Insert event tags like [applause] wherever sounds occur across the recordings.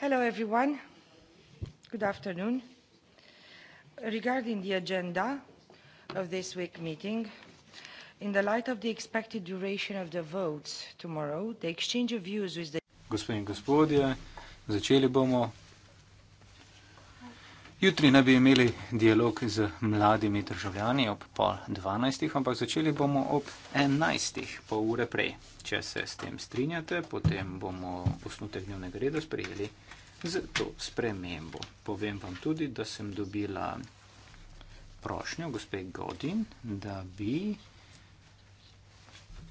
hello everyone good afternoon regarding the agenda of this week's meeting in the light of the expected duration of the votes tomorrow the exchange of views with the gospodje začeli bomo Jutri ne bi imeli dialog z mladimi državljani ob pol dvanajstih, ampak začeli bomo ob enajstih, pol ure prej. Če se s tem strinjate, potem bomo osnutek dnevnega reda sprejeli z to spremembo. Povem vam tudi, da sem dobila prošnjo gospe Godin, da bi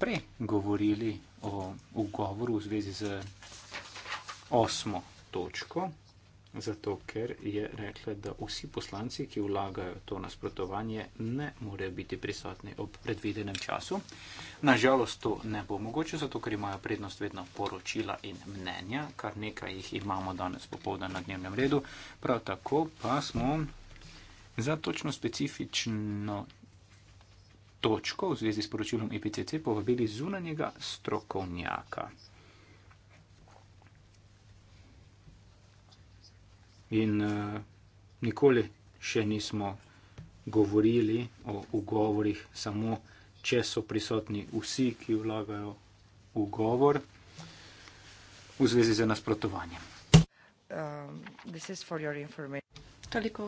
prej govorili o ugovoru v zvezi z osmo točko, zato ker je rekla, da vsi poslanci, ki vlagajo to nasprotovanje, ne morejo biti prisotni ob predvidenem času. Nažalost, to ne bo mogoče, zato ker imajo prednost vedno poročila in mnenja, kar nekaj jih imamo danes popovdne na dnevnem redu. Prav tako pa smo za točno specifično točko v zvezi s poročilom IPCC e povabili zunanjega strokovnjaka. In uh, nikoli še nismo govorili o ugovorih, samo če so prisotni vsi, ki vlagajo ugovor v zvezi z nasprotovanjem. Um, Toliko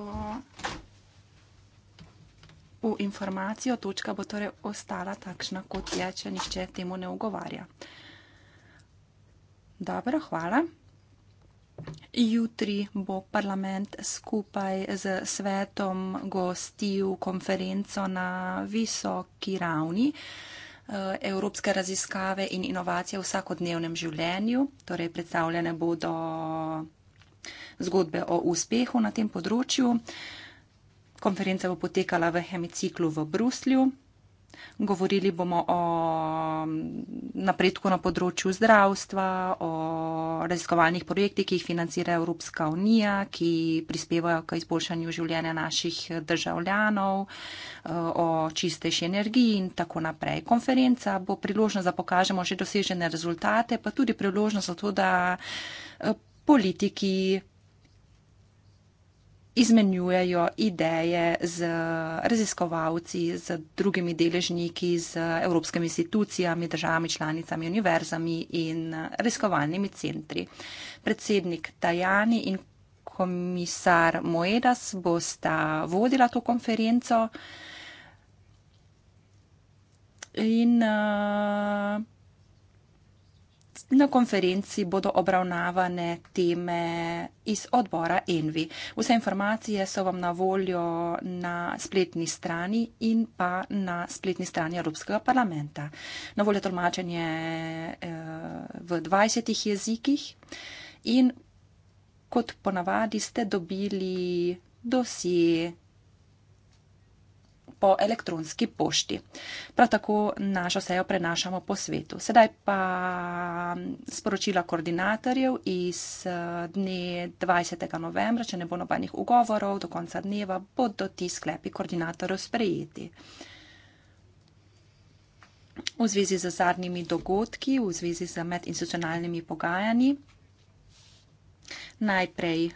v informacijo. Točka bo torej ostala takšna, kot je, če nišče temu ne ugovarja. Dobro, hvala. Jutri bo parlament skupaj z svetom gostil konferenco na visoki ravni eh, Evropske raziskave in inovacije v vsakodnevnem življenju. Torej predstavljene bodo zgodbe o uspehu na tem področju. Konferenca bo potekala v hemiciklu v Bruslju. Govorili bomo o mm, napredku na področju zdravstva, o raziskovalnih projektih, ki jih financira Evropska unija, ki prispevajo k izboljšanju življenja naših državljanov, eh, o čistejši energiji in tako naprej. Konferenca bo priložnost, da pokažemo že dosežene rezultate, pa tudi priložnost za to, da eh, politiki izmenjujejo ideje z raziskovalci, z drugimi deležniki, z evropskimi institucijami, državami, članicami, univerzami in raziskovalnimi centri. Predsednik Tajani in komisar Moedas bosta vodila to konferenco in uh, Na konferenci bodo obravnavane teme iz odbora Envi. Vse informacije so vam na voljo na spletni strani in pa na spletni strani Evropskega parlamenta. Na voljo tolmačenje eh, v 20 jezikih in kot ponavadi ste dobili dosje po elektronski pošti. Prav tako našo sejo prenašamo po svetu. Sedaj pa sporočila koordinatorjev iz eh, dne 20. novembra, če ne bo nobenih ugovorov, do konca dneva bodo ti sklepi koordinatorjev sprejeti. V zvezi z zadnjimi dogodki, v zvezi z medinstitucionalnimi pogajanji, najprej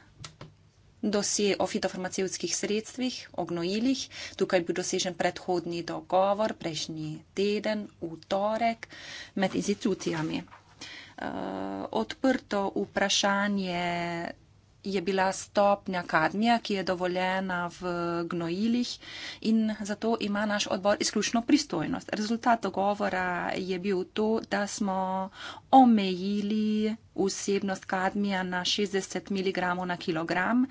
dosje o fitofarmacevskih sredstvih, o gnojilih. Tukaj bi dosežen predhodni dogovor prejšnji teden, v torek, med institucijami. Uh, odprto vprašanje je bila stopnja kadmija, ki je dovoljena v gnojilih in zato ima naš odbor izključno pristojnost. Rezultat dogovora je bil to, da smo omejili vsebnost kadmija na 60 mg na kilogram.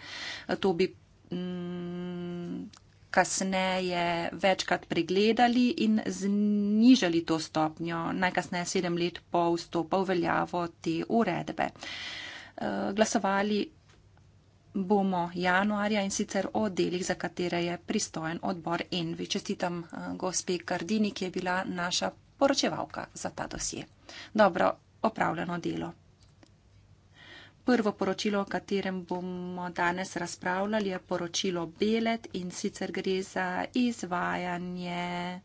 To bi mm, kasneje večkrat pregledali in znižali to stopnjo, najkasneje sedem let po vstopu v veljavo te uredbe. Glasovali bomo januarja in sicer o delih, za katere je pristojen odbor Envi. Čestitam eh, gospe Gardini, ki je bila naša poročevalka za ta dosje. Dobro opravljeno delo. Prvo poročilo, o katerem bomo danes razpravljali, je poročilo Belet in sicer gre za izvajanje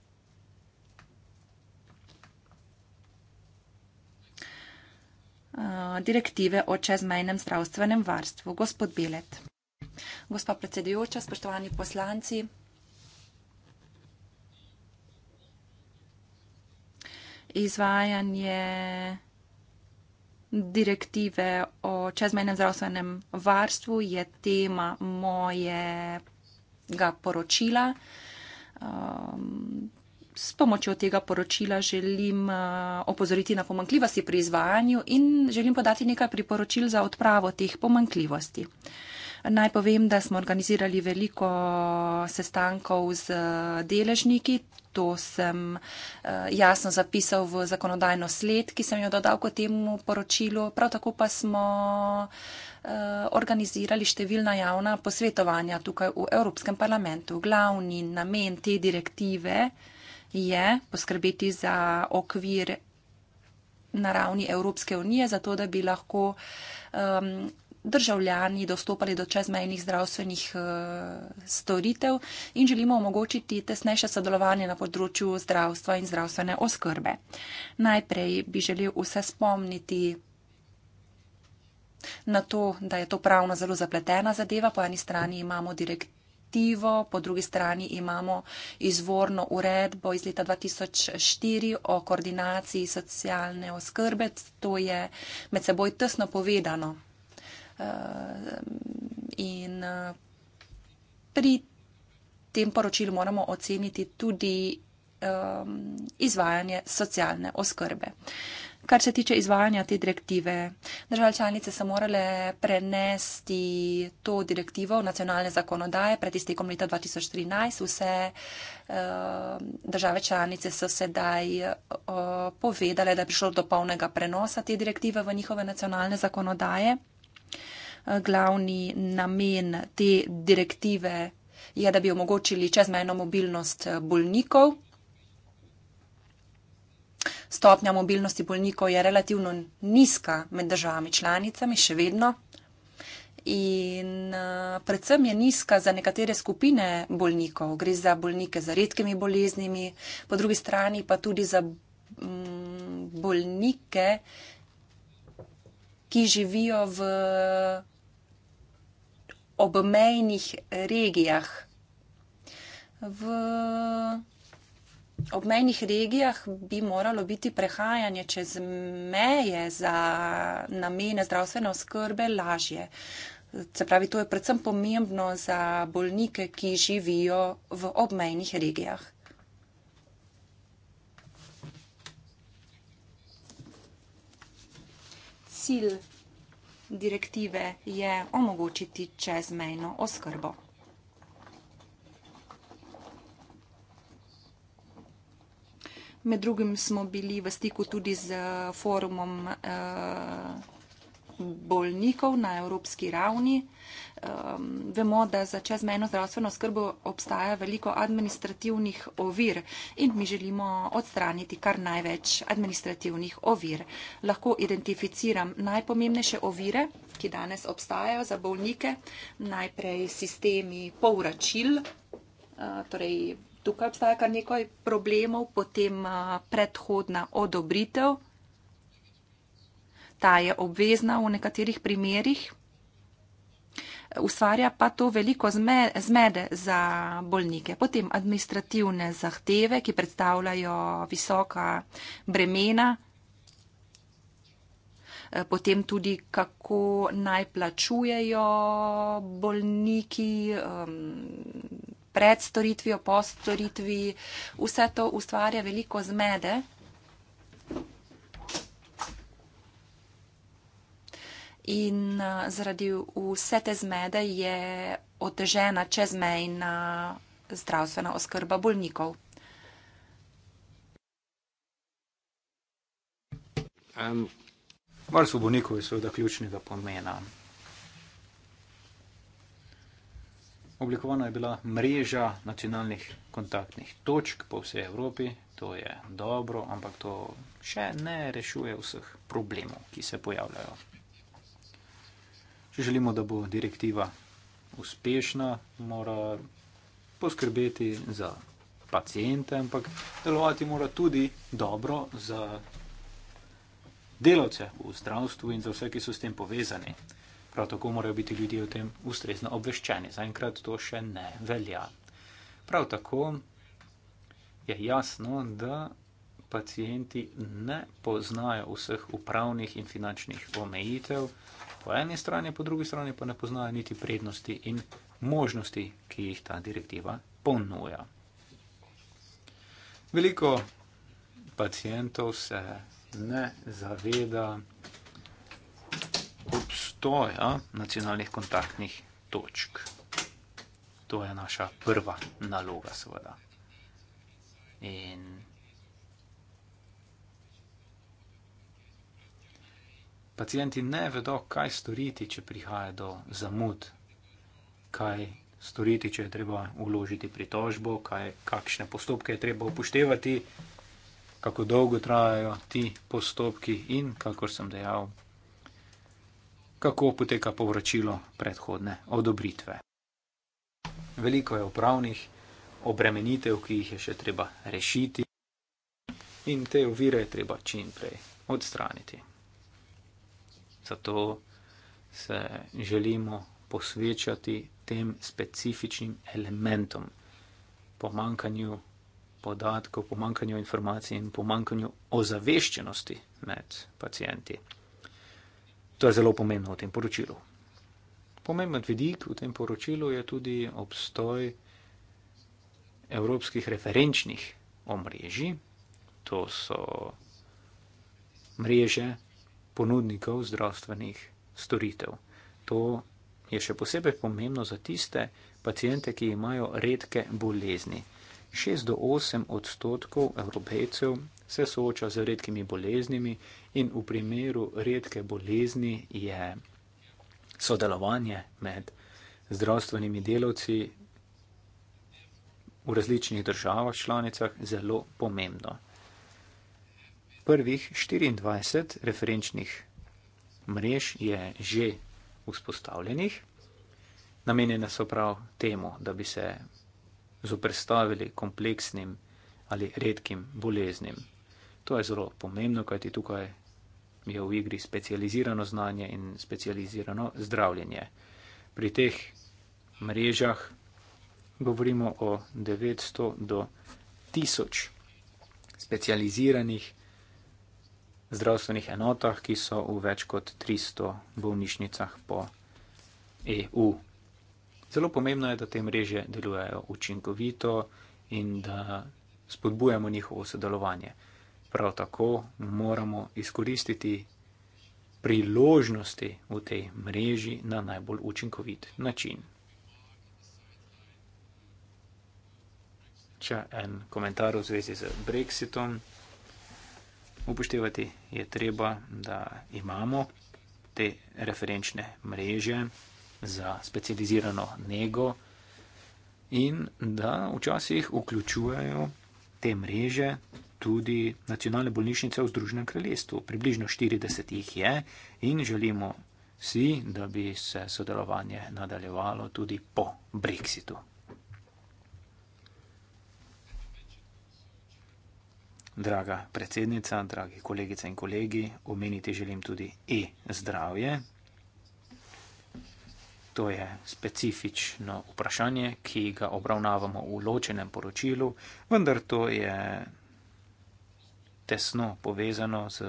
Eh, direktive o čezmejnem zdravstvenem varstvu. Gospod Belet. Gospa predsedujoča, spoštovani poslanci. Izvajanje direktive o čezmejnem zdravstvenem varstvu je tema mojega poročila. Ehm, s pomočjo tega poročila želim eh, opozoriti na pomankljivosti pri izvajanju in želim podati nekaj priporočil za odpravo teh pomankljivosti. Naj povem, da smo organizirali veliko eh, sestankov z eh, deležniki, to sem jasno zapisal v zakonodajno sled, ki sem jo dodal k temu poročilu. Prav tako pa smo organizirali številna javna posvetovanja tukaj v Evropskem parlamentu. Glavni namen te direktive je, je poskrbeti za okvir na ravni Evropske unije, zato da bi lahko um, državljani dostopali do čezmejnih zdravstvenih uh, storitev in želimo omogočiti tesnejše sodelovanje na področju zdravstva in zdravstvene oskrbe. Najprej bi želel vse spomniti na to, da je to pravno zelo zapletena zadeva. Po eni strani imamo direktiv direktivo, po drugi strani imamo izvorno uredbo iz leta 2004 o koordinaciji socialne oskrbe. To je med seboj tesno povedano. Eh, in eh, pri tem poročilu moramo oceniti tudi eh, izvajanje socialne oskrbe kar se tiče izvajanja te direktive. Države članice so morale prenesti to direktivo v nacionalne zakonodaje pred iztekom leta 2013. Vse uh, države članice so sedaj uh, povedale, da je prišlo do polnega prenosa te direktive v njihove nacionalne zakonodaje. Eh, glavni namen te direktive je, da bi omogočili čezmejno mobilnost bolnikov Stopnja mobilnosti bolnikov je relativno nizka med državami članicami, še vedno. In eh, predvsem je nizka za nekatere skupine bolnikov. Gre za bolnike z redkimi boleznimi, po drugi strani pa tudi za mm, bolnike, ki živijo v obmejnih regijah. V obmejnih regijah bi moralo biti prehajanje čez meje za namene zdravstvene oskrbe lažje. Se pravi, to je predvsem pomembno za bolnike, ki živijo v obmejnih regijah. Cilj direktive je omogočiti čezmejno oskrbo. Med drugim smo bili v stiku tudi z eh, forumom eh, bolnikov na evropski ravni. Ehm, vemo, da za čezmejno zdravstveno skrbo obstaja veliko administrativnih ovir in mi želimo odstraniti kar največ administrativnih ovir. Lahko identificiram najpomembnejše ovire, ki danes obstajajo za bolnike, najprej sistemi povračil, eh, torej povračil, tukaj obstaja kar nekaj problemov, potem predhodna odobritev. Ta je obvezna v nekaterih primerjih, ustvarja pa to veliko zmede za bolnike. Potem administrativne zahteve, ki predstavljajo visoka bremena, potem tudi kako naj plačujejo bolniki, pred storitvijo, po storitvi, vse to ustvarja veliko zmede. In zaradi vse te zmede je otežena čezmejna zdravstvena oskrba bolnikov. Um, Varstvo bolnikov je seveda ključnega pomena. Oblikovana je bila mreža nacionalnih kontaktnih točk po vsej Evropi, to je dobro, ampak to še ne rešuje vseh problemov, ki se pojavljajo. Če želimo, da bo direktiva uspešna, mora poskrbeti za pacijente, ampak delovati mora tudi dobro za delavce v zdravstvu in za vse, ki so s tem povezani. Prav tako morajo biti ljudje o tem ustrezno obveščeni. Zaenkrat to še ne velja. Prav tako je jasno, da pacijenti ne poznajo vseh upravnih in finančnih omejitev po eni strani, po drugi strani pa ne poznajo niti prednosti in možnosti, ki jih ta direktiva ponuja. Veliko pacijentov se ne zaveda, obstoja nacionalnih kontaktnih točk. To je naša prva naloga, seveda. In pacijenti ne vedo, kaj storiti, če prihaja do zamud, kaj storiti, če je treba uložiti pritožbo, kaj, kakšne postopke je treba upoštevati, kako dolgo trajajo ti postopki in, kakor sem dejal, kako poteka povračilo predhodne odobritve. Veliko je upravnih obremenitev, ki jih je še treba rešiti in te ovire je treba čim prej odstraniti. Zato se želimo posvečati tem specifičnim elementom, pomankanju podatkov, pomankanju informacij in pomankanju ozaveščenosti med pacijenti. To je zelo pomembno v tem poročilu. Pomemben vidik v tem poročilu je tudi obstoj evropskih referenčnih omrežij. To so mreže ponudnikov zdravstvenih storitev. To je še posebej pomembno za tiste pacijente, ki imajo redke bolezni. 6 do 8 odstotkov evropejcev se sooča z redkimi boleznimi in v primeru redke bolezni je sodelovanje med zdravstvenimi delavci v različnih državah članicah zelo pomembno. Prvih 24 referenčnih mrež je že vzpostavljenih, namenjene so prav temu, da bi se zoprstavili kompleksnim ali redkim boleznim. To je zelo pomembno, kajti tukaj je v igri specializirano znanje in specializirano zdravljenje. Pri teh mrežah govorimo o 900 do 1000 specializiranih zdravstvenih enotah, ki so v več kot 300 bolnišnicah po EU. Zelo pomembno je, da te mreže delujejo učinkovito in da spodbujamo njihovo sodelovanje prav tako moramo izkoristiti priložnosti v tej mreži na najbolj učinkovit način. Če en komentar v zvezi z Brexitom upoštevati je treba, da imamo te referenčne mreže za specializirano nego in da včasih vključujejo te mreže tudi nacionalne bolnišnice v Združenem kraljestvu. Približno 40 jih je in želimo si, da bi se sodelovanje nadaljevalo tudi po Brexitu. Draga predsednica, dragi kolegice in kolegi, omeniti želim tudi e-zdravje, To je specifično vprašanje, ki ga obravnavamo v ločenem poročilu, vendar to je tesno povezano z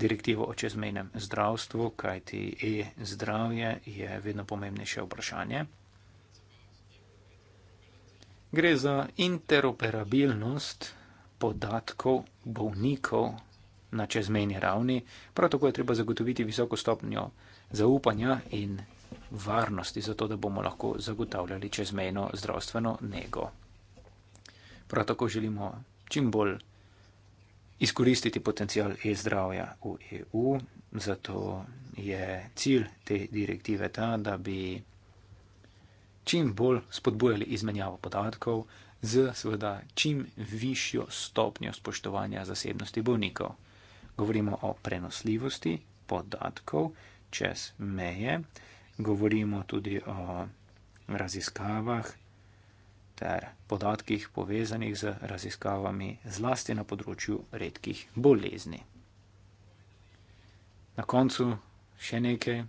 direktivo o čezmejnem zdravstvu, kajti e-zdravje je vedno pomembnejše vprašanje. Gre za interoperabilnost podatkov bovnikov na čezmejni ravni, prav tako je treba zagotoviti visoko stopnjo zaupanja in varnosti, zato da bomo lahko zagotavljali čezmejno zdravstveno nego. Prav tako želimo čim bolj izkoristiti potencial e-zdravja v EU, zato je cilj te direktive ta, da bi čim bolj spodbujali izmenjavo podatkov z seveda čim višjo stopnjo spoštovanja zasebnosti bolnikov. Govorimo o prenosljivosti podatkov čez meje, govorimo tudi o raziskavah ter podatkih povezanih z raziskavami zlasti na področju redkih bolezni. Na koncu še nekaj.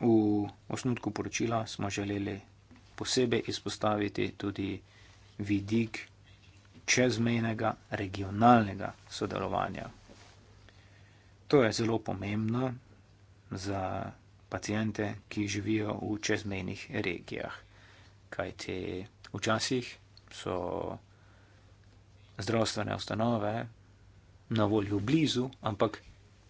V osnutku poročila smo želeli posebej izpostaviti tudi vidik čezmejnega regionalnega sodelovanja. To je zelo pomembno za pacijente, ki živijo v čezmejnih regijah, kajti včasih so zdravstvene ustanove na voljo blizu, ampak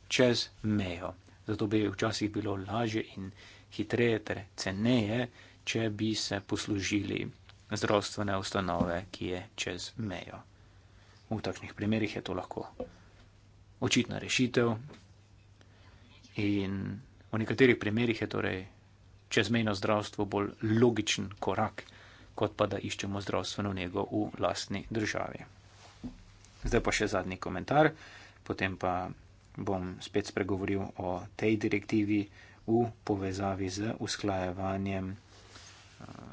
čez mejo. Zato bi včasih bilo lažje in hitreje ter ceneje, če bi se poslužili zdravstvene ustanove, ki je čez mejo. V takšnih primerih je to lahko očitna rešitev. In v nekaterih primerjih je torej čezmejno zdravstvo bolj logičen korak, kot pa da iščemo zdravstveno nego v lastni državi. Zdaj pa še zadnji komentar, potem pa bom spet spregovoril o tej direktivi v povezavi z usklajevanjem eh,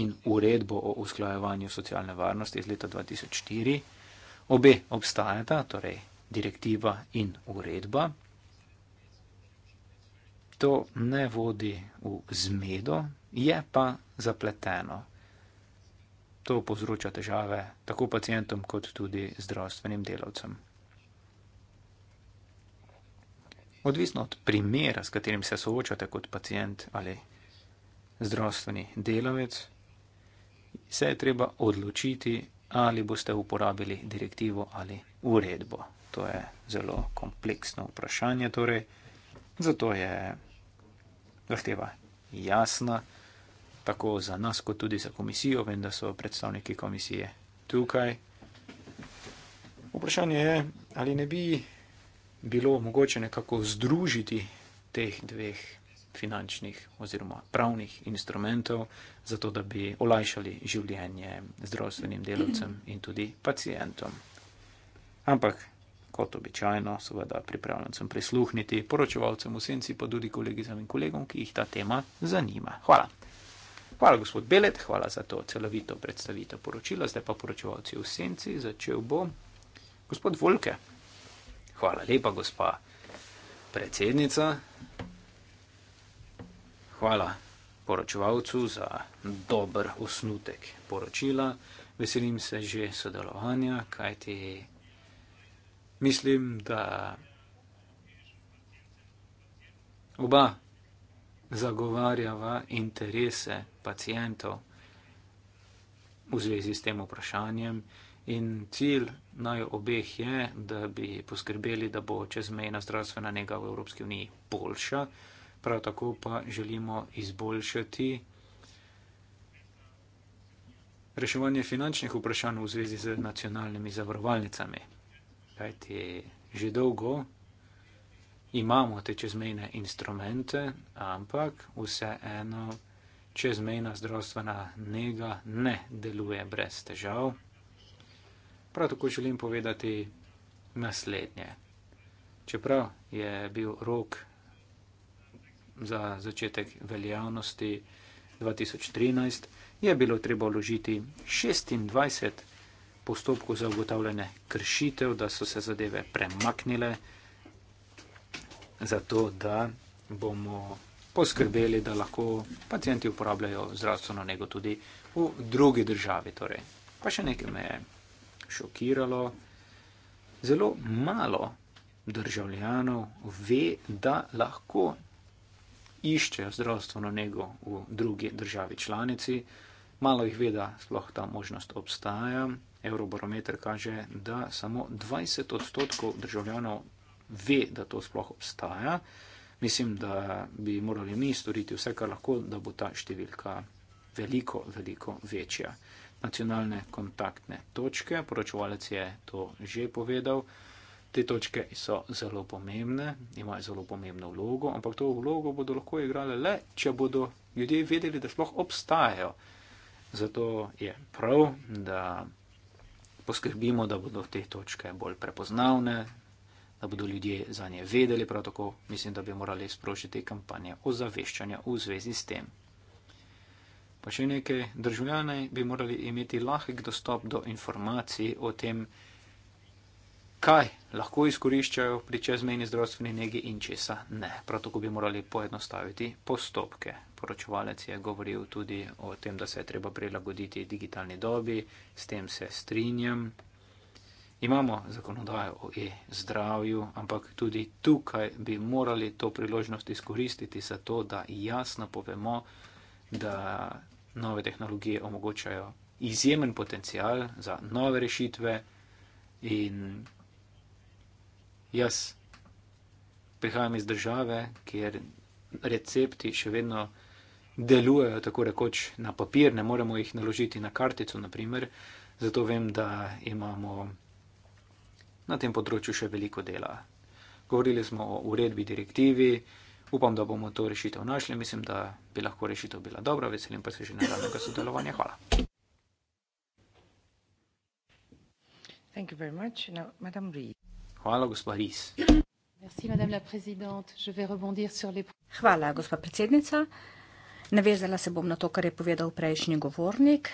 in uredbo o usklajevanju socialne varnosti iz leta 2004. Obe obstajata, torej direktiva in uredba. To ne vodi v zmedo, je pa zapleteno. To povzroča težave tako pacijentom, kot tudi zdravstvenim delavcem. Odvisno od primera, s katerim se soočate kot pacijent ali zdravstveni delavec, se je treba odločiti, ali boste uporabili direktivo ali uredbo. To je zelo kompleksno vprašanje, torej zato je zahteva jasna, tako za nas, kot tudi za komisijo. Vem, da so predstavniki komisije tukaj. Vprašanje je, ali ne bi bilo mogoče nekako združiti teh dveh finančnih oziroma pravnih instrumentov, zato da bi olajšali življenje zdravstvenim delavcem [clears throat] in tudi pacijentom. Ampak, kot običajno, seveda pripravljen sem prisluhniti poročevalcem v senci, pa tudi kolegicam in kolegom, ki jih ta tema zanima. Hvala. Hvala, gospod Belet, hvala za to celovito predstavitev poročila. Zdaj pa poročevalci v senci, začel bo gospod Volke. Hvala lepa, gospa predsednica hvala poročevalcu za dober osnutek poročila. Veselim se že sodelovanja, kajti mislim, da oba zagovarjava interese pacijentov v zvezi s tem vprašanjem in cilj naj obeh je, da bi poskrbeli, da bo čezmejna zdravstvena nega v Evropski uniji boljša prav tako pa želimo izboljšati reševanje finančnih vprašanj v zvezi z nacionalnimi zavarovalnicami. Kajti že dolgo imamo te čezmejne instrumente, ampak vseeno čezmejna zdravstvena nega ne deluje brez težav. Prav tako želim povedati naslednje. Čeprav je bil rok za začetek veljavnosti 2013, je bilo treba vložiti 26 postopkov za ugotavljanje kršitev, da so se zadeve premaknile, zato da bomo poskrbeli, da lahko pacijenti uporabljajo zdravstveno nego tudi v drugi državi. Torej. Pa še nekaj me je šokiralo. Zelo malo državljanov ve, da lahko iščejo zdravstveno nego v drugi državi članici. Malo jih ve, da sploh ta možnost obstaja. Eurobarometer kaže, da samo 20 odstotkov državljanov ve, da to sploh obstaja. Mislim, da bi morali mi storiti vse, kar lahko, da bo ta številka veliko, veliko večja. Nacionalne kontaktne točke, poročevalec je to že povedal. Te točke so zelo pomembne, imajo zelo pomembno vlogo, ampak to vlogo bodo lahko igrali le, če bodo ljudje vedeli, da sploh obstajajo. Zato je prav, da poskrbimo, da bodo te točke bolj prepoznavne, da bodo ljudje za nje vedeli, prav tako mislim, da bi morali sprožiti kampanje o zaveščanju v zvezi s tem. Pa še nekaj, državljane bi morali imeti lahek dostop do informacij o tem, kaj kaj lahko izkoriščajo pri čezmejni zdravstveni negi in česa ne. Prav tako bi morali poenostaviti postopke. Poročevalec je govoril tudi o tem, da se je treba prilagoditi digitalni dobi, s tem se strinjam. Imamo zakonodajo o e-zdravju, ampak tudi tukaj bi morali to priložnost izkoristiti za to, da jasno povemo, da nove tehnologije omogočajo izjemen potencial za nove rešitve in Jaz prihajam iz države, kjer recepti še vedno delujejo, tako rekoč na papir, ne moremo jih naložiti na kartico, naprimer. zato vem, da imamo na tem področju še veliko dela. Govorili smo o uredbi, direktivi, upam, da bomo to rešitev našli. Mislim, da bi lahko rešitev bila dobra, veselim pa se že nadaljnega sodelovanja. Hvala. Thank you very much. Now, Madame Reed. Hvala, gospa Ris. Hvala, gospa predsednica. Navezala se bom na to, kar je povedal prejšnji govornik.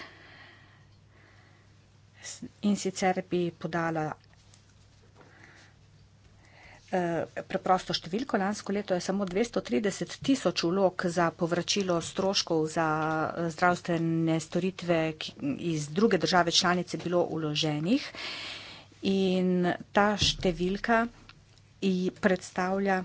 In sicer bi podala eh, preprosto številko. Lansko leto je samo 230 tisoč vlog za povračilo stroškov za eh, zdravstvene storitve iz druge države članice bilo uloženih In ta številka predstavlja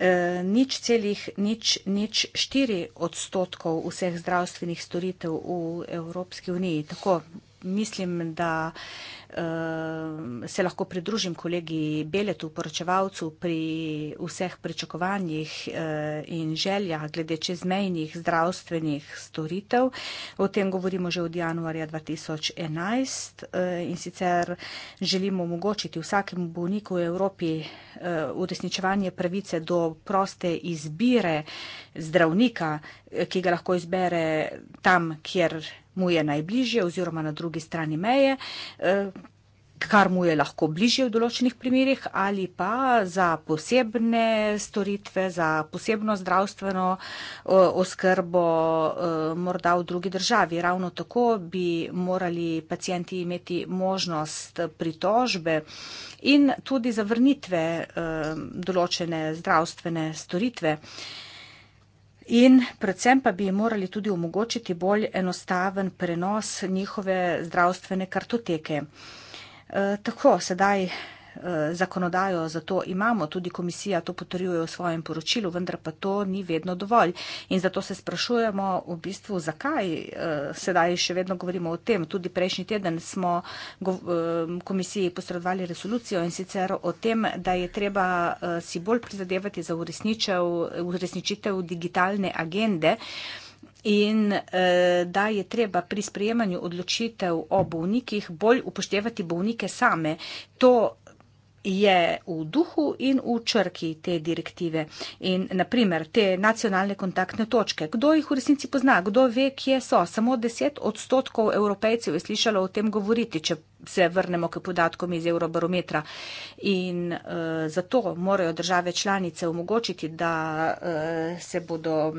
eh, nič celih, nič, nič štiri odstotkov vseh zdravstvenih storitev v Evropski uniji. Tako mislim, da eh, se lahko pridružim kolegi Beletu, poročevalcu, pri vseh pričakovanjih eh, in željah glede čezmejnih zdravstvenih storitev. O tem govorimo že od januarja 2011 eh, in sicer želimo omogočiti vsakemu bolniku v Evropi uresničevanje pravice do proste izbire zdravnika, ki ga lahko izbere tam, kjer mu je najbližje oziroma na drugi strani meje, eh, kar mu je lahko bližje v določenih primerjih ali pa za posebne storitve, za posebno zdravstveno oskrbo eh, morda v drugi državi. Ravno tako bi morali pacijenti imeti možnost pritožbe in tudi zavrnitve eh, določene zdravstvene storitve. In predvsem pa bi morali tudi omogočiti bolj enostaven prenos njihove zdravstvene kartoteke. E, tako, sedaj Eh, zakonodajo, zato imamo, tudi komisija to potrjuje v svojem poročilu, vendar pa to ni vedno dovolj. In zato se sprašujemo v bistvu, zakaj eh, sedaj še vedno govorimo o tem. Tudi prejšnji teden smo eh, komisiji posredovali resolucijo in sicer o tem, da je treba si bolj prizadevati za uresničitev digitalne agende. In da je treba pri sprejemanju odločitev o bolnikih bolj upoštevati bolnike same. To je v duhu in v črki te direktive. In naprimer te nacionalne kontaktne točke, kdo jih v resnici pozna, kdo ve, kje so. Samo 10 odstotkov evropejcev je slišalo o tem govoriti, če se vrnemo k podatkom iz Eurobarometra. In uh, zato morajo države članice omogočiti, da uh, se bodo uh,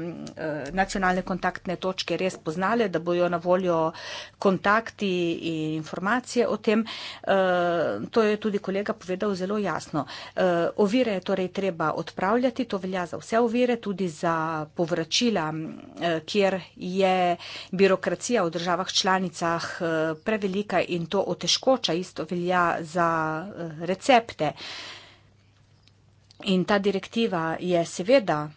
nacionalne kontaktne točke res poznale, da bojo na voljo kontakti in informacije o tem. Uh, to je tudi kolega povedal zelo jasno. Uh, ovire je torej treba odpravljati, to velja za vse ovire, tudi za povračila, uh, kjer je birokracija v državah članicah uh, prevelika in to oteškuje težkoča, isto velja za eh, recepte. In ta direktiva je seveda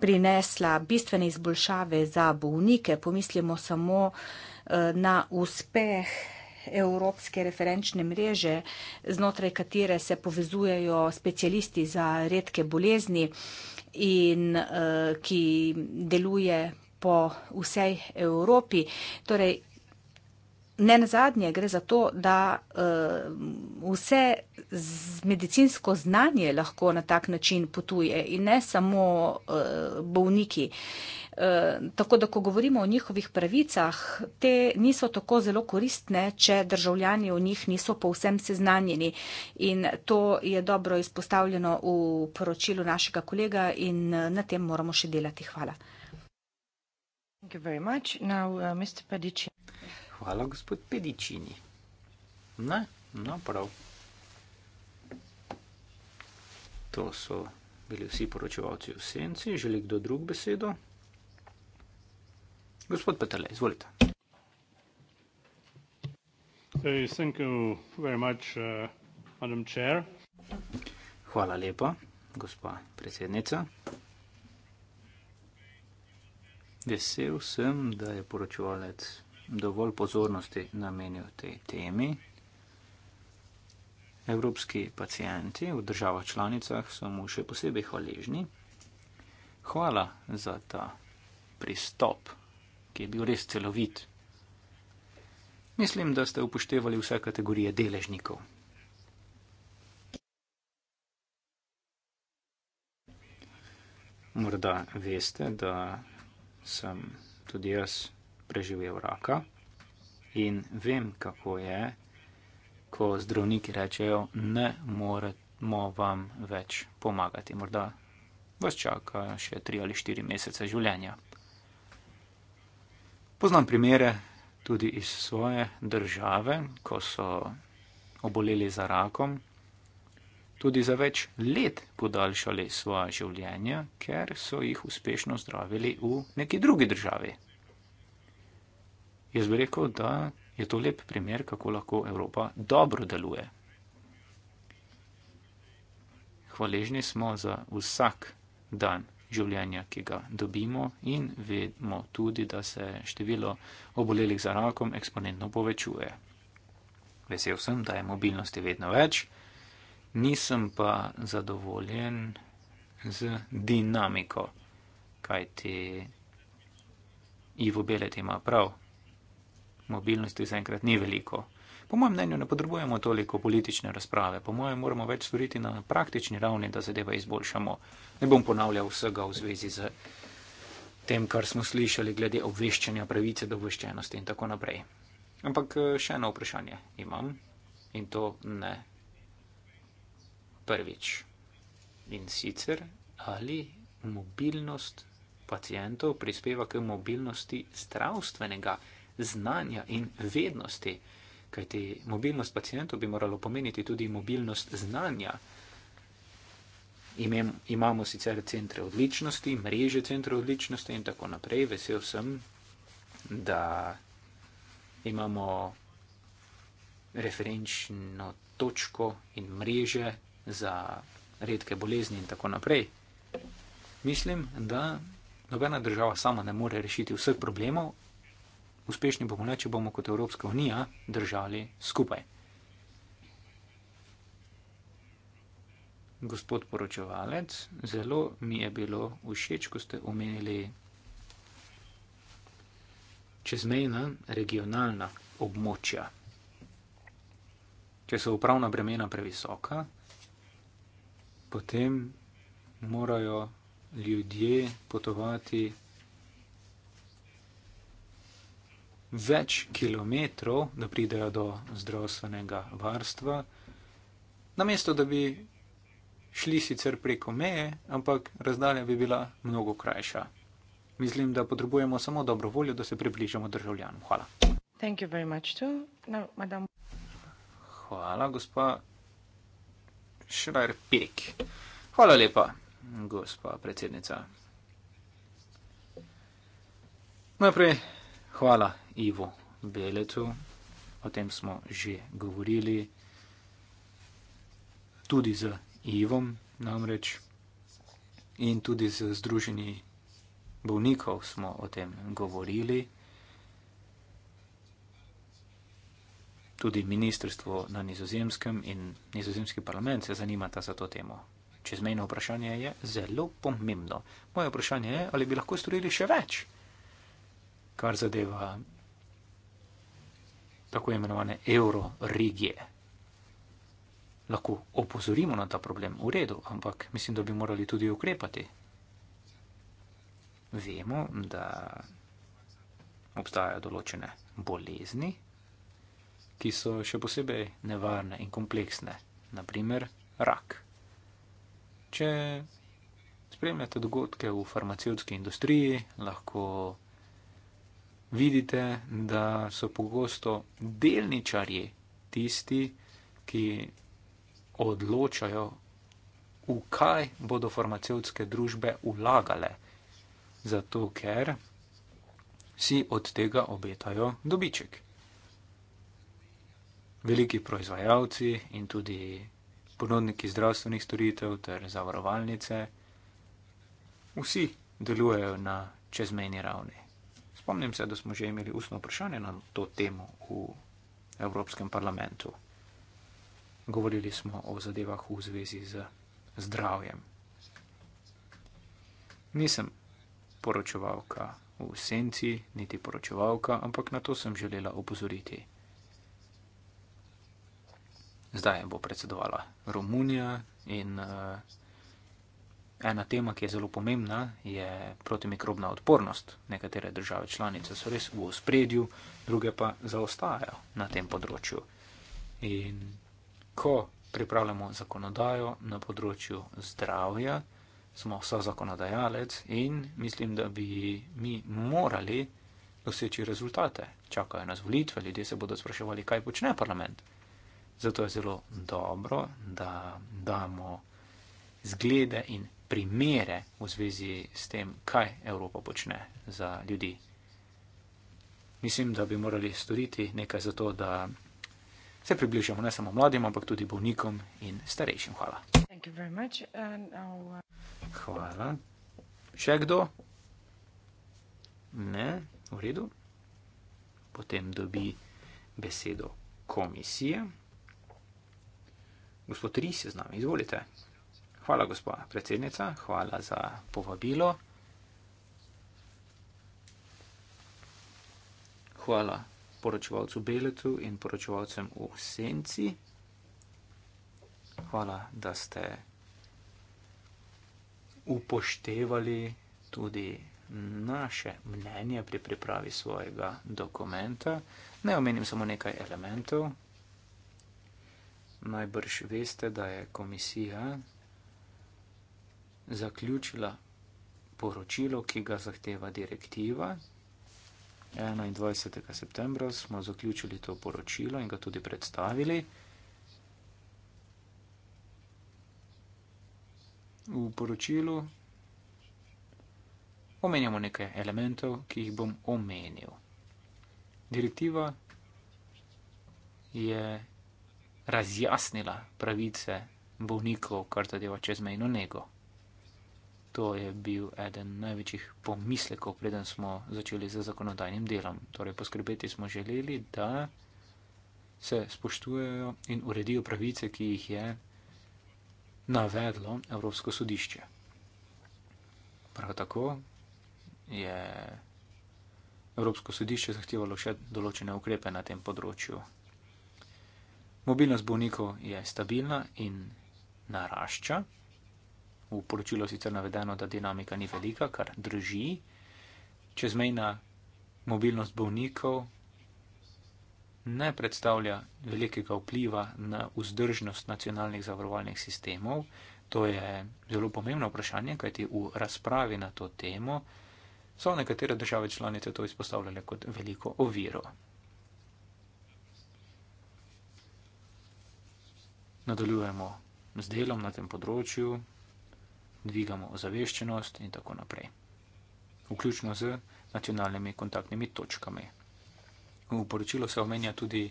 prinesla bistvene izboljšave za bolnike. Pomislimo samo eh, na uspeh Evropske referenčne mreže, znotraj katere se povezujejo specialisti za redke bolezni in eh, ki deluje po vsej Evropi. Torej, ne na zadnje gre za to, da uh, vse z medicinsko znanje lahko na tak način potuje in ne samo uh, bolniki. Uh, tako da, ko govorimo o njihovih pravicah, te niso tako zelo koristne, če državljani o njih niso povsem seznanjeni. In to je dobro izpostavljeno v poročilu našega kolega in na tem moramo še delati. Hvala. Thank you very much. Now, uh, Mr. Padicci. Hvala, gospod Pedičini. Ne? No, prav. To so bili vsi poročevalci v senci. Želi kdo drug besedo? Gospod Petrle, izvolite. Hey, thank you very much, uh, madam chair. Hvala lepa, gospa predsednica. Vesel sem, da je poročevalec dovolj pozornosti namenil tej temi. Evropski pacijenti v državah članicah so mu še posebej hvaležni. Hvala za ta pristop, ki je bil res celovit. Mislim, da ste upoštevali vse kategorije deležnikov. Morda veste, da sem tudi jaz preživel raka. In vem, kako je, ko zdravniki rečejo, ne moremo vam več pomagati. Morda vas čaka še tri ali štiri mesece življenja. Poznam primere tudi iz svoje države, ko so oboleli za rakom, tudi za več let podaljšali svoje življenje, ker so jih uspešno zdravili v neki drugi državi. Jaz bi rekel, da je to lep primer, kako lahko Evropa dobro deluje. Hvaležni smo za vsak dan življenja, ki ga dobimo in vedmo tudi, da se število obolelih za rakom eksponentno povečuje. Vesel sem, da je mobilnosti vedno več, nisem pa zadovoljen z dinamiko, kajti Ivo Belet ima prav mobilnosti zaenkrat ni veliko. Po mojem mnenju ne potrebujemo toliko politične razprave, po mojem moramo več storiti na praktični ravni, da zadeva izboljšamo. Ne bom ponavljal vsega v zvezi z tem, kar smo slišali glede obveščanja pravice do obveščenosti in tako naprej. Ampak eh, še eno vprašanje imam in to ne prvič. In sicer, ali mobilnost pacijentov prispeva k mobilnosti zdravstvenega znanja in vednosti, kajti mobilnost pacijentov bi moralo pomeniti tudi mobilnost znanja. Imem, imamo sicer centre odličnosti, mreže centre odličnosti in tako naprej. Vesel sem, da imamo referenčno točko in mreže za redke bolezni in tako naprej. Mislim, da nobena država sama ne more rešiti vseh problemov, uspešni bomo le, če bomo kot Evropska unija držali skupaj. Gospod poročevalec, zelo mi je bilo všeč, ko ste omenili čezmejna regionalna območja. Če so upravna bremena previsoka, potem morajo ljudje potovati več kilometrov, da pridejo do zdravstvenega varstva, namesto da bi šli sicer preko meje, ampak razdalja bi bila mnogo krajša. Mislim, da potrebujemo samo dobro voljo, da se približamo državljanom. Hvala. Hvala, gospa Šrajer-Pirik. Hvala lepa, gospa predsednica. Najprej Hvala Ivo Beletu, o tem smo že govorili, tudi z Ivom namreč in tudi z Združenji bolnikov smo o tem govorili. Tudi ministrstvo na nizozemskem in nizozemski parlament se zanimata za to temo. Čezmejno vprašanje je zelo pomembno. Moje vprašanje je, ali bi lahko storili še več? kar zadeva tako imenovane euroregije. Lahko opozorimo na ta problem, v redu, ampak mislim, da bi morali tudi ukrepati. Vemo, da obstajajo določene bolezni, ki so še posebej nevarne in kompleksne, naprimer rak. Če spremljate dogodke v farmacevtski industriji, lahko vidite, da so pogosto delničarji tisti, ki odločajo, v kaj bodo farmacevtske družbe ulagale, zato ker si od tega obetajo dobiček. Veliki proizvajalci in tudi ponudniki zdravstvenih storitev ter zavarovalnice, vsi delujejo na čezmejni ravni. Spomnim se, da smo že imeli ustno vprašanje na to temo v Evropskem parlamentu. Govorili smo o zadevah v zvezi z zdravjem. Nisem poročevalka v senci, niti poročevalka, ampak na to sem želela opozoriti. Zdaj bo predsedovala Romunija in uh, Ena tema, ki je zelo pomembna, je protimikrobna odpornost. Nekatere države članice so res v ospredju, druge pa zaostajajo na tem področju. In ko pripravljamo zakonodajo na področju zdravja, smo vsa zakonodajalec in mislim, da bi mi morali doseči rezultate. Čakajo nas volitve, ljudje se bodo spraševali, kaj počne parlament. Zato je zelo dobro, da damo zglede in primere v zvezi s tem, kaj Evropa počne za ljudi. Mislim, da bi morali storiti nekaj za to, da se približamo ne samo mladim, ampak tudi bolnikom in starejšim. Hvala. Uh, Hvala. Še kdo? Ne, v redu. Potem dobi besedo komisije. Gospod Ris je z nami, izvolite. Hvala, gospod predsednica, hvala za povabilo. Hvala poročevalcu Beletu in poročevalcem v Senci. Hvala, da ste upoštevali tudi naše mnenje pri pripravi svojega dokumenta. Ne omenim samo nekaj elementov. Najbrž veste, da je komisija zaključila poročilo, ki ga zahteva direktiva. 21. septembra smo zaključili to poročilo in ga tudi predstavili. V poročilu omenjamo nekaj elementov, ki jih bom omenil. Direktiva je razjasnila pravice bovnikov, kar zadeva čezmejno nego. To je bil eden največjih pomislekov, preden smo začeli z zakonodajnim delom. Torej, poskrbeti smo želeli, da se spoštujejo in uredijo pravice, ki jih je navedlo Evropsko sodišče. Prav tako je Evropsko sodišče zahtevalo še določene ukrepe na tem področju. Mobilnost bolnikov je stabilna in narašča v poročilu sicer navedeno, da dinamika ni velika, kar drži. Čezmejna mobilnost bolnikov ne predstavlja velikega vpliva na vzdržnost nacionalnih zavarovalnih sistemov. To je zelo pomembno vprašanje, kajti v razpravi na to temo so nekatere države članice to izpostavljale kot veliko oviro. Nadaljujemo z delom na tem področju dvigamo ozaveščenost in tako naprej, vključno z nacionalnimi kontaktnimi točkami. V poročilu se omenja tudi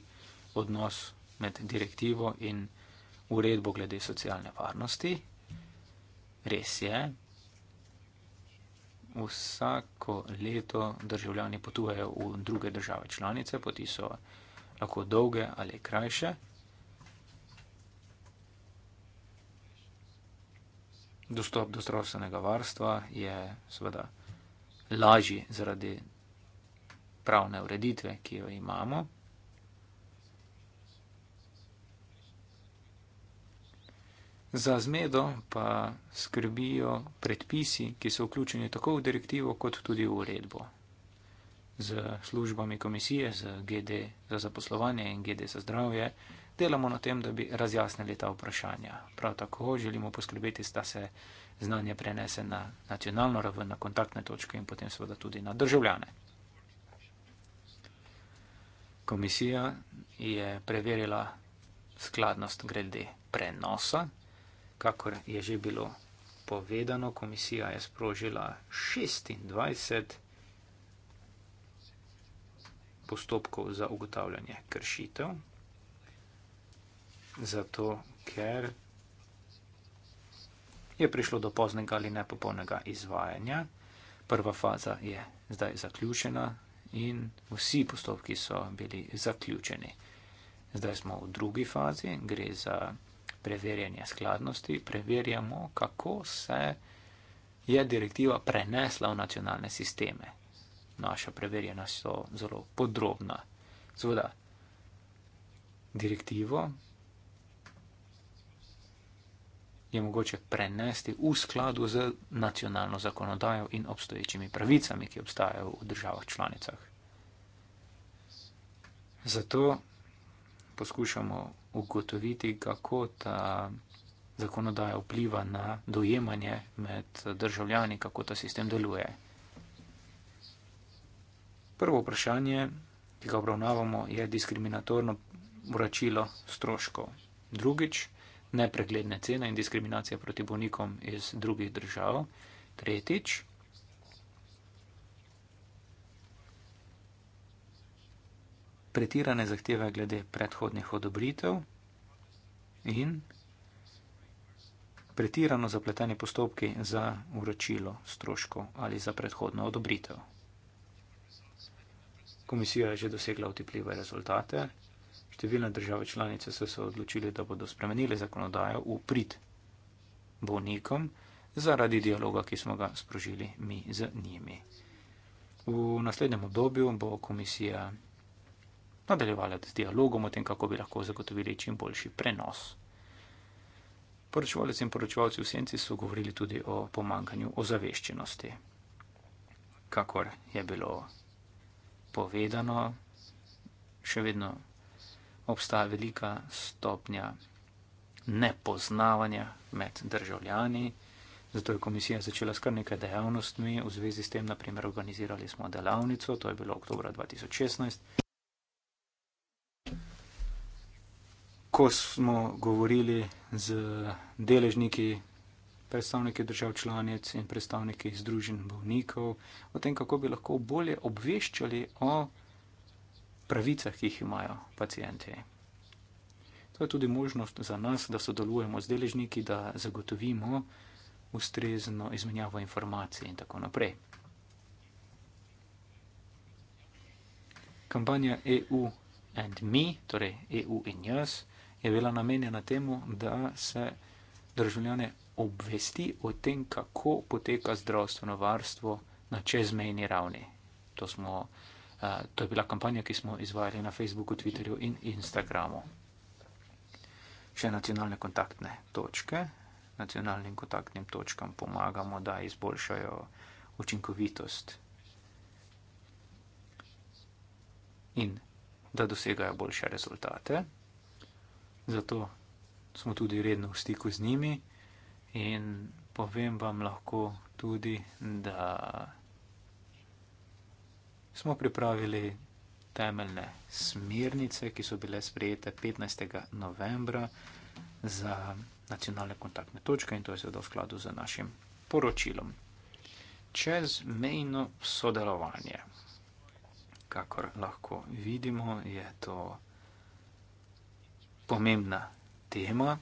odnos med direktivo in uredbo glede socialne varnosti. Res je, vsako leto državljani potujejo v druge države članice, poti so lahko dolge ali krajše. dostop do zdravstvenega varstva je seveda lažji zaradi pravne ureditve, ki jo imamo. Za zmedo pa skrbijo predpisi, ki so vključeni tako v direktivo kot tudi v uredbo. Z službami komisije, z GD za zaposlovanje in GD za zdravje, delamo na tem, da bi razjasnili ta vprašanja. Prav tako želimo poskrbeti, da se znanje prenese na nacionalno raven, na kontaktne točke in potem seveda tudi na državljane. Komisija je preverila skladnost glede prenosa, kakor je že bilo povedano, komisija je sprožila 26 postopkov za ugotavljanje kršitev, zato ker je prišlo do poznega ali nepopolnega izvajanja. Prva faza je zdaj zaključena in vsi postopki so bili zaključeni. Zdaj smo v drugi fazi, gre za preverjanje skladnosti, preverjamo, kako se je direktiva prenesla v nacionalne sisteme. Naša preverjena so zelo podrobna. Zvoda, direktivo je mogoče prenesti v skladu z nacionalno zakonodajo in obstoječimi pravicami, ki obstajajo v državah članicah. Zato poskušamo ugotoviti, kako ta zakonodaja vpliva na dojemanje med državljani, kako ta sistem deluje. Prvo vprašanje, ki ga obravnavamo, je diskriminatorno vračilo stroškov. Drugič, nepregledne cene in diskriminacija proti bolnikom iz drugih držav. Tretjič, pretirane zahteve glede predhodnih odobritev in pretirano zapletene postopke za uročilo stroškov ali za predhodno odobritev. Komisija je že dosegla otipljive rezultate. Številne države članice so se odločili, da bodo spremenili zakonodajo v prid bolnikom zaradi dialoga, ki smo ga sprožili mi z njimi. V naslednjem obdobju bo komisija nadaljevala z dialogom o tem, kako bi lahko zagotovili čim boljši prenos. Poročevalec in poročevalci v senci so govorili tudi o pomankanju ozaveščenosti. Kakor je bilo povedano, še vedno obstaja velika stopnja nepoznavanja med državljani. Zato je komisija začela s kar nekaj dejavnostmi. V zvezi s tem, naprimer, organizirali smo delavnico, to je bilo oktober 2016. Ko smo govorili z deležniki, predstavniki držav članic in predstavniki združenj bovnikov o tem, kako bi lahko bolje obveščali o pravicah, ki jih imajo pacijenti. To je tudi možnost za nas, da sodelujemo z deležniki, da zagotovimo ustrezno izmenjavo informacij in tako naprej. Kampanja EU and me, torej EU in jaz, je bila namenjena temu, da se državljane obvesti o tem, kako poteka zdravstveno varstvo na čezmejni ravni. To smo to je bila kampanja, ki smo izvajali na Facebooku, Twitterju in Instagramu. Še nacionalne kontaktne točke. Nacionalnim kontaktnim točkam pomagamo, da izboljšajo učinkovitost in da dosegajo boljše rezultate. Zato smo tudi redno v stiku z njimi in povem vam lahko tudi, da smo pripravili temeljne smernice, ki so bile sprejete 15. novembra za nacionalne kontaktne točke in to je seveda v skladu z našim poročilom. Čez mejno sodelovanje, kakor lahko vidimo, je to pomembna tema,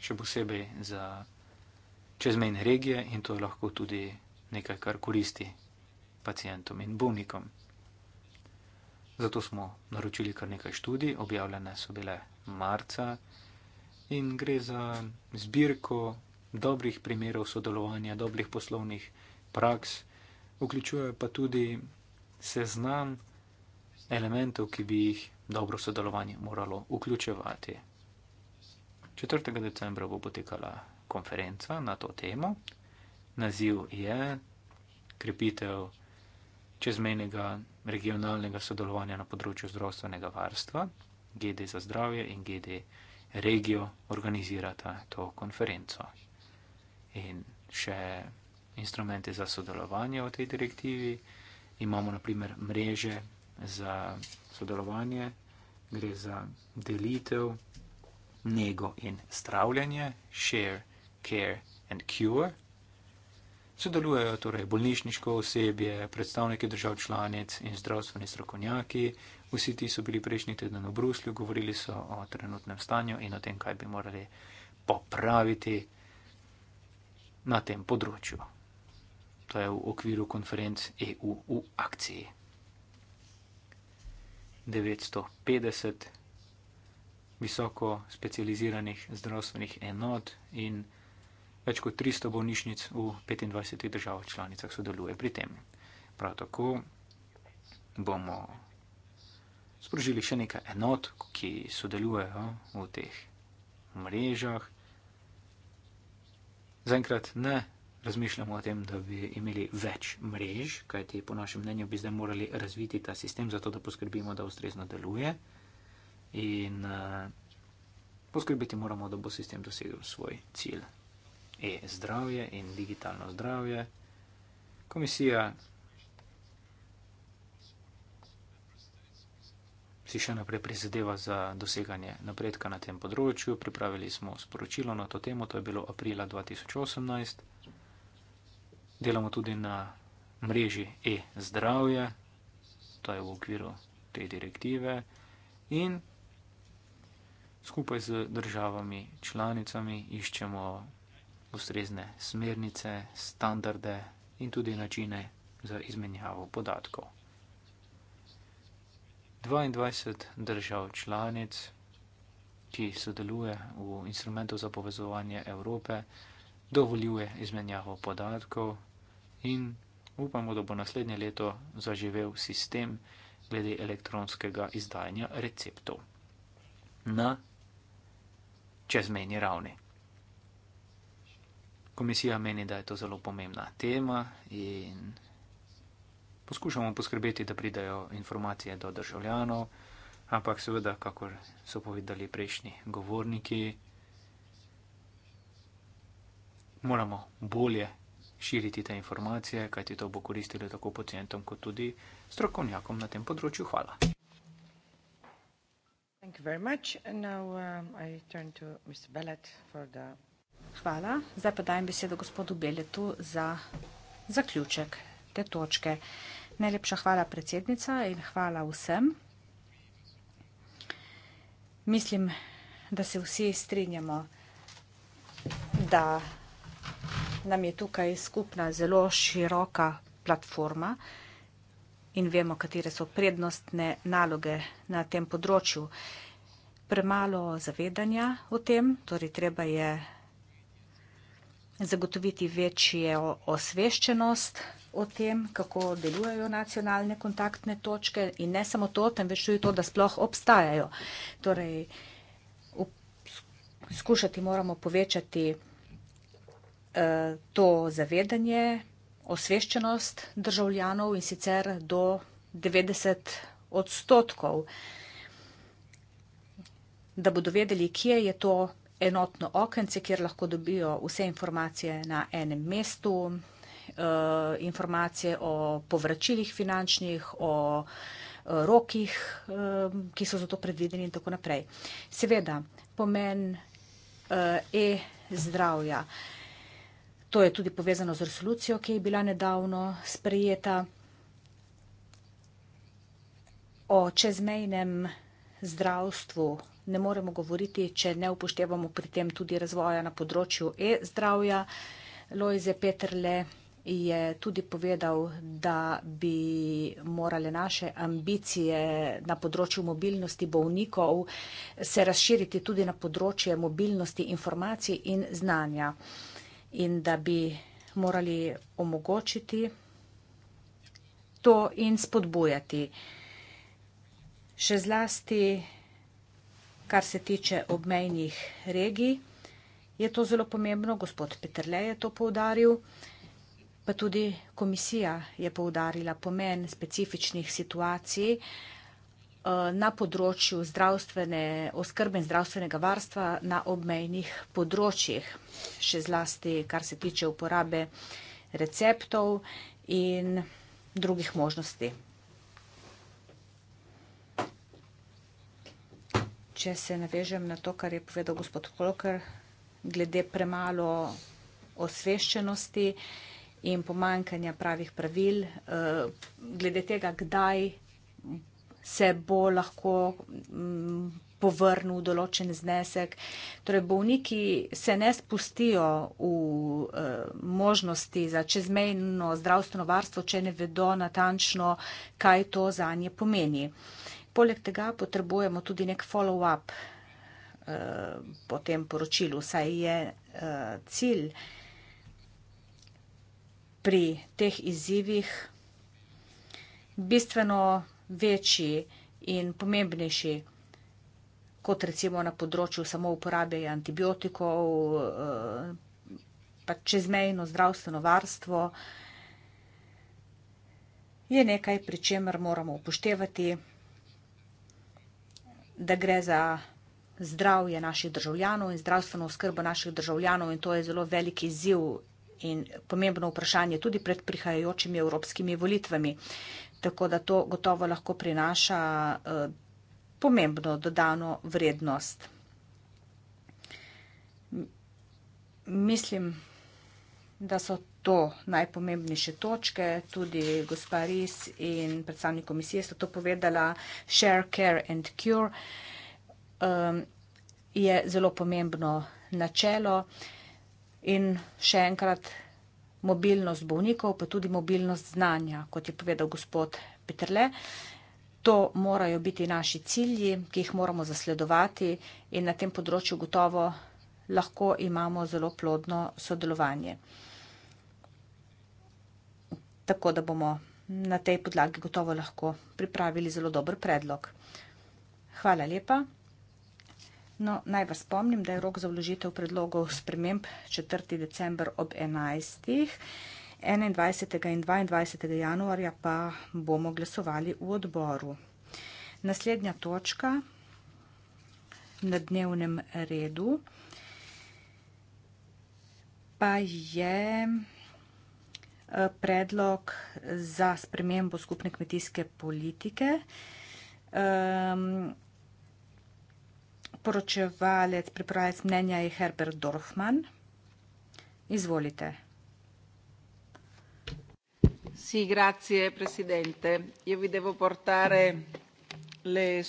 še posebej za čezmejne regije in to je lahko tudi nekaj, kar koristi pacijentom in bolnikom. Zato smo naročili kar nekaj študij, objavljene so bile marca in gre za zbirko dobrih primerov sodelovanja, dobrih poslovnih praks, vključuje pa tudi seznam elementov, ki bi jih dobro sodelovanje moralo vključevati. 4. decembra bo potekala konferenca na to temo. Naziv je krepitev čezmejnega regionalnega sodelovanja na področju zdravstvenega varstva, GD za zdravje in GD regijo organizirata to konferenco. In še instrumente za sodelovanje v tej direktivi imamo naprimer mreže za sodelovanje, gre za delitev, nego in stravljanje, share, care and cure. Sodelujejo torej bolnišniško osebje, predstavniki držav članic in zdravstveni strokovnjaki. Vsi ti so bili prejšnji teden v Bruslju, govorili so o trenutnem stanju in o tem, kaj bi morali popraviti na tem področju. To je v okviru konferenc EU v akciji. 950 visoko specializiranih zdravstvenih enot in Več kot 300 bolnišnic v 25 državah članicah sodeluje pri tem. Prav tako bomo sprožili še nekaj enot, ki sodelujejo v teh mrežah. Zaenkrat ne razmišljamo o tem, da bi imeli več mrež, kajti po našem mnenju bi zdaj morali razviti ta sistem, zato da poskrbimo, da ustrezno deluje. In uh, poskrbeti moramo, da bo sistem dosegel svoj cilj e-zdravje in digitalno zdravje. Komisija si še naprej prizadeva za doseganje napredka na tem področju. Pripravili smo sporočilo na to temo, to je bilo aprila 2018. Delamo tudi na mreži e-zdravje, to je v okviru te direktive. In skupaj z državami, članicami, iščemo ustrezne smernice, standarde in tudi načine za izmenjavo podatkov. 22 držav članic, ki sodeluje v instrumentu za povezovanje Evrope, dovoljuje izmenjavo podatkov in upamo, da bo naslednje leto zaživel sistem glede elektronskega izdajanja receptov na čezmejni ravni komisija meni, da je to zelo pomembna tema in poskušamo poskrbeti, da pridajo informacije do državljanov, ampak seveda, kako so povedali prejšnji govorniki, moramo bolje širiti te informacije, kajti to bo koristilo tako pacijentom, kot tudi strokovnjakom na tem področju. Hvala. Thank you very much. And now um, I turn to Mr. Bellet for the Hvala. Zdaj pa dajem besedo gospodu Beletu za zaključek te točke. Najlepša hvala predsednica in hvala vsem. Mislim, da se vsi strinjamo, da nam je tukaj skupna zelo široka platforma in vemo, katere so prednostne naloge na tem področju. Premalo zavedanja o tem, torej treba je zagotoviti večjo osveščenost o tem, kako delujejo nacionalne kontaktne točke in ne samo to, temveč tudi to, da sploh obstajajo. Torej, skušati moramo povečati uh, to zavedanje, osveščenost državljanov in sicer do 90 odstotkov, da bodo vedeli, kje je to enotno okence, kjer lahko dobijo vse informacije na enem mestu, eh, informacije o povračilih finančnih, o eh, rokih, eh, ki so za to predvideni in tako naprej. Seveda, pomen e-zdravja. To je tudi povezano z resolucijo, ki je bila nedavno sprejeta o čezmejnem zdravstvu ne moremo govoriti, če ne upoštevamo pri tem tudi razvoja na področju e-zdravja. Lojze Peterle je tudi povedal, da bi morale naše ambicije na področju mobilnosti bolnikov se razširiti tudi na področje mobilnosti informacij in znanja in da bi morali omogočiti to in spodbujati. Še zlasti kar se tiče obmejnih regij, je to zelo pomembno, gospod Petrle je to poudaril, pa tudi komisija je poudarila pomen specifičnih situacij eh, na področju zdravstvene, oskrbe in zdravstvenega varstva na obmejnih področjih, še zlasti, kar se tiče uporabe receptov in drugih možnosti. če se navežem na to, kar je povedal gospod Holker, glede premalo osveščenosti in pomankanja pravih pravil, eh, glede tega, kdaj se bo lahko mm, povrnil določen znesek. Torej, bolniki se ne spustijo v eh, možnosti za čezmejno zdravstveno varstvo, če ne vedo natančno, kaj to zanje pomeni. Poleg tega potrebujemo tudi nek follow-up eh, po tem poročilu, saj je eh, cilj pri teh izzivih bistveno večji in pomembnejši kot recimo na področju samo uporabe antibiotikov, eh, pa čezmejno zdravstveno varstvo, je nekaj, pri čemer moramo upoštevati vsega da gre za zdravje naših državljanov in zdravstveno oskrbo naših državljanov in to je zelo velik izziv in pomembno vprašanje tudi pred prihajajočimi evropskimi volitvami. Tako da to gotovo lahko prinaša eh, pomembno dodano vrednost. Mislim, da so to najpomembnejše točke. Tudi gospa Riz in predstavnik komisije sta to povedala. Share, care and cure um, je zelo pomembno načelo. In še enkrat, mobilnost bolnikov, pa tudi mobilnost znanja, kot je povedal gospod Peterle. To morajo biti naši cilji, ki jih moramo zasledovati in na tem področju gotovo lahko imamo zelo plodno sodelovanje tako da bomo na tej podlagi gotovo lahko pripravili zelo dober predlog. Hvala lepa. No, naj vas spomnim, da je rok za vložitev predlogov sprememb 4. december ob 11. 21. in 22. januarja pa bomo glasovali v odboru. Naslednja točka na dnevnem redu pa je predlog za spremembo skupne kmetijske politike. Um, poročevalec, pripravec mnenja je Herbert Dorfman. Izvolite. Sì, grazie, presidente. Io vi devo portare le...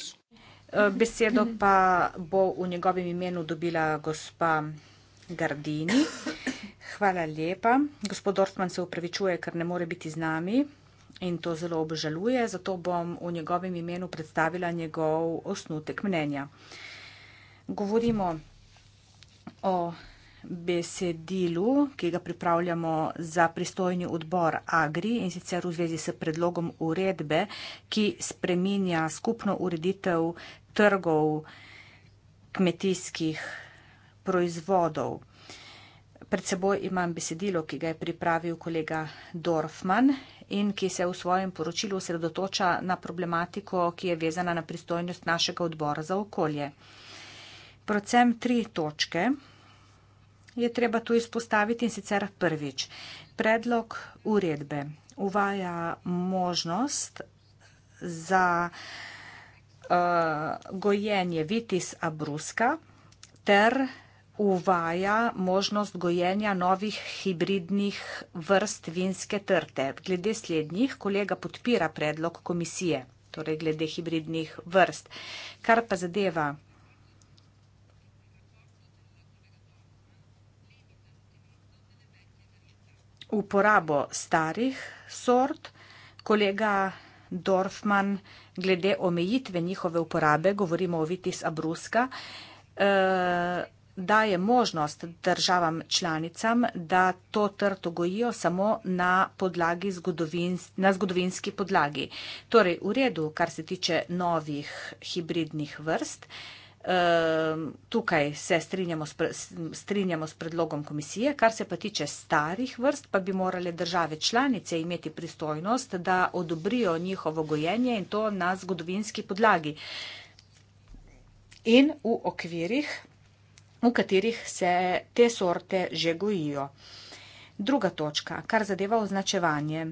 Eh, besedo pa bo v njegovem imenu dobila gospa Gardini. Hvala lepa. Gospod Dortman se upravičuje, ker ne more biti z nami in to zelo obžaluje, zato bom v njegovem imenu predstavila njegov osnutek mnenja. Govorimo o besedilu, ki ga pripravljamo za pristojni odbor Agri in sicer v zvezi s predlogom uredbe, ki spreminja skupno ureditev trgov kmetijskih proizvodov. Pred seboj imam besedilo, ki ga je pripravil kolega Dorfman in ki se v svojem poročilu osredotoča na problematiko, ki je vezana na pristojnost našega odbora za okolje. Predvsem tri točke je treba tu izpostaviti in sicer prvič. Predlog uredbe uvaja možnost za uh, gojenje vitis abruska ter uvaja možnost gojenja novih hibridnih vrst vinske trte. Glede slednjih kolega podpira predlog komisije, torej glede hibridnih vrst. Kar pa zadeva uporabo starih sort, kolega Dorfman glede omejitve njihove uporabe, govorimo o vitis abruska, uh, daje možnost državam članicam, da to trd ugojijo samo na, podlagi zgodovinski, na zgodovinski podlagi. Torej, v redu, kar se tiče novih hibridnih vrst, ehm, tukaj se strinjamo s, strinjamo s predlogom komisije, kar se pa tiče starih vrst, pa bi morale države članice imeti pristojnost, da odobrijo njihovo gojenje in to na zgodovinski podlagi. In v okvirih v katerih se te sorte že gojijo. Druga točka, kar zadeva označevanje.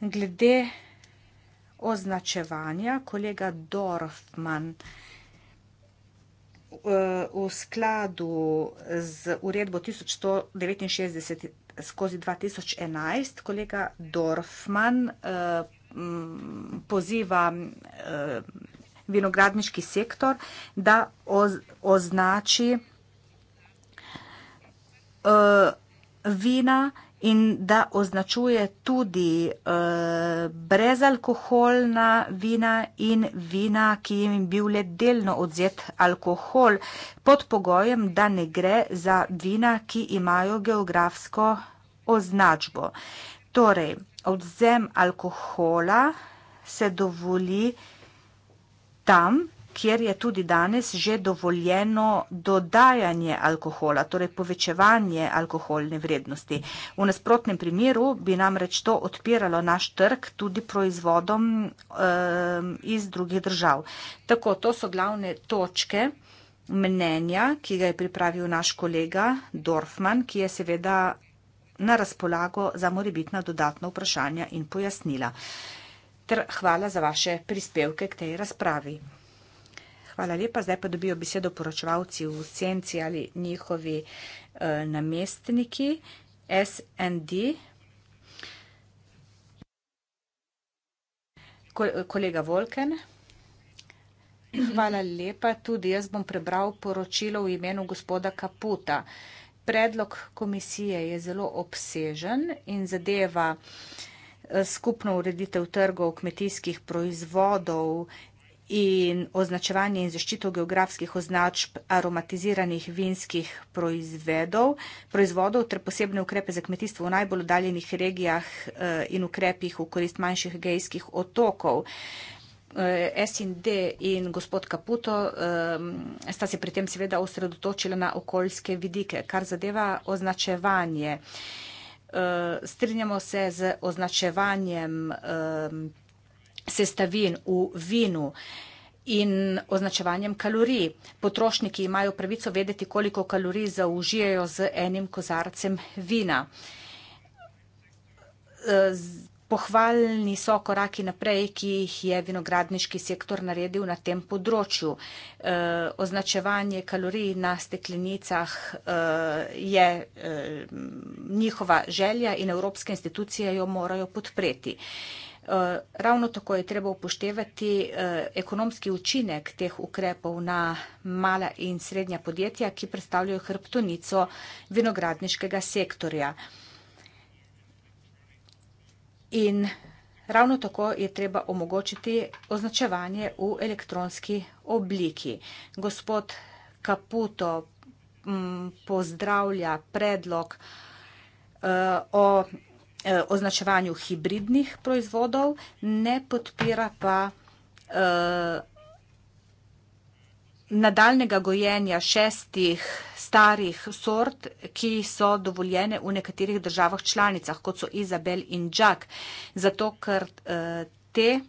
Glede označevanja, kolega Dorfman eh, v skladu z uredbo 1169 skozi 2011, kolega Dorfman eh, poziva eh, vinogradniški sektor, da oz, označi uh, vina in da označuje tudi uh, brezalkoholna vina in vina, ki jim je bil le delno odzet alkohol, pod pogojem, da ne gre za vina, ki imajo geografsko označbo. Torej, odzem alkohola se dovoli, tam, kjer je tudi danes že dovoljeno dodajanje alkohola, torej povečevanje alkoholne vrednosti. V nasprotnem primeru bi namreč to odpiralo naš trg tudi proizvodom um, iz drugih držav. Tako, to so glavne točke mnenja, ki ga je pripravil naš kolega Dorfman, ki je seveda na razpolago za morebitna dodatna vprašanja in pojasnila ter hvala za vaše prispevke k tej razpravi. Hvala lepa, zdaj pa dobijo besedo poročevalci v senci ali njihovi uh, namestniki SND. Kolega Volken. Hvala lepa. Tudi jaz bom prebral poročilo v imenu gospoda Kaputa. Predlog komisije je zelo obsežen in zadeva uh, skupno ureditev trgov kmetijskih proizvodov in označevanje in zaščito geografskih označb aromatiziranih vinskih proizvedov, proizvodov ter posebne ukrepe za kmetijstvo v najbolj oddaljenih regijah eh, in ukrepih v korist manjših gejskih otokov. Eh, SND in gospod Kaputo ehm, sta se pri tem seveda osredotočila na okoljske vidike, kar zadeva označevanje. Eh, strinjamo se z označevanjem sestavin v vinu in označevanjem kalorij. Potrošniki imajo pravico vedeti, koliko kalorij zaužijajo z enim kozarcem vina. Eh, Pohvalni so koraki naprej, ki jih je vinogradniški sektor naredil na tem področju. E, označevanje kalorij na steklenicah e, je e, njihova želja in evropske institucije jo morajo podpreti. E, ravno tako je treba upoštevati e, ekonomski učinek teh ukrepov na mala in srednja podjetja, ki predstavljajo hrbtonico vinogradniškega sektorja. E, In ravno tako je treba omogočiti označevanje v elektronski obliki. Gospod Kaputo m, mm, pozdravlja predlog uh, o uh, označevanju hibridnih proizvodov, ne podpira pa uh, nadaljnega gojenja šestih starih sort, ki so dovoljene v nekaterih državah članicah, kot so Izabel in Jack, zato ker eh, te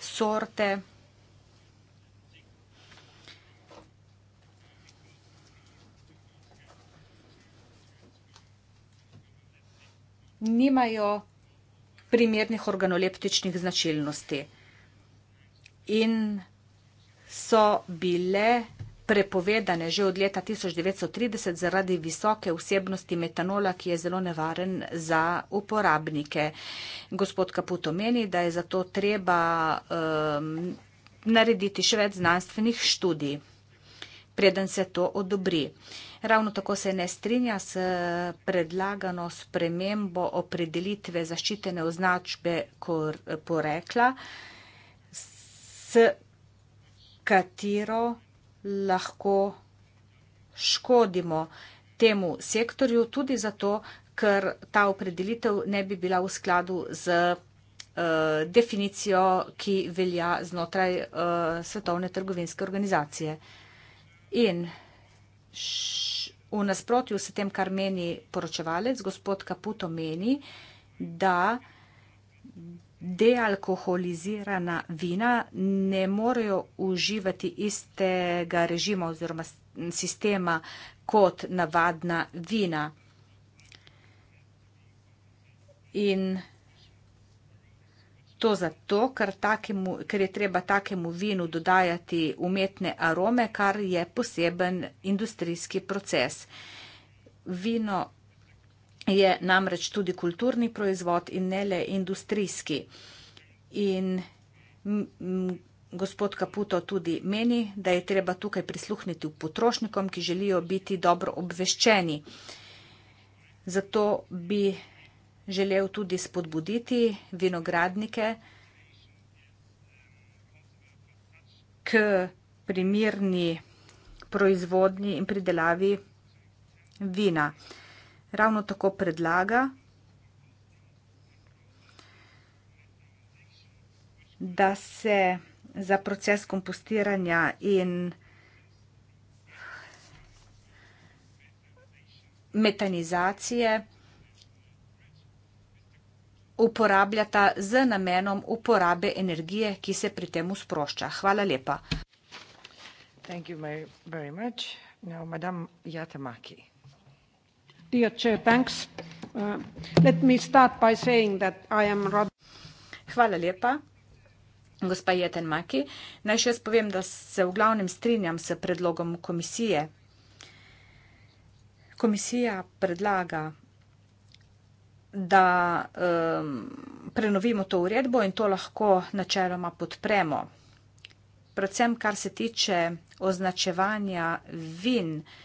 sorte nimajo primernih organoleptičnih značilnosti. In so bile prepovedane že od leta 1930 zaradi visoke vsebnosti metanola, ki je zelo nevaren za uporabnike. Gospod Kaputo meni, da je zato treba um, narediti še več znanstvenih študij, preden se to odobri. Ravno tako se ne strinja s predlagano spremembo opredelitve zaščitene označbe porekla. S katero lahko škodimo temu sektorju, tudi zato, ker ta opredelitev ne bi bila v skladu z uh, definicijo, ki velja znotraj uh, Svetovne trgovinske organizacije. In š, v nasprotju s tem, kar meni poročevalec, gospod Kaputo meni, da dealkoholizirana vina ne morejo uživati istega režima oziroma sistema kot navadna vina. In to zato, ker, takemu, ker je treba takemu vinu dodajati umetne arome, kar je poseben industrijski proces. Vino je namreč tudi kulturni proizvod in ne le industrijski. In gospod Kaputo tudi meni, da je treba tukaj prisluhniti potrošnikom, ki želijo biti dobro obveščeni. Zato bi želel tudi spodbuditi vinogradnike k primirni proizvodnji in pridelavi vina ravno tako predlaga, da se za proces kompostiranja in metanizacije uporabljata z namenom uporabe energije, ki se pri tem usprošča. Hvala lepa. Thank you very much. Now, Madame Yatamaki. Dear Chair, thanks. Uh, let me start by saying that I am rather... Hvala lepa. Gospa Jeten Maki, naj še jaz povem, da se v glavnem strinjam s predlogom komisije. Komisija predlaga, da um, prenovimo to uredbo in to lahko načeloma podpremo. Predvsem, kar se tiče označevanja vin, uh,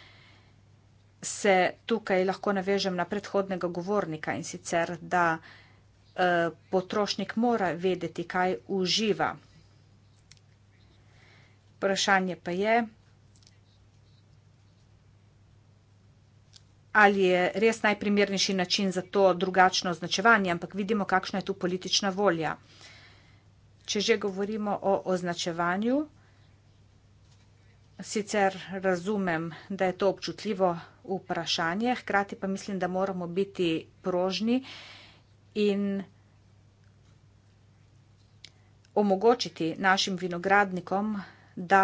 se tukaj lahko navežem na predhodnega govornika in sicer, da eh, potrošnik mora vedeti, kaj uživa. Vprašanje pa je, ali je res najprimernejši način za to drugačno označevanje, ampak vidimo, kakšna je tu politična volja. Če že govorimo o označevanju, sicer razumem, da je to občutljivo vprašanje, hkrati pa mislim, da moramo biti prožni in omogočiti našim vinogradnikom, da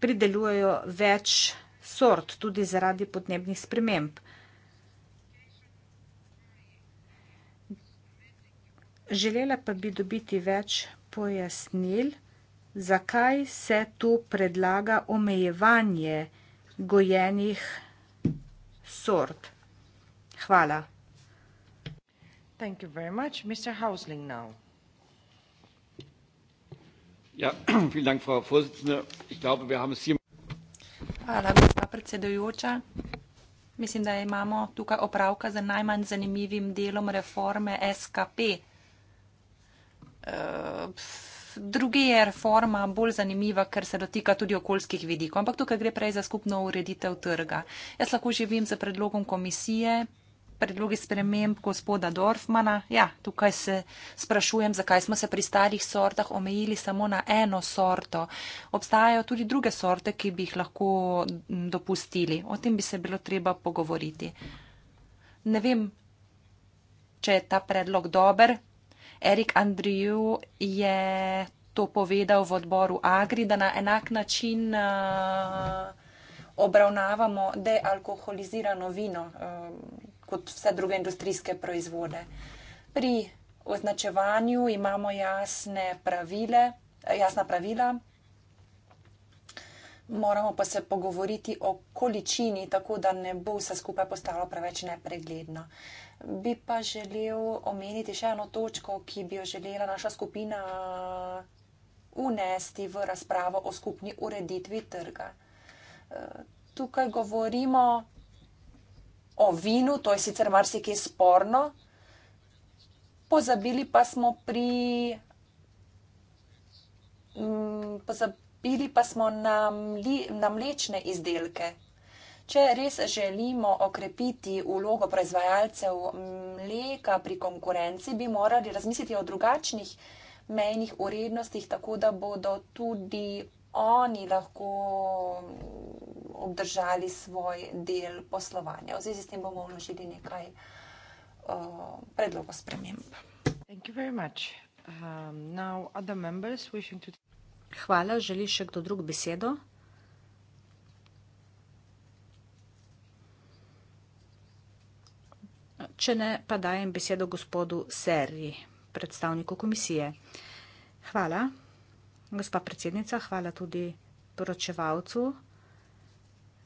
pridelujejo več sort tudi zaradi podnebnih sprememb. Želela pa bi dobiti več pojasnil, zakaj se tu predlaga omejevanje gojenih sort sort. Hvala. Thank you very much. Mr. Hausling now. Ja, [clears throat] vielen Dank, Frau Vorsitzende. Ich glaube, wir haben es hier... Hvala, gospa predsedujoča. Mislim, da imamo tukaj opravka za najmanj zanimivim delom reforme SKP. Uh, eh, druge je reforma bolj zanimiva, ker se dotika tudi okoljskih vidikov, ampak tukaj gre prej za skupno ureditev trga. Jaz lahko živim z predlogom komisije, predlogi sprememb gospoda Dorfmana. Ja, tukaj se sprašujem, zakaj smo se pri starih sortah omejili samo na eno sorto. Obstajajo tudi druge sorte, ki bi jih lahko dopustili. O tem bi se bilo treba pogovoriti. Ne vem, če je ta predlog dober, Erik Andriju je to povedal v odboru Agri, da na enak način uh, obravnavamo dealkoholizirano vino uh, kot vse druge industrijske proizvode. Pri označevanju imamo jasne pravile, jasna pravila. Moramo pa se pogovoriti o količini, tako da ne bo vse skupaj postalo preveč nepregledno. Uh, Bi pa želel omeniti še eno točko, ki bi jo želela naša skupina unesti v razpravo o skupni ureditvi trga. Eh, tukaj govorimo o vinu, to je sicer marsikaj sporno, pozabili pa smo pri. Mm, pozabili pa smo na, mli, na mlečne izdelke, Če res želimo okrepiti ulogo proizvajalcev mleka pri konkurenci, bi morali razmisliti o drugačnih mejnih urednostih, tako da bodo tudi oni lahko obdržali svoj del poslovanja. V zvezi s tem bomo vložili nekaj uh, predlogov sprememb. Um, to... Hvala, želi še kdo drug besedo? Če ne, pa dajem besedo gospodu Serri, predstavniku komisije. Hvala, gospa predsednica, hvala tudi poročevalcu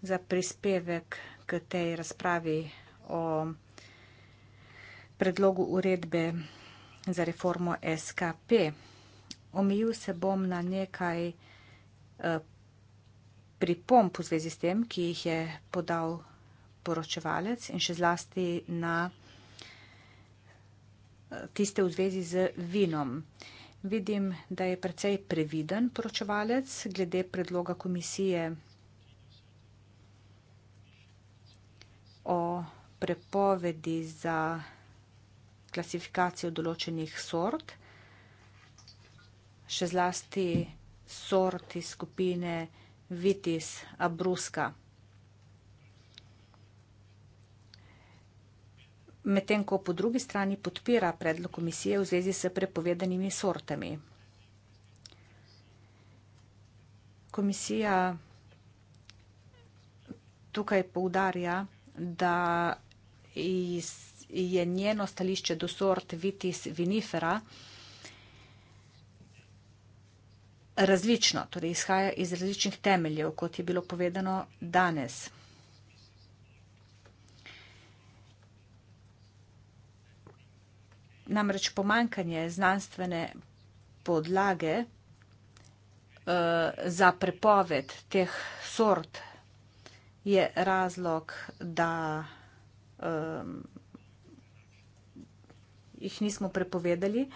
za prispevek k tej razpravi o predlogu uredbe za reformo SKP. Omejil se bom na nekaj eh, pripomp v zvezi s tem, ki jih je podal poročevalec in še zlasti na tiste v zvezi z vinom. Vidim, da je precej previden poročevalec glede predloga komisije o prepovedi za klasifikacijo določenih sort, še zlasti sorti skupine Vitis abruska. medtem ko po drugi strani podpira predlog komisije v zvezi s prepovedanimi sortami. Komisija tukaj poudarja, da je njeno stališče do sort vitis vinifera različno, torej izhaja iz različnih temeljev, kot je bilo povedano danes. namreč pomankanje znanstvene podlage eh, za prepoved teh sort je razlog, da jih nismo prepovedali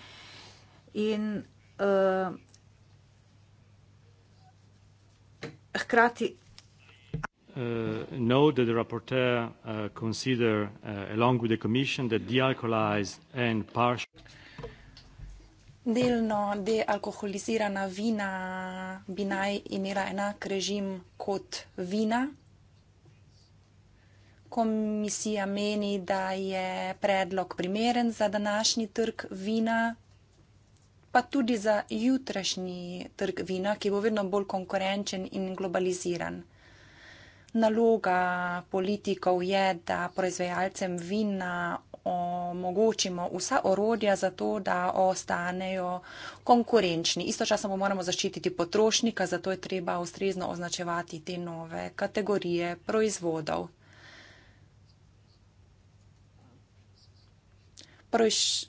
in eh, hkrati Uh, know that the rapporteur uh, consider uh, along with the commission that de-alcoholized and partial Delno dealkoholizirana vina bi naj imela enak režim kot vina. Komisija meni, da je predlog primeren za današnji trg vina, pa tudi za jutrašnji trg vina, ki bo vedno bolj konkurenčen in globaliziran naloga politikov je, da proizvajalcem vina omogočimo vsa orodja za to, da ostanejo konkurenčni. Istočasno moramo zaščititi potrošnika, zato je treba ustrezno označevati te nove kategorije proizvodov. Proiz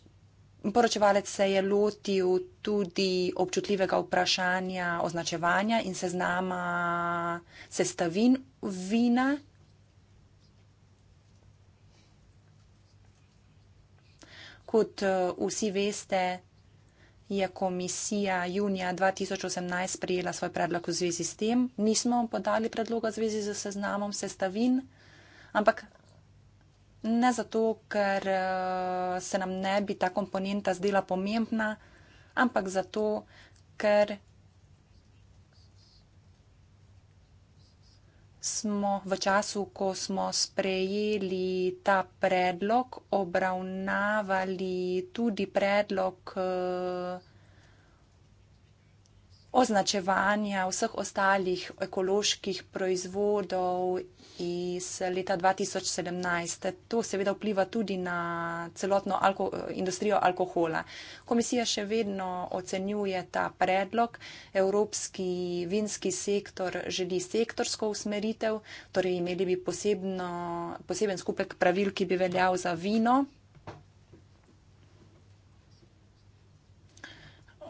Poročevalec se je lotil tudi občutljivega vprašanja označevanja in seznama sestavin vina. Kot eh, vsi veste, je komisija junija 2018 sprejela svoj predlog v zvezi s tem. Nismo podali predloga v zvezi z seznamom sestavin, ampak Ne zato, ker eh, se nam ne bi ta komponenta zdela pomembna, ampak zato, ker smo v času, ko smo sprejeli ta predlog, obravnavali tudi predlog eh, označevanja vseh ostalih ekoloških proizvodov iz leta 2017. To seveda vpliva tudi na celotno alko industrijo alkohola. Komisija še vedno ocenjuje ta predlog. Evropski vinski sektor želi sektorsko usmeritev, torej imeli bi posebno, poseben skupek pravil, ki bi veljal za vino.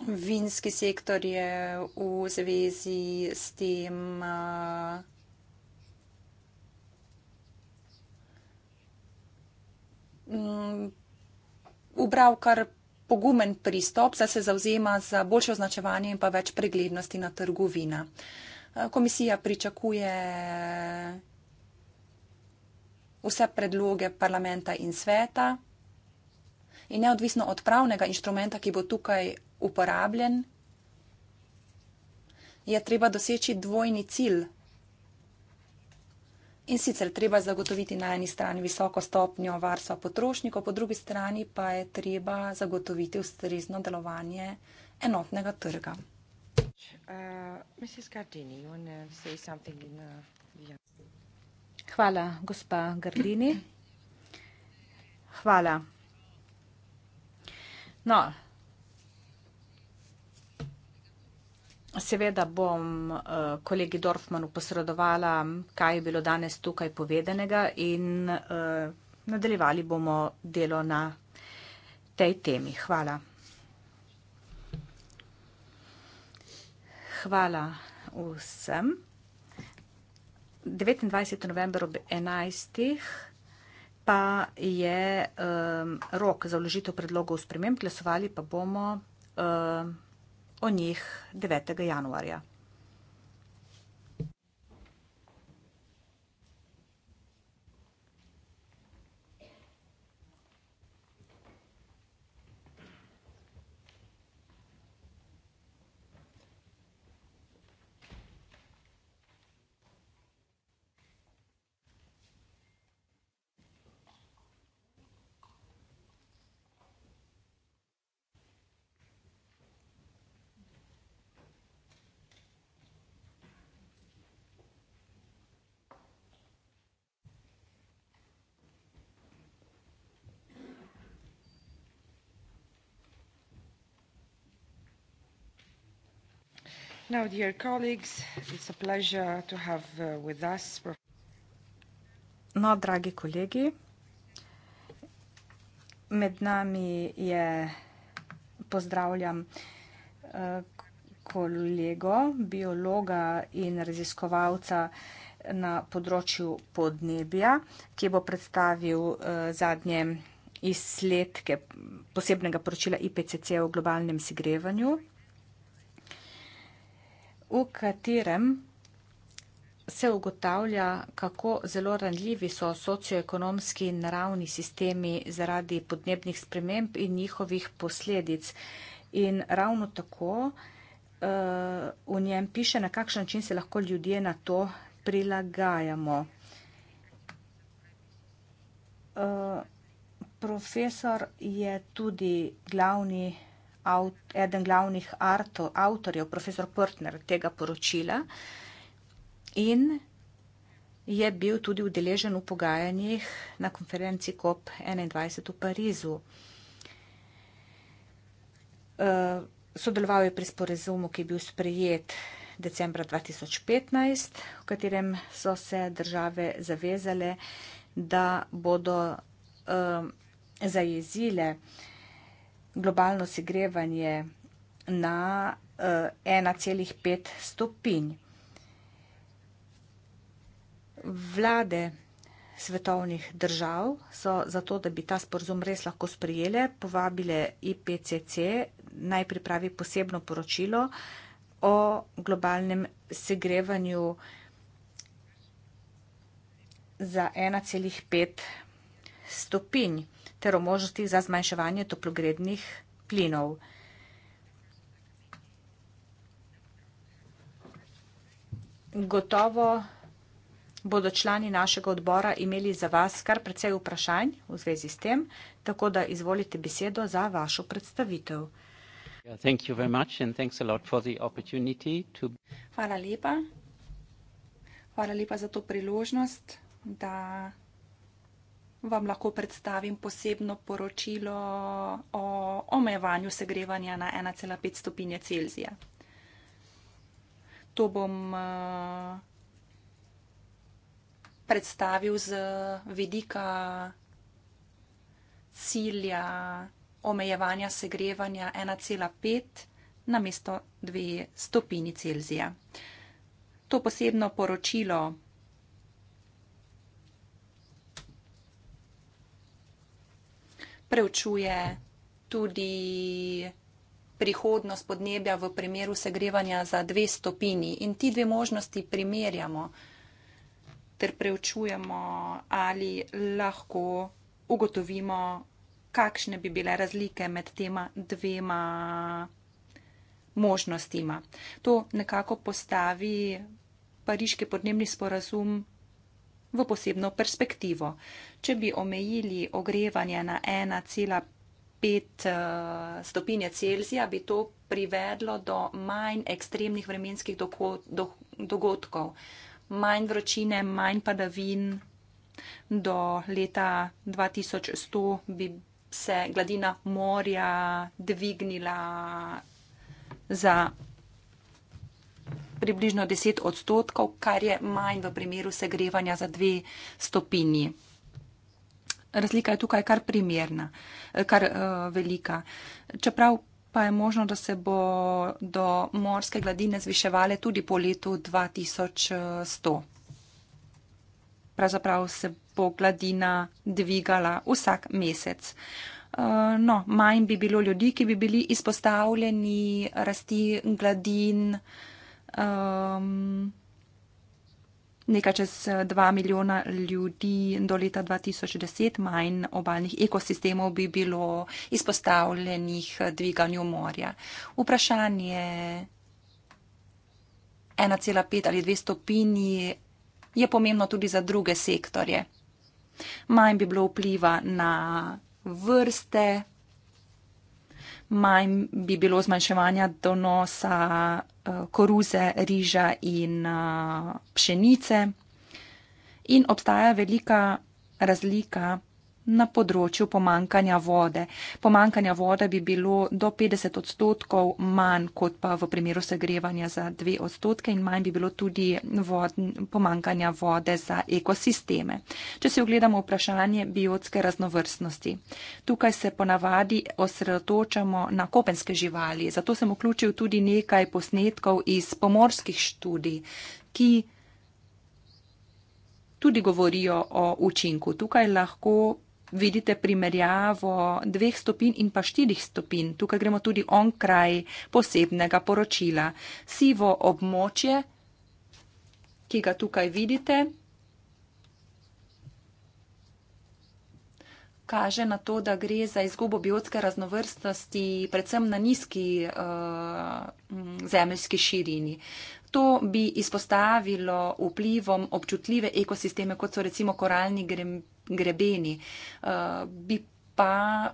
Vinski sektor je v zvezi s tem uh, Mm, ubral kar pogumen pristop, saj se zauzema za boljše označevanje in pa več preglednosti na trgu vina. Eh, komisija pričakuje vse predloge parlamenta in sveta in neodvisno od pravnega inštrumenta, ki bo tukaj uporabljen, je treba doseči dvojni cilj In sicer treba zagotoviti na eni strani visoko stopnjo varstva potrošnikov, po drugi strani pa je treba zagotoviti ustrezno delovanje enotnega trga. Uh, uh, Hvala, gospa Gardini. Hvala. No, Seveda bom eh, kolegi Dorfmanu posredovala, kaj je bilo danes tukaj povedanega in eh, nadaljevali bomo delo na tej temi. Hvala. Hvala vsem. 29. november ob 11. pa je eh, rok za vložitev predlogov sprememb, glasovali pa bomo o njih 9. januarja. Now, dear colleagues, it's a pleasure to have uh, with us. No, dragi kolegi, med nami je pozdravljam uh, kolego, biologa in raziskovalca na področju podnebja, ki bo predstavil uh, zadnje izsledke posebnega poročila IPCC o globalnem segrevanju v katerem se ugotavlja, kako zelo ranljivi so socioekonomski in naravni sistemi zaradi podnebnih sprememb in njihovih posledic. In ravno tako uh, v njem piše, na kakšen način se lahko ljudje na to prilagajamo. Uh, profesor je tudi glavni eden glavnih arto, avtorjev, profesor Portner tega poročila in je bil tudi udeležen v pogajanjih na konferenci COP21 v Parizu. Eh, sodeloval je pri sporezumu, ki je bil sprejet decembra 2015, v katerem so se države zavezale, da bodo eh, zajezile globalno segrevanje na 1,5 eh, stopinj. Vlade svetovnih držav so zato, da bi ta sporozum res lahko sprijele, povabile IPCC naj pripravi posebno poročilo o globalnem segrevanju za 1,5 stopinj ter o možnosti za zmanjševanje toplogrednih plinov. Gotovo bodo člani našega odbora imeli za vas kar precej vprašanj v zvezi s tem, tako da izvolite besedo za vašo predstavitev. Hvala lepa. Hvala lepa za to priložnost, da vam lahko predstavim posebno poročilo o omejevanju segrevanja na 1,5 stopinje Celzija. To bom eh, predstavil z vidika cilja omejevanja segrevanja 1,5 na mesto 2 stopinje Celzija. To posebno poročilo preučuje tudi prihodnost podnebja v primeru segrevanja za dve stopini in ti dve možnosti primerjamo ter preučujemo, ali lahko ugotovimo, kakšne bi bile razlike med tema dvema možnostima. To nekako postavi pariški podnebni sporazum v posebno perspektivo. Če bi omejili ogrevanje na 1,5 eh, stopinje Celzija, bi to privedlo do manj ekstremnih vremenskih dogodkov, manj vročine, manj padavin. Do leta 2100 bi se gladina morja dvignila za približno 10 odstotkov, kar je manj v primeru segrevanja za dve stopinji. Razlika je tukaj kar primerna, eh, kar uh, velika. Čeprav pa je možno, da se bo do morske gladine zviševale tudi po letu 2100. Pravzaprav se bo gladina dvigala vsak mesec. Eh, no, manj bi bilo ljudi, ki bi bili izpostavljeni rasti gladin um, nekaj čez 2 eh, milijona ljudi do leta 2010, manj obaljnih ekosistemov bi bilo izpostavljenih eh, dviganju morja. Vprašanje 1,5 ali 2 stopinji je pomembno tudi za druge sektorje. Manj bi bilo vpliva na vrste, manj bi bilo zmanjševanja donosa Eh, koruze, riža in eh, pšenice. In obstaja velika razlika na področju pomankanja vode. Pomankanja vode bi bilo do 50 odstotkov manj kot pa v primeru segrevanja za 2 odstotke in manj bi bilo tudi vod, pomankanja vode za ekosisteme. Če si ogledamo vprašanje biotske raznovrstnosti, tukaj se ponavadi osredotočamo na kopenske živali, zato sem vključil tudi nekaj posnetkov iz pomorskih študij, ki tudi govorijo o učinku. Tukaj lahko vidite primerjavo dveh stopinj in pa štirih stopinj. Tukaj gremo tudi on kraj posebnega poročila. Sivo območje, ki ga tukaj vidite, kaže na to, da gre za izgubo biotske raznovrstnosti, predvsem na nizki uh, eh, zemljski širini. To bi izpostavilo vplivom občutljive ekosisteme, kot so recimo koralni grem grebeni. Eh, bi pa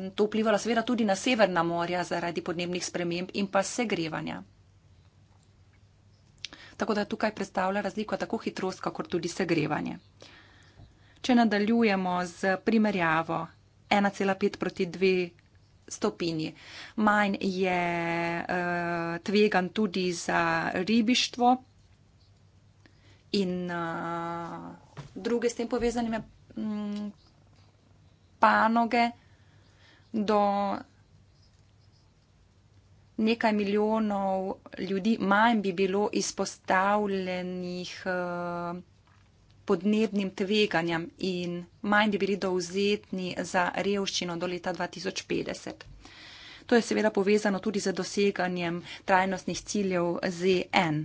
eh, to vplivalo seveda tudi na severna morja zaradi podnebnih sprememb in pa segrevanja. Tako da tukaj predstavlja razliko tako hitrost, kakor tudi segrevanje. Če nadaljujemo z primerjavo 1,5 proti 2 stopinji, manj je uh, tvegan tudi za ribištvo in uh, druge s tem povezanime Mm, panoge do nekaj milijonov ljudi, manj bi bilo izpostavljenih eh, podnebnim tveganjem in manj bi bili dovzetni za revščino do leta 2050. To je seveda povezano tudi z doseganjem trajnostnih ciljev ZN,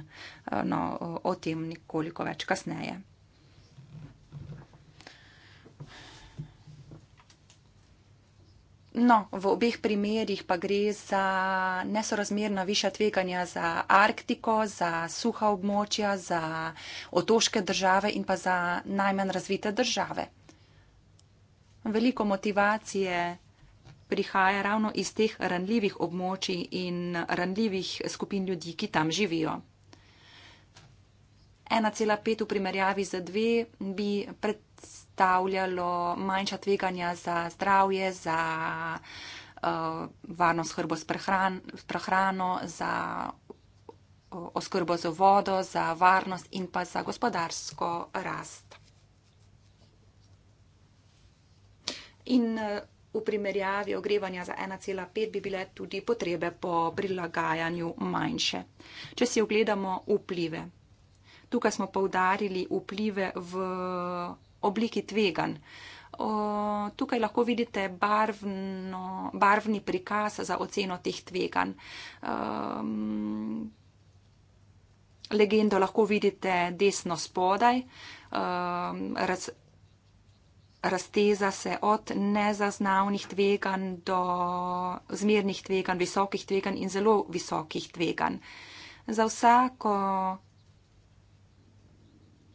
eh, no, o tem nekoliko več kasneje. No, v obeh primerjih pa gre za nesorazmerno viša tveganja za Arktiko, za suha območja, za otoške države in pa za najmanj razvite države. Veliko motivacije prihaja ravno iz teh ranljivih območij in ranljivih skupin ljudi, ki tam živijo. 1,5 v primerjavi za dve bi pred predstavljalo manjša tveganja za zdravje, za uh, varnost skrbo s, prehran, s prehrano, za uh, oskrbo z vodo, za varnost in pa za gospodarsko rast. In eh, v primerjavi ogrevanja za 1,5 bi bile tudi potrebe po prilagajanju manjše. Če si ogledamo vplive. Tukaj smo povdarili vplive v obliki tvegan. O, tukaj lahko vidite barvno, barvni prikaz za oceno teh tvegan. Um, legendo lahko vidite desno spodaj. Um, raz, razteza se od nezaznavnih tvegan do zmernih tvegan, visokih tvegan in zelo visokih tvegan. Za vsako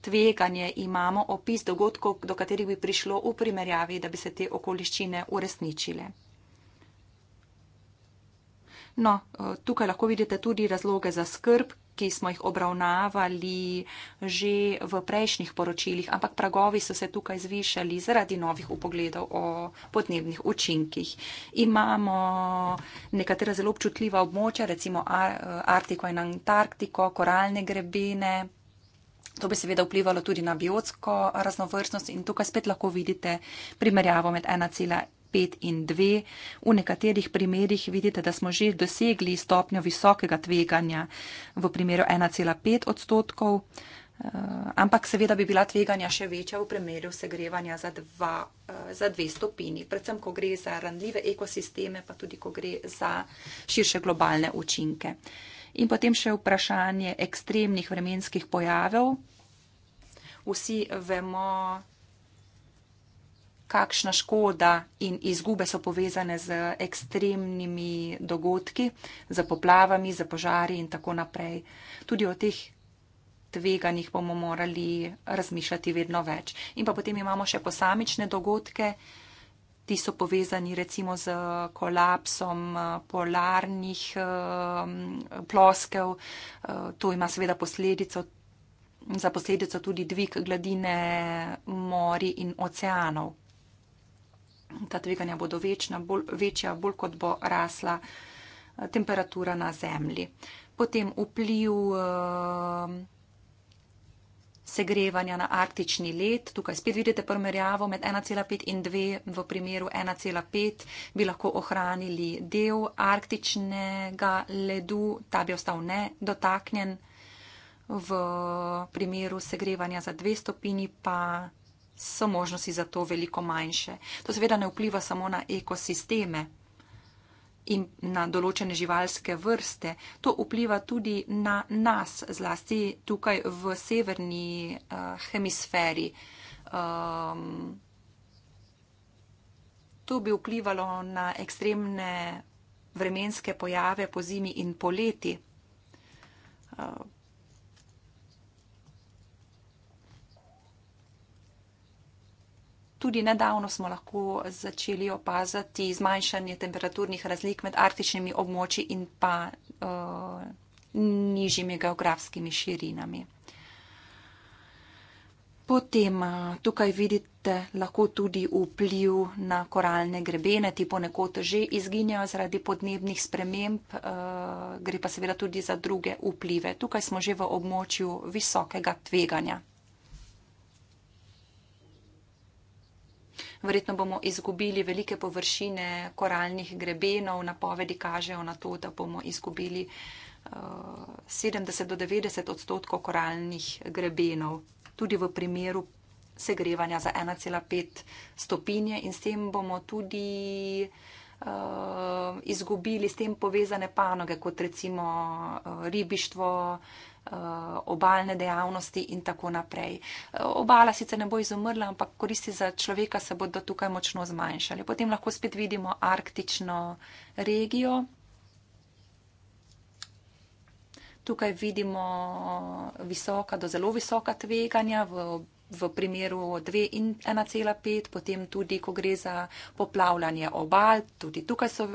tveganje imamo opis dogodkov, do katerih bi prišlo v primerjavi, da bi se te okoliščine uresničile. No, tukaj lahko vidite tudi razloge za skrb, ki smo jih obravnavali že v prejšnjih poročilih, ampak pragovi so se tukaj zvišali zaradi novih upogledov o podnebnih učinkih. Imamo nekatera zelo občutljiva območja, recimo Artiko in Antarktiko, koralne grebene, To bi seveda vplivalo tudi na biotsko raznovrstnost in tukaj spet lahko vidite primerjavo med 1,1. 5 in 2. V nekaterih primerjih vidite, da smo že dosegli stopnjo visokega tveganja v primeru 1,5 odstotkov, eh, ampak seveda bi bila tveganja še večja v primeru segrevanja za, dva, eh, za dve stopini, predvsem, ko gre za randljive ekosisteme, pa tudi, ko gre za širše globalne učinke. In potem še vprašanje ekstremnih vremenskih pojavov. Vsi vemo, kakšna škoda in izgube so povezane z ekstremnimi dogodki, z poplavami, z požari in tako naprej. Tudi o teh tveganjih bomo morali razmišljati vedno več. In pa potem imamo še posamične dogodke, ti so povezani recimo z kolapsom eh, polarnih eh, ploskev. Eh, to ima seveda posledico, za posledico tudi dvig gladine mori in oceanov. Ta tveganja bodo večna, bolj, večja, bolj kot bo rasla temperatura na Zemlji. Potem vpliv segrevanja na arktični led. Tukaj spet vidite primerjavo med 1,5 in 2. V primeru 1,5 bi lahko ohranili del arktičnega ledu, ta bi ostal nedotaknjen. V primeru segrevanja za 2 stopinji pa so možnosti za to veliko manjše. To seveda ne vpliva samo na ekosisteme in na določene živalske vrste. To vpliva tudi na nas, zlasti tukaj v severni uh, hemisferi. Um, to bi vplivalo na ekstremne vremenske pojave po zimi in poleti. Uh, tudi nedavno smo lahko začeli opazati zmanjšanje temperaturnih razlik med arktičnimi območji in pa uh, nižjimi geografskimi širinami. Potem eh, tukaj vidite lahko tudi vpliv na koralne grebene, ti ponekod že izginjajo zaradi podnebnih sprememb, eh, gre pa seveda tudi za druge vplive. Tukaj smo že v območju visokega tveganja. Verjetno bomo izgubili velike površine koralnih grebenov, napovedi kažejo na to, da bomo izgubili uh, eh, 70 do 90 odstotkov koralnih grebenov, tudi v primeru segrevanja za 1,5 stopinje in s tem bomo tudi eh, izgubili s tem povezane panoge, kot recimo eh, ribištvo, Eh, obaljne dejavnosti in tako naprej. Eh, obala sicer ne bo izumrla, ampak koristi za človeka se bodo tukaj močno zmanjšali. Potem lahko spet vidimo arktično regijo. Tukaj vidimo visoka do zelo visoka tveganja v, v primeru 2,1,5, potem tudi, ko gre za poplavljanje obal, tudi tukaj so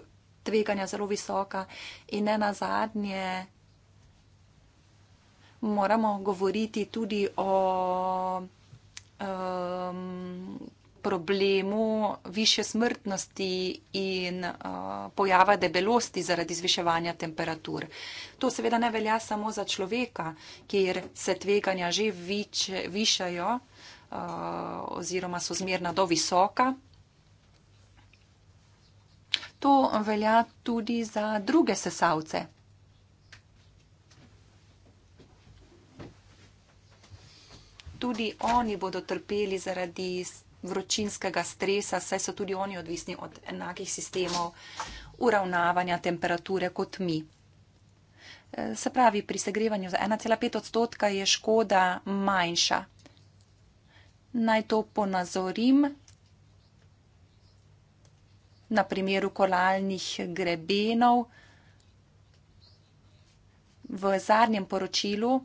tveganja zelo visoka in ena zadnje moramo govoriti tudi o um, problemu više smrtnosti in uh, pojava debelosti zaradi zviševanja temperatur. To seveda ne velja samo za človeka, kjer se tveganja že viče, višajo uh, oziroma so zmerna do visoka. To velja tudi za druge sesavce. tudi oni bodo trpeli zaradi vročinskega stresa, saj so tudi oni odvisni od enakih sistemov uravnavanja temperature kot mi. E, se pravi, pri segrevanju za 1,5 odstotka je škoda manjša. Naj to ponazorim na primeru kolalnih grebenov. V zadnjem poročilu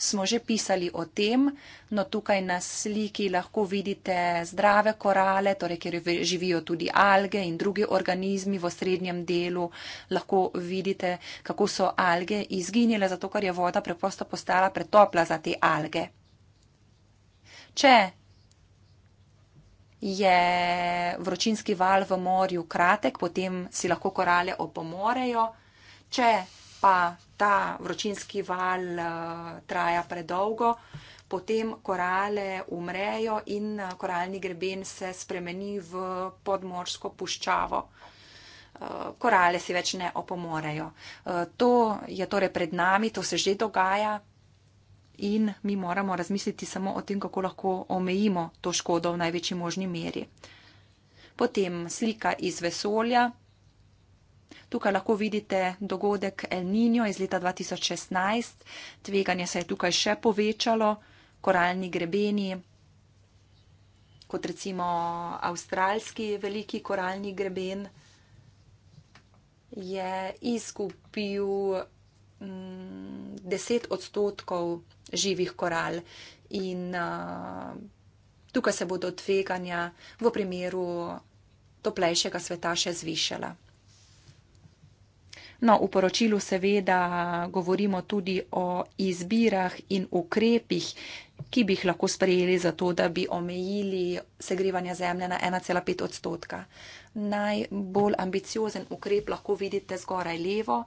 smo že pisali o tem, no tukaj na sliki lahko vidite zdrave korale, torej kjer živijo tudi alge in drugi organizmi v srednjem delu, lahko vidite, kako so alge izginile, zato ker je voda preprosto postala pretopla za te alge. Če je vročinski val v morju kratek, potem si lahko korale opomorejo. Če pa ta vročinski val eh, traja predolgo, potem korale umrejo in eh, koralni greben se spremeni v podmorsko puščavo. Eh, korale si več ne opomorejo. To je torej pred nami, to se že dogaja in mi moramo razmisliti samo o tem, kako lahko omejimo to škodo v največji možni meri. Potem slika iz vesolja. Tukaj lahko vidite dogodek El Niño iz leta 2016. Tveganje se je tukaj še povečalo, koralni grebeni, kot recimo avstralski veliki koralni greben, je izgubil mm, 10 odstotkov živih koral. In uh, tukaj se bodo tveganja v primeru toplejšega sveta še zvišala. No, v poročilu seveda govorimo tudi o izbirah in ukrepih, ki bi jih lahko sprejeli za to, da bi omejili segrevanje zemlje na 1,5 odstotka. Najbolj ambiciozen ukrep lahko vidite zgoraj levo.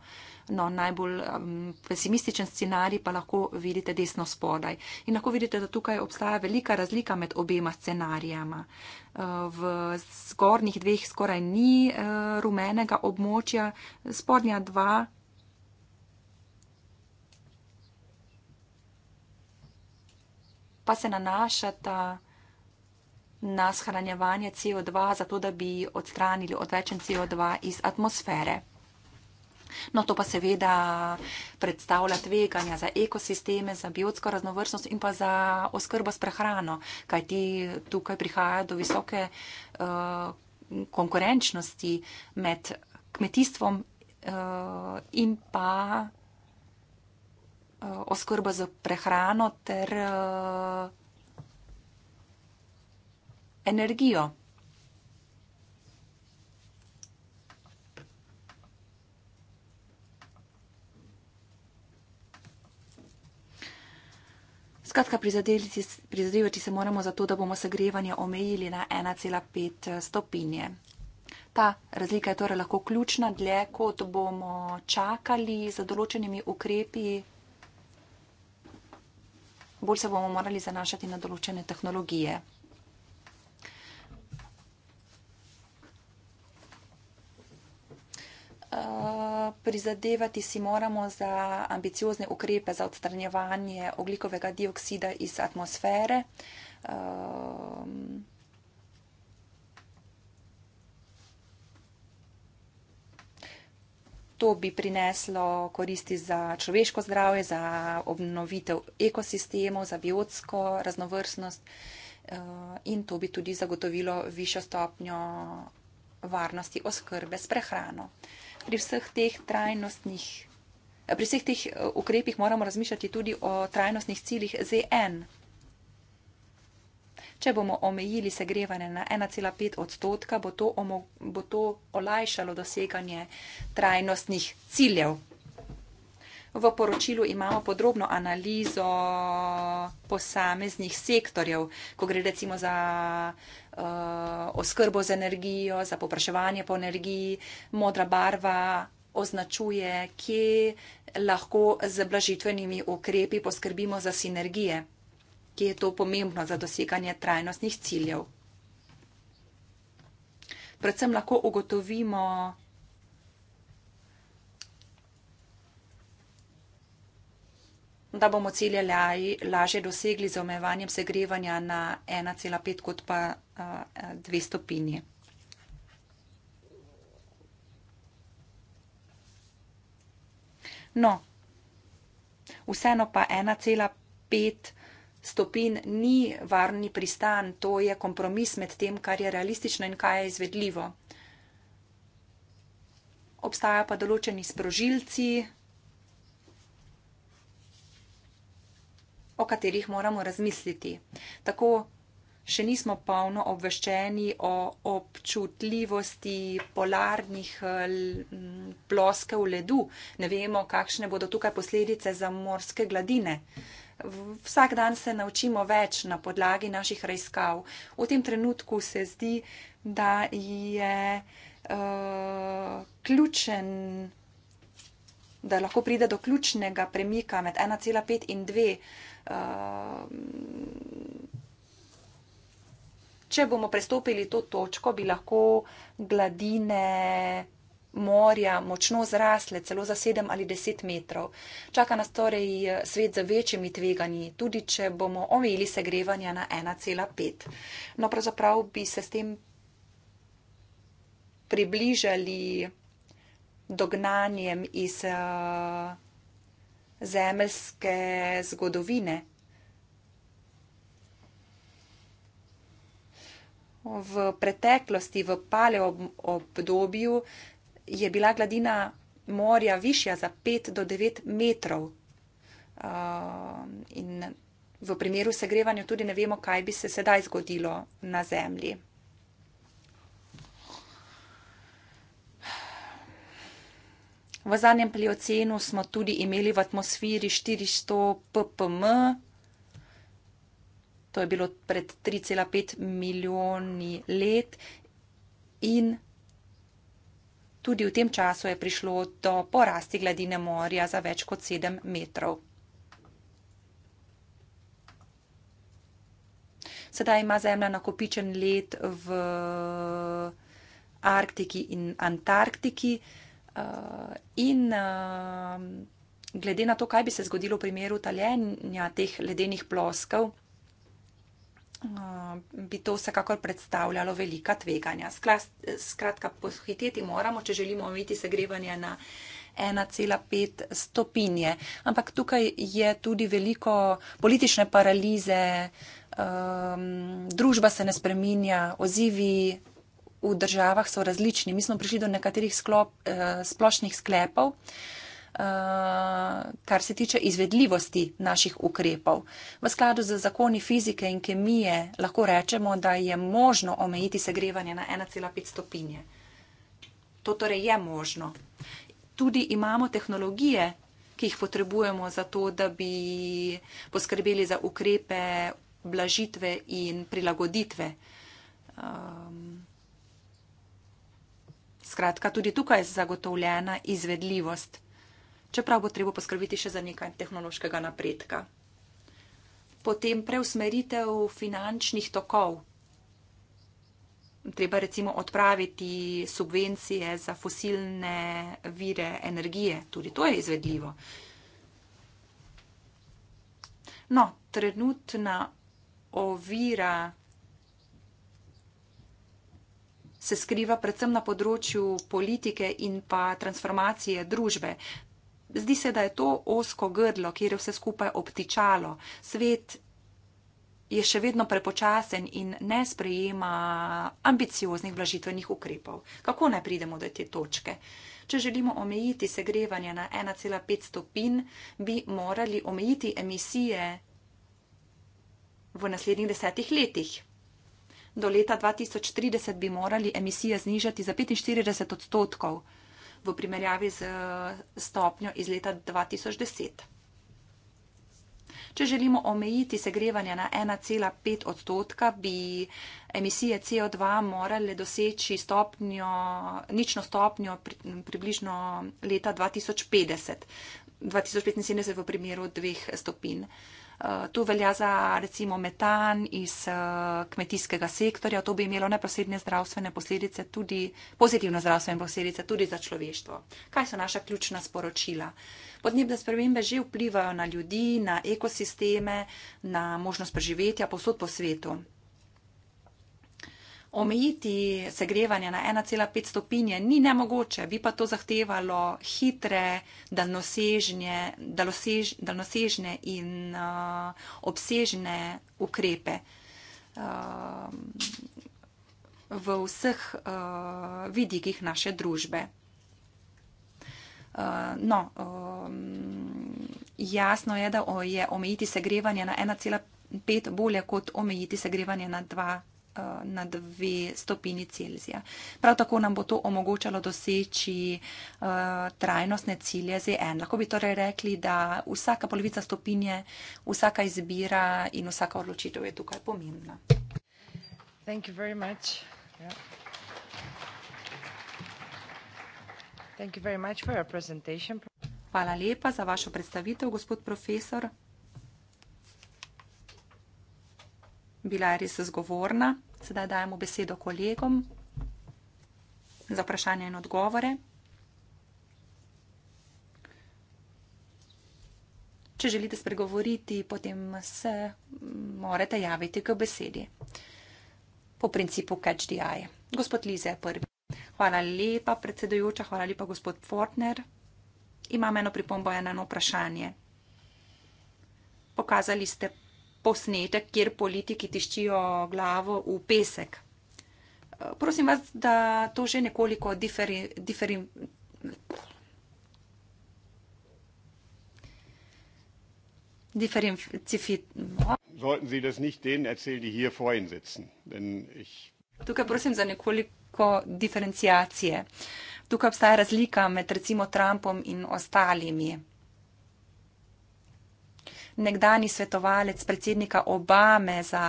No, najbolj um, pesimističen scenarij pa lahko vidite desno spodaj. In lahko vidite, da tukaj obstaja velika razlika med obema scenarijama. Uh, v zgornjih dveh skoraj ni uh, rumenega območja, spodnja dva. Pa se nanašata na shranjevanje CO2, zato da bi odstranili odvečen CO2 iz atmosfere. No, to pa seveda predstavlja tveganja za ekosisteme, za biotsko raznovrstnost in pa za oskrbo s prehrano, kaj ti tukaj prihaja do visoke uh, konkurenčnosti med kmetijstvom uh, in pa uh, oskrbo z prehrano ter uh, energijo. Skratka, prizadevati, prizadevati se moramo za to, da bomo segrevanje omejili na 1,5 eh, stopinje. Ta razlika je torej lahko ključna, dlje kot bomo čakali za določenimi ukrepi, bolj se bomo morali zanašati na določene tehnologije. prizadevati si moramo za ambiciozne ukrepe za odstranjevanje oglikovega dioksida iz atmosfere. Um, To bi prineslo koristi za človeško zdravje, za obnovitev ekosistemov, za biotsko raznovrstnost ehm, in to bi tudi zagotovilo višjo stopnjo varnosti oskrbe s prehrano pri vseh teh trajnostnih. Eh, pri vseh teh eh, ukrepih moramo razmišljati tudi o trajnostnih ciljih ZN. Če bomo omejili segrevanje na 1,5 odstotka, bo to, bo to olajšalo doseganje trajnostnih ciljev. V poročilu imamo podrobno analizo posameznih sektorjev, ko gre recimo za Eh, oskrbo z energijo, za popraševanje po energiji, modra barva označuje, kje lahko z blažitvenimi ukrepi poskrbimo za sinergije, kje je to pomembno za doseganje trajnostnih ciljev. Predvsem lahko ugotovimo, da bomo cilje lažje dosegli z omejevanjem segrevanja na 1,5 kot pa 2 stopinje. No, vseeno pa 1,5 stopin ni varni pristan, to je kompromis med tem, kar je realistično in kaj je izvedljivo. Obstajajo pa določeni sprožilci, o katerih moramo razmisliti. Tako še nismo polno obveščeni o občutljivosti polarnih eh, ploske v ledu. Ne vemo, kakšne bodo tukaj posledice za morske gladine. Vsak dan se naučimo več na podlagi naših raziskav. V tem trenutku se zdi, da je uh, ključen, da lahko pride do ključnega premika med 1,5 in 2. Ehm, če bomo prestopili to točko, bi lahko gladine morja močno zrasle, celo za 7 ali 10 metrov. Čaka nas torej eh, svet z večjimi tveganji, tudi če bomo omejili segrevanje na 1,5. No, pravzaprav bi se s tem približali dognanjem iz. Uh, zemeljske zgodovine. V preteklosti, v paleo obdobju, je bila gladina morja višja za 5 do 9 metrov. Um, in v primeru segrevanja tudi ne vemo, kaj bi se sedaj zgodilo na Zemlji. V zadnjem pliocenu smo tudi imeli v atmosferi 400 ppm, to je bilo pred 3,5 milijoni let in tudi v tem času je prišlo do porasti gladine morja za več kot 7 metrov. Sedaj ima Zemlja nakopičen let v Arktiki in Antarktiki. Uh, in uh, glede na to, kaj bi se zgodilo v primeru taljenja teh ledenih ploskev, uh, eh, bi to vsekakor predstavljalo velika tveganja. Sklas, skratka, pohiteti moramo, če želimo omejiti segrevanje na 1,5 stopinje. Ampak tukaj je tudi veliko politične paralize, um, družba se ne spreminja, ozivi v državah so različni. Mi smo prišli do nekaterih sklop, uh, splošnih sklepov, uh, kar se tiče izvedljivosti naših ukrepov. V skladu z zakoni fizike in kemije lahko rečemo, da je možno omejiti segrevanje na 1,5 stopinje. To torej je možno. Tudi imamo tehnologije, ki jih potrebujemo za to, da bi poskrbeli za ukrepe blažitve in prilagoditve. Um, Skratka, tudi tukaj je zagotovljena izvedljivost, čeprav bo treba poskrbeti še za nekaj tehnološkega napredka. Potem preusmeritev finančnih tokov. Treba recimo odpraviti subvencije za fosilne vire energije. Tudi to je izvedljivo. No, trenutna ovira se skriva predvsem na področju politike in pa transformacije družbe. Zdi se, da je to osko grlo, kjer je vse skupaj obtičalo. Svet je še vedno prepočasen in ne sprejema ambicioznih blažitvenih ukrepov. Kako naj pridemo do te točke? Če želimo omejiti segrevanje na 1,5 stopin, bi morali omejiti emisije v naslednjih desetih letih do leta 2030 bi morali emisije znižati za 45 odstotkov v primerjavi z stopnjo iz leta 2010. Če želimo omejiti segrevanje na 1,5 odstotka, bi emisije CO2 morale doseči stopnjo, nično stopnjo pri, približno leta 2050, 2075 v primeru dveh stopinj. Eh, tu velja za recimo metan iz eh, kmetijskega sektorja, to bi imelo neposredne zdravstvene posledice, tudi pozitivne zdravstvene posledice, tudi za človeštvo. Kaj so naša ključna sporočila? Podnebne spremembe že vplivajo na ljudi, na ekosisteme, na možnost preživetja posod po svetu. Omejiti segrevanje na 1,5 stopinje ni nemogoče, bi pa to zahtevalo hitre, daljnosežne, daljosež, daljnosežne in uh, obsežne ukrepe uh, v vseh uh, vidikih naše družbe. Uh, no, um, jasno je, da je omejiti segrevanje na 1,5 bolje kot omejiti segrevanje na 2 stopinje. Eh, na dve stopini Celzija. Prav tako nam bo to omogočalo doseči uh, trajnostne cilje z en. Lahko bi torej rekli, da vsaka polovica stopinje, vsaka izbira in vsaka odločitev je tukaj pomembna. Thank you very much. Yeah. Thank you very much for your presentation. Hvala lepa za vašo predstavitev, gospod profesor. bila res zgovorna. Sedaj dajemo besedo kolegom za vprašanje in odgovore. Če želite spregovoriti, potem se morate javiti k besedi. Po principu catch the eye. Gospod Lize je prvi. Hvala lepa, predsedujoča, hvala lepa, gospod Fortner. Imam eno pripombo, eno vprašanje. Pokazali ste posnetek, kjer politiki tiščijo glavo v pesek. Eh, prosim vas, da to že nekoliko diferi, diferi, Tukaj prosim za nekoliko diferencijacije. Tukaj obstaja razlika med recimo Trumpom in ostalimi nekdani svetovalec predsednika Obame za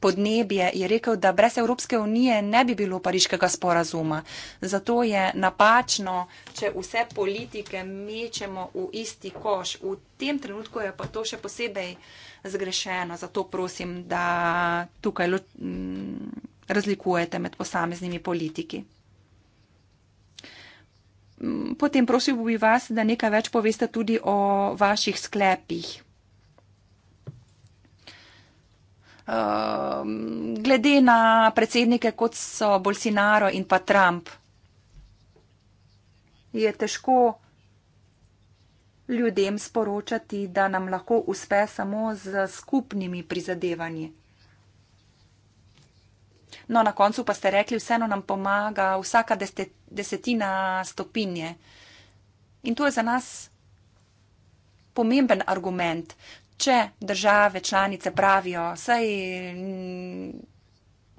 podnebje, je rekel, da brez Evropske unije ne bi bilo pariškega sporazuma. Zato je napačno, če vse politike mečemo v isti koš. V tem trenutku je pa to še posebej zgrešeno. Zato prosim, da tukaj. Razlikujete med posameznimi politiki potem prosil bi vas, da nekaj več poveste tudi o vaših sklepih. Uh, glede na predsednike, kot so Bolsonaro in pa Trump, je težko ljudem sporočati, da nam lahko uspe samo z skupnimi prizadevanji. No, na koncu pa ste rekli, vseeno nam pomaga vsaka desetina stopinje. In to je za nas pomemben argument. Če države članice pravijo, saj mm,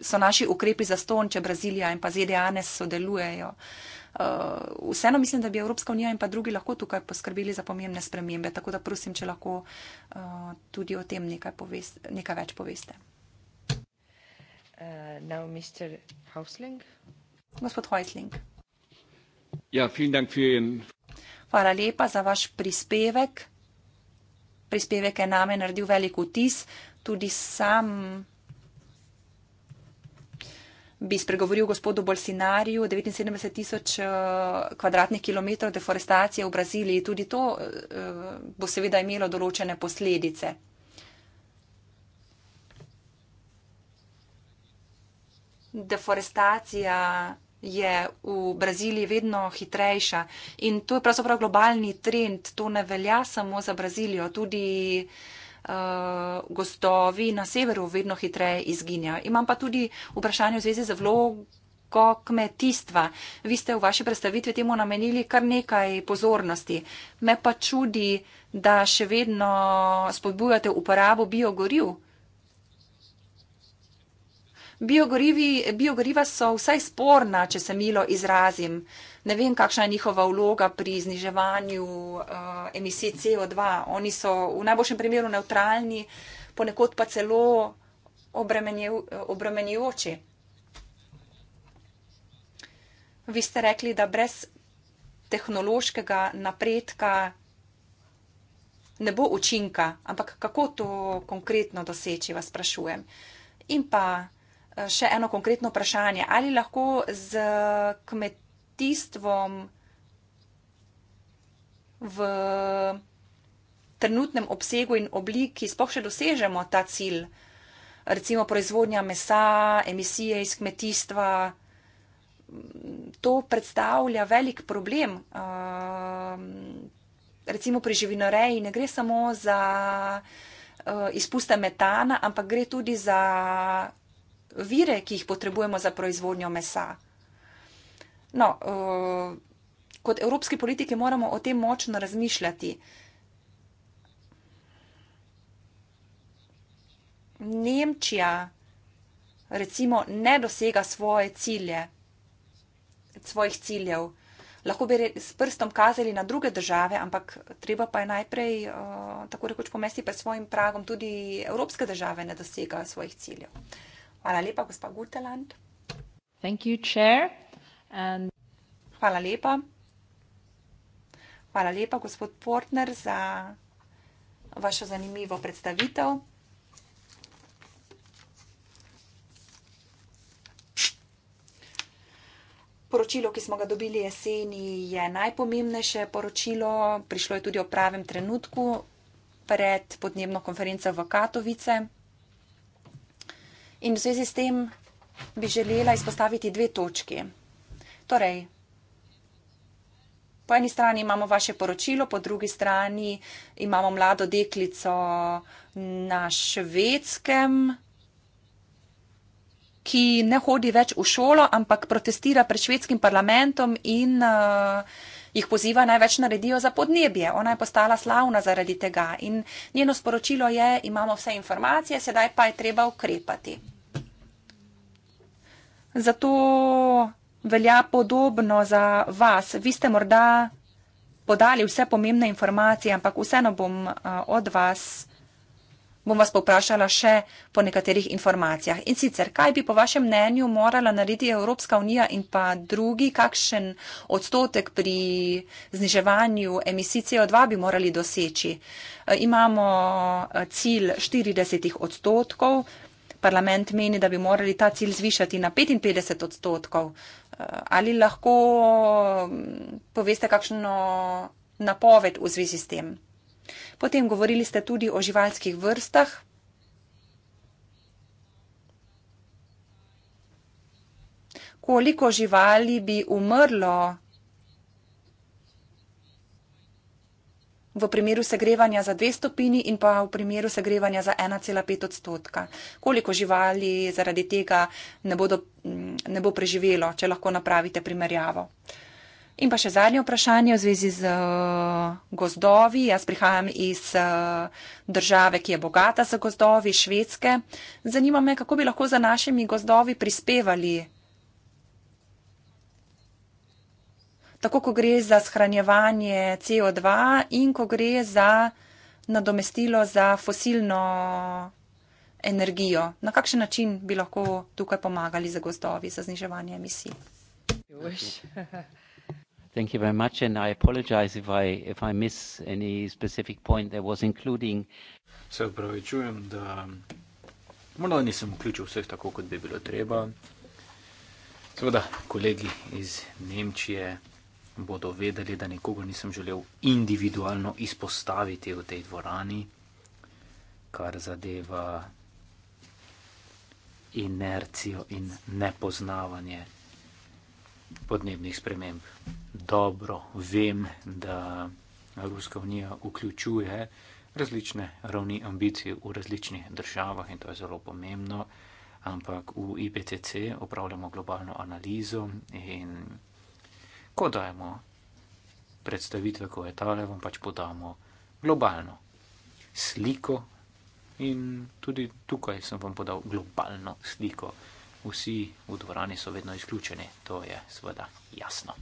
so naši ukrepi za ston, če Brazilija in pa ZDA ne sodelujejo. Uh, vseeno mislim, da bi Evropska unija in pa drugi lahko tukaj poskrbeli za pomembne spremembe. Tako da prosim, če lahko uh, tudi o tem nekaj, povest, nekaj več poveste. Uh, Gospod Heutling. Ja, Hvala lepa za vaš prispevek. Prispevek je name naredil velik vtis. Tudi sam bi spregovoril gospodu Bolsinariju, 79 tisoč eh, kvadratnih kilometrov deforestacije v Braziliji. Tudi to eh, bo seveda imelo določene posledice. deforestacija je v Braziliji vedno hitrejša in to je pravzaprav globalni trend. To ne velja samo za Brazilijo, tudi uh, eh, gostovi na severu vedno hitreje izginjajo. Imam pa tudi vprašanje v zvezi z vlogo kmetijstva. Vi ste v vaši predstavitvi temu namenili kar nekaj pozornosti. Me pa čudi, da še vedno spodbujate uporabo biogoriv. Uh, Biogorivi, biogoriva so vsaj sporna, če se milo izrazim. Ne vem, kakšna je njihova vloga pri zniževanju uh, emisij CO2. Oni so v najboljšem primeru neutralni, ponekod pa celo obremenjujoči. Vi ste rekli, da brez tehnološkega napredka ne bo učinka, ampak kako to konkretno doseči, vas sprašujem. In pa še eno konkretno vprašanje. Ali lahko z kmetijstvom v trenutnem obsegu in obliki sploh še dosežemo ta cilj, recimo proizvodnja mesa, emisije iz kmetijstva? To predstavlja velik problem. Um, recimo pri živinoreji ne gre samo za uh, izpuste metana, ampak gre tudi za vire, ki jih potrebujemo za proizvodnjo mesa. No, eh, kot evropski politiki moramo o tem močno razmišljati. Nemčija recimo ne dosega svoje cilje, svojih ciljev. Lahko bi s prstom kazali na druge države, ampak treba pa je najprej, eh, tako rekoč, pomesti pred svojim pragom, tudi evropske države ne dosegajo svojih ciljev. Hvala lepa, gospa Guteland. Thank you, chair. And... Hvala lepa. Hvala lepa, gospod Portner, za vašo zanimivo predstavitev. Poročilo, ki smo ga dobili jeseni, je najpomembnejše poročilo. Prišlo je tudi o pravem trenutku pred podnebno konferenco v Katovice. In v zvezi s tem bi želela izpostaviti dve točki. Torej, po eni strani imamo vaše poročilo, po drugi strani imamo mlado deklico na švedskem, ki ne hodi več v šolo, ampak protestira pred švedskim parlamentom in uh, jih poziva največ naredijo za podnebje. Ona je postala slavna zaradi tega in njeno sporočilo je, imamo vse informacije, sedaj pa je treba ukrepati. Zato velja podobno za vas. Vi ste morda podali vse pomembne informacije, ampak vseeno bom od vas bom vas povprašala še po nekaterih informacijah. In sicer, kaj bi po vašem mnenju morala narediti Evropska unija in pa drugi, kakšen odstotek pri zniževanju emisij CO2 bi morali doseči? E, imamo e, cilj 40 odstotkov. Parlament meni, da bi morali ta cilj zvišati na 55 odstotkov. E, ali lahko poveste kakšno napoved v zvezi s tem? Potem govorili ste tudi o živalskih vrstah. Koliko živali bi umrlo v primeru segrevanja za dve stopini in pa v primeru segrevanja za 1,5 odstotka? Koliko živali zaradi tega ne, bodo, ne bo preživelo, če lahko napravite primerjavo? In pa še zadnje vprašanje v zvezi z uh, gozdovi. Jaz prihajam iz uh, države, ki je bogata z gozdovi, švedske. Zanima me, kako bi lahko za našimi gozdovi prispevali. Tako, ko gre za shranjevanje CO2 in ko gre za nadomestilo za fosilno energijo. Na kakšen način bi lahko tukaj pomagali za gozdovi, za zniževanje emisij? Okay. [laughs] Thank you very much, and I apologize if I, if I miss any specific point that was including. Se upravičujem, da morda nisem vključil vseh tako, kot bi bilo treba. Seveda, kolegi iz Nemčije bodo vedeli, da nikogo nisem želel individualno izpostaviti v tej dvorani, kar zadeva inercijo in nepoznavanje podnebnih sprememb. Dobro vem, da Evropska unija vključuje različne ravni ambicij v različnih državah in to je zelo pomembno, ampak v IPCC opravljamo globalno analizo in ko dajemo predstavitve, ko je tale, vam pač podamo globalno sliko in tudi tukaj sem vam podal globalno sliko vsi v dvorani so vedno izključeni, to je seveda jasno.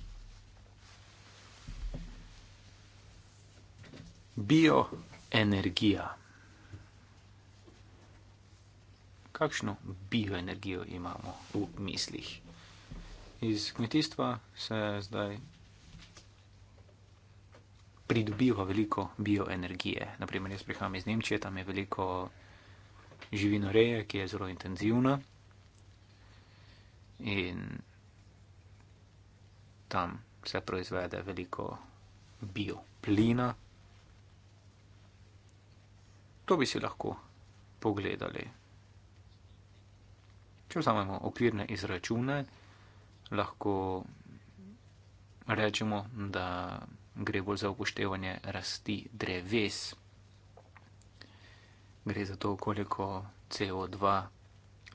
Bioenergija. Kakšno bioenergijo imamo v mislih? Iz kmetijstva se zdaj pridobiva veliko bioenergije. Naprimer, jaz prihajam iz Nemčije, tam je veliko živinoreje, ki je zelo intenzivna in tam se proizvede veliko bioplina. To bi si lahko pogledali. Če vzamemo okvirne izračune, lahko rečemo, da gre bolj za upoštevanje rasti dreves. Gre za to, koliko CO2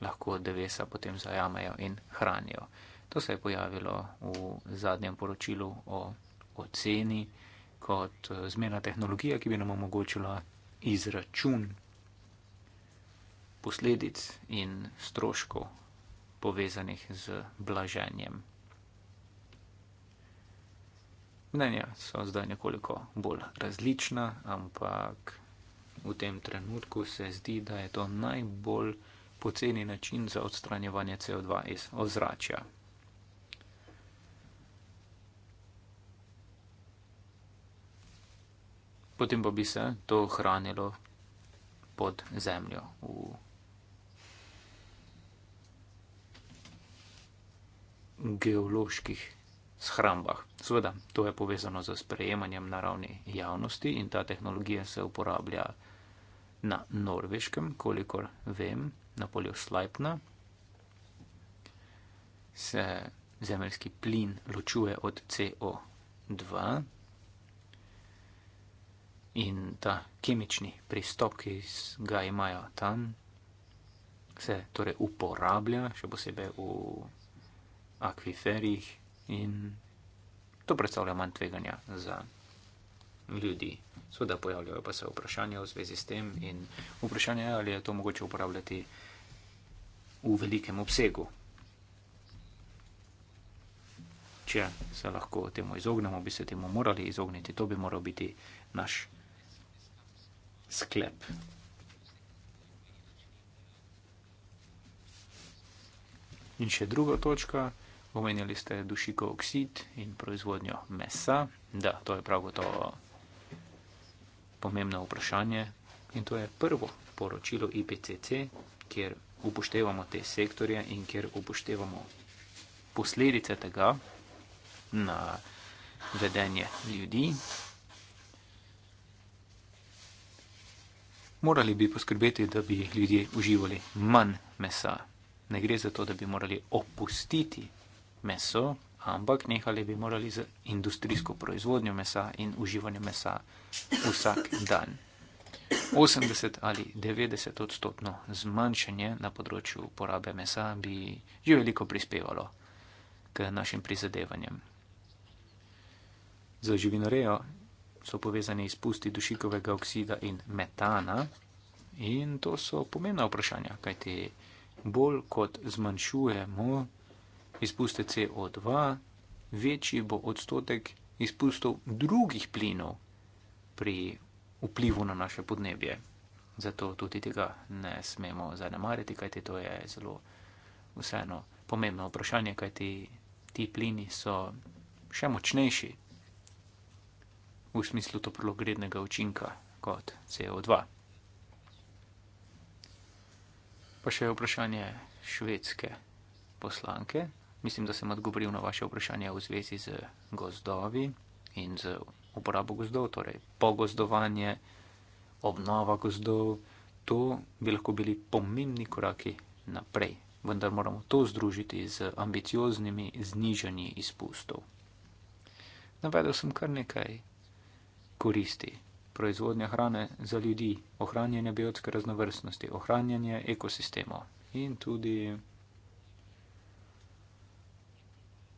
lahko devesa potem zajamejo in hranijo. To se je pojavilo v zadnjem poročilu o oceni kot eh, zmena tehnologija, ki bi nam omogočila izračun posledic in stroškov povezanih z blaženjem. Mnenja so zdaj nekoliko bolj različna, ampak v tem trenutku se zdi, da je to najbolj poceni način za odstranjevanje CO2 iz ozračja. Potem pa bi se to hranilo pod zemljo v geoloških shrambah. Sveda, to je povezano z sprejemanjem naravne javnosti in ta tehnologija se uporablja na norveškem, kolikor vem na polju Slajpna se zemeljski plin ločuje od CO2 in ta kemični pristop, ki ga imajo tam, se torej uporablja, še posebej v akviferjih in to predstavlja manj tveganja za ljudi. Sveda pojavljajo pa se vprašanja v zvezi s tem in vprašanje je, ali je to mogoče uporabljati v velikem obsegu. Če se lahko temu izognemo, bi se temu morali izogniti, to bi moral biti naš sklep. In še druga točka, omenjali ste dušikov oksid in proizvodnjo mesa. Da, to je prav gotovo pomembno vprašanje. In to je prvo poročilo IPCC, kjer upoštevamo te sektorje in kjer upoštevamo posledice tega na vedenje ljudi. Morali bi poskrbeti, da bi ljudje uživali manj mesa. Ne gre za to, da bi morali opustiti meso, ampak nehali bi morali z industrijsko proizvodnjo mesa in uživanjem mesa vsak dan. 80 ali 90 odstotno zmanjšanje na področju uporabe mesa bi že veliko prispevalo k našim prizadevanjem. Za živinorejo so povezani izpusti dušikovega oksida in metana in to so pomembna vprašanja, kajti bolj kot zmanjšujemo izpuste CO2, večji bo odstotek izpustov drugih plinov pri vplivu na naše podnebje. Zato tudi tega ne smemo zanemariti, kajti to je zelo vseeno pomembno vprašanje, kajti ti plini so še močnejši v smislu toplogrednega učinka kot CO2. Pa še vprašanje švedske poslanke. Mislim, da sem odgovoril na vaše vprašanje v zvezi z gozdovi in z uporabo gozdov, torej pogozdovanje, obnova gozdov, to bi lahko bili pomembni koraki naprej, vendar moramo to združiti z ambicioznimi znižanji izpustov. Navedel sem kar nekaj koristi. Proizvodnja hrane za ljudi, ohranjanje biotske raznovrstnosti, ohranjanje ekosistemov in tudi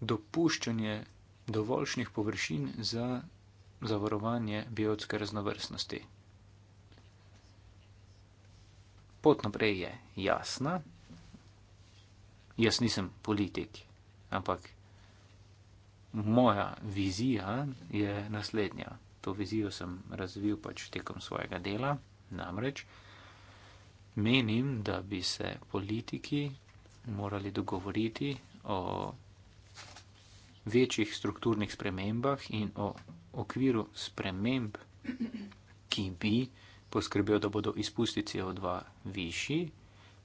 dopuščanje dovoljšnih površin za zavarovanje biotske raznovrstnosti. Pot naprej je jasna. Jaz nisem politik, ampak moja vizija je naslednja. To vizijo sem razvil pač tekom svojega dela. Namreč menim, da bi se politiki morali dogovoriti o večjih strukturnih spremembah in o okviru sprememb, ki bi poskrbel, da bodo izpusti CO2 višji,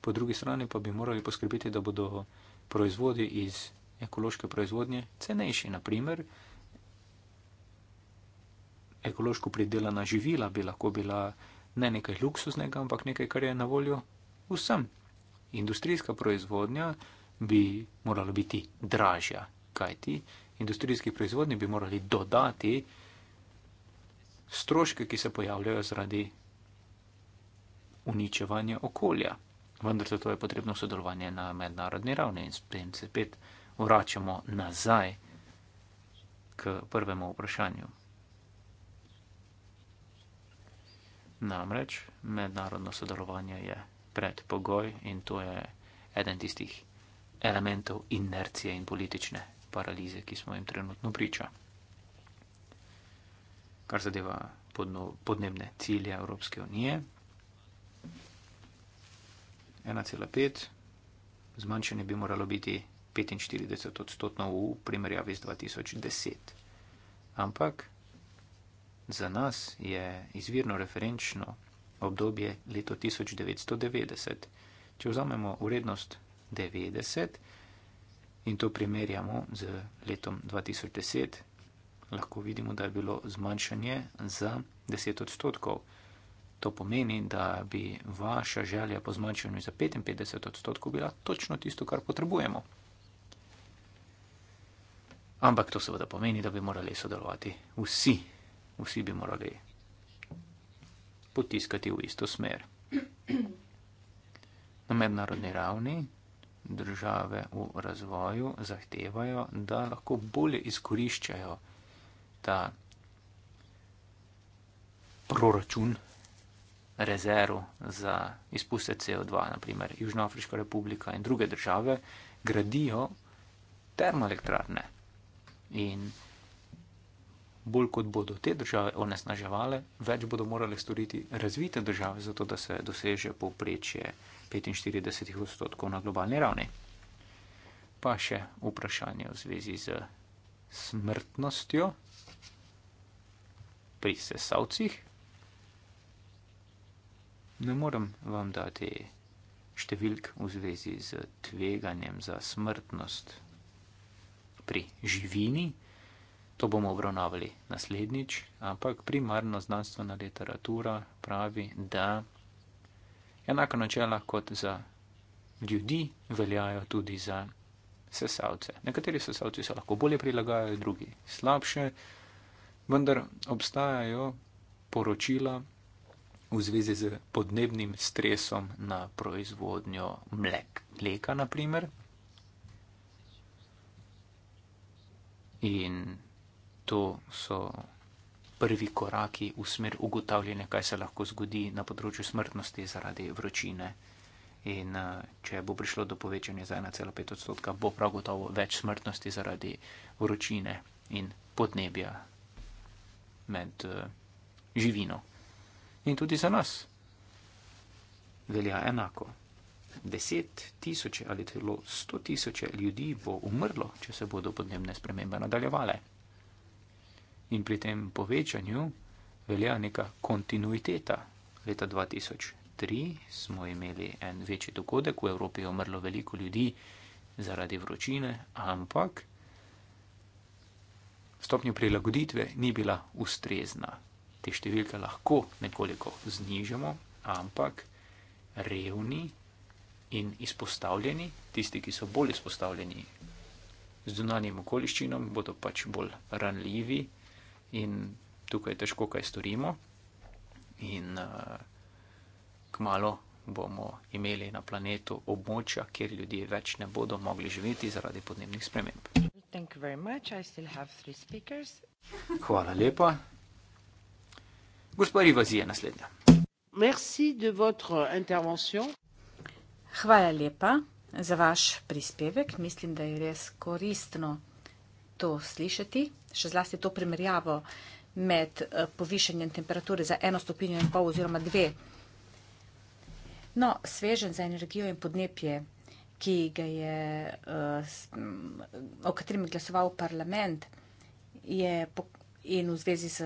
po drugi strani pa bi morali poskrbeti, da bodo proizvodi iz ekološke proizvodnje cenejši. Naprimer, ekološko pridelana živila bi lahko bila ne nekaj luksuznega, ampak nekaj, kar je na voljo vsem. Industrijska proizvodnja bi morala biti dražja, kajti industrijskih proizvodnji bi morali dodati stroške, ki se pojavljajo zaradi uničevanja okolja. Vendar za to je potrebno sodelovanje na mednarodni ravni in spet se spet vračamo nazaj k prvemu vprašanju. Namreč mednarodno sodelovanje je predpogoj in to je eden tistih elementov inercije in politične paralize, ki smo jim trenutno priča. Kar zadeva podno, podnebne cilje Evropske unije, 1,5 zmanjšanje bi moralo biti 45 odstotno v primerjavi z 2010. Ampak za nas je izvirno referenčno obdobje leto 1990. Če vzamemo urednost 90, in to primerjamo z letom 2010, lahko vidimo, da je bilo zmanjšanje za 10 odstotkov. To pomeni, da bi vaša želja po zmanjšanju za 55 odstotkov bila točno tisto, kar potrebujemo. Ampak to seveda pomeni, da bi morali sodelovati vsi, vsi bi morali potiskati v isto smer. Na mednarodni ravni države v razvoju zahtevajo, da lahko bolje izkoriščajo ta proračun rezerv za izpuste CO2, naprimer Južnoafriška republika in druge države, gradijo termoelektrarne. In bolj kot bodo te države onesnaževale, več bodo morale storiti razvite države, zato da se doseže povprečje 45 odstotkov na globalni ravni. Pa še vprašanje v zvezi z smrtnostjo pri sesavcih. Ne morem vam dati številk v zvezi z tveganjem za smrtnost pri živini. To bomo obravnavali naslednjič, ampak primarno znanstvena literatura pravi, da Enaka načela kot za ljudi veljajo tudi za sesalce. Nekateri sesalci se lahko bolje prilagajajo, drugi slabše, vendar obstajajo poročila v zvezi z podnebnim stresom na proizvodnjo mleka, naprimer. In to so prvi koraki v smer ugotavljanja, kaj se lahko zgodi na področju smrtnosti zaradi vročine. In eh, če bo prišlo do povečanja za 1,5 odstotka, bo prav gotovo več smrtnosti zaradi vročine in podnebja med eh, živino. In tudi za nas velja enako. Deset tisoče ali celo sto tisoče ljudi bo umrlo, če se bodo podnebne spremembe nadaljevale in pri tem povečanju velja neka kontinuiteta. Leta 2003 smo imeli en večji dogodek, v Evropi je umrlo veliko ljudi zaradi vročine, ampak stopnja prilagoditve ni bila ustrezna. Te številke lahko nekoliko znižamo, ampak revni in izpostavljeni, tisti, ki so bolj izpostavljeni z zunanjim okoliščinam, bodo pač bolj ranljivi in tukaj težko kaj storimo. In uh, eh, kmalo bomo imeli na planetu območja, kjer ljudje več ne bodo mogli živeti zaradi podnebnih sprememb. Hvala lepa. Gospod Rivazi je naslednja. Hvala lepa za vaš prispevek. Mislim, da je res koristno to slišati še zlasti to primerjavo med eh, povišanjem temperature za eno stopinjo in pol oziroma dve. No, svežen za energijo in podnebje, ki ga je, eh, o katerem je glasoval parlament, je in v zvezi s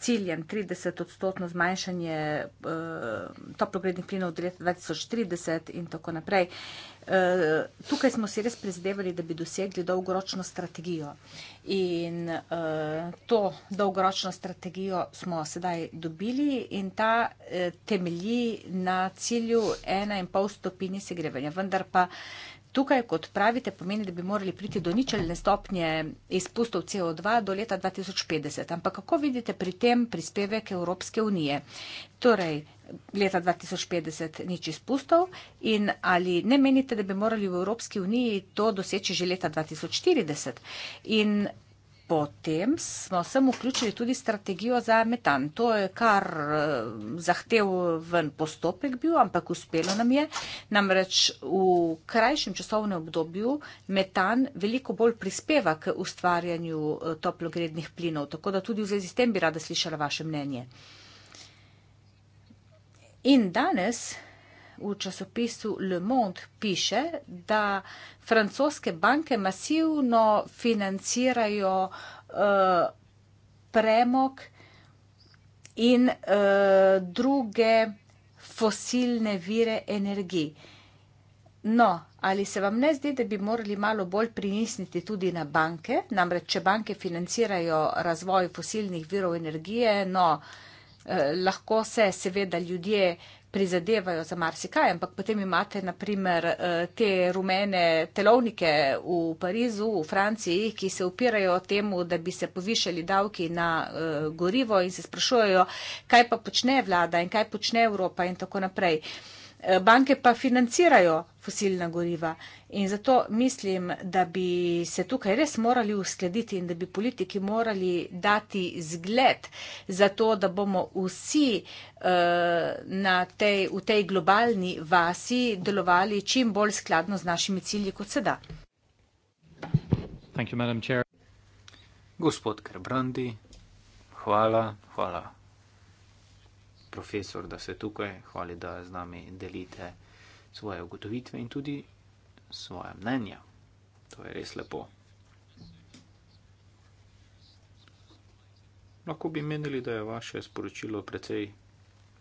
ciljem 30-odstotno zmanjšanje uh, toplogrednih plinov do leta 2030 in tako naprej. Eh, tukaj smo si res prizadevali, da bi dosegli dolgoročno strategijo. In uh, to dolgoročno strategijo smo sedaj dobili in ta uh, temelji na cilju 1,5 stopinje segrevanja. Vendar pa tukaj, kot pravite, pomeni, da bi morali priti do ničelne stopnje izpustov CO2 do leta 2050. Ampak kako vidite pri tem prispevek Evropske unije? Torej, leta 2050 nič izpustov in ali ne menite, da bi morali v Evropski uniji to doseči že leta 2040? In Potem smo sem vključili tudi strategijo za metan. To je kar eh, zahteven postopek bil, ampak uspelo nam je. Namreč v krajšem časovnem obdobju metan veliko bolj prispeva k ustvarjanju eh, toplogrednih plinov. Tako da tudi v zvezi s tem bi rada slišala vaše mnenje. In danes v časopisu Le Monde piše, da francoske banke masivno financirajo uh, premog in uh, druge fosilne vire energije. No, ali se vam ne zdi, da bi morali malo bolj prinisniti tudi na banke? Namreč, če banke financirajo razvoj fosilnih virov energije, no, eh, lahko se seveda ljudje eh, prizadevajo za marsikaj, ampak potem imate naprimer eh, te rumene telovnike v Parizu, v Franciji, ki se upirajo temu, da bi se povišali davki na eh, gorivo in se sprašujejo, kaj pa počne vlada in kaj počne Evropa in tako naprej. Eh, banke pa financirajo fosilna goriva in zato mislim, da bi se tukaj res morali uskladiti in da bi politiki morali dati zgled za to, da bomo vsi eh, tej, v tej globalni vasi delovali čim bolj skladno z našimi cilji kot sedaj. Gospod Kerbrandi, hvala, hvala profesor, da ste tukaj, hvala, da z nami delite svoje ugotovitve in tudi svoje mnenja. To je res lepo. Lahko bi menili, da je vaše sporočilo precej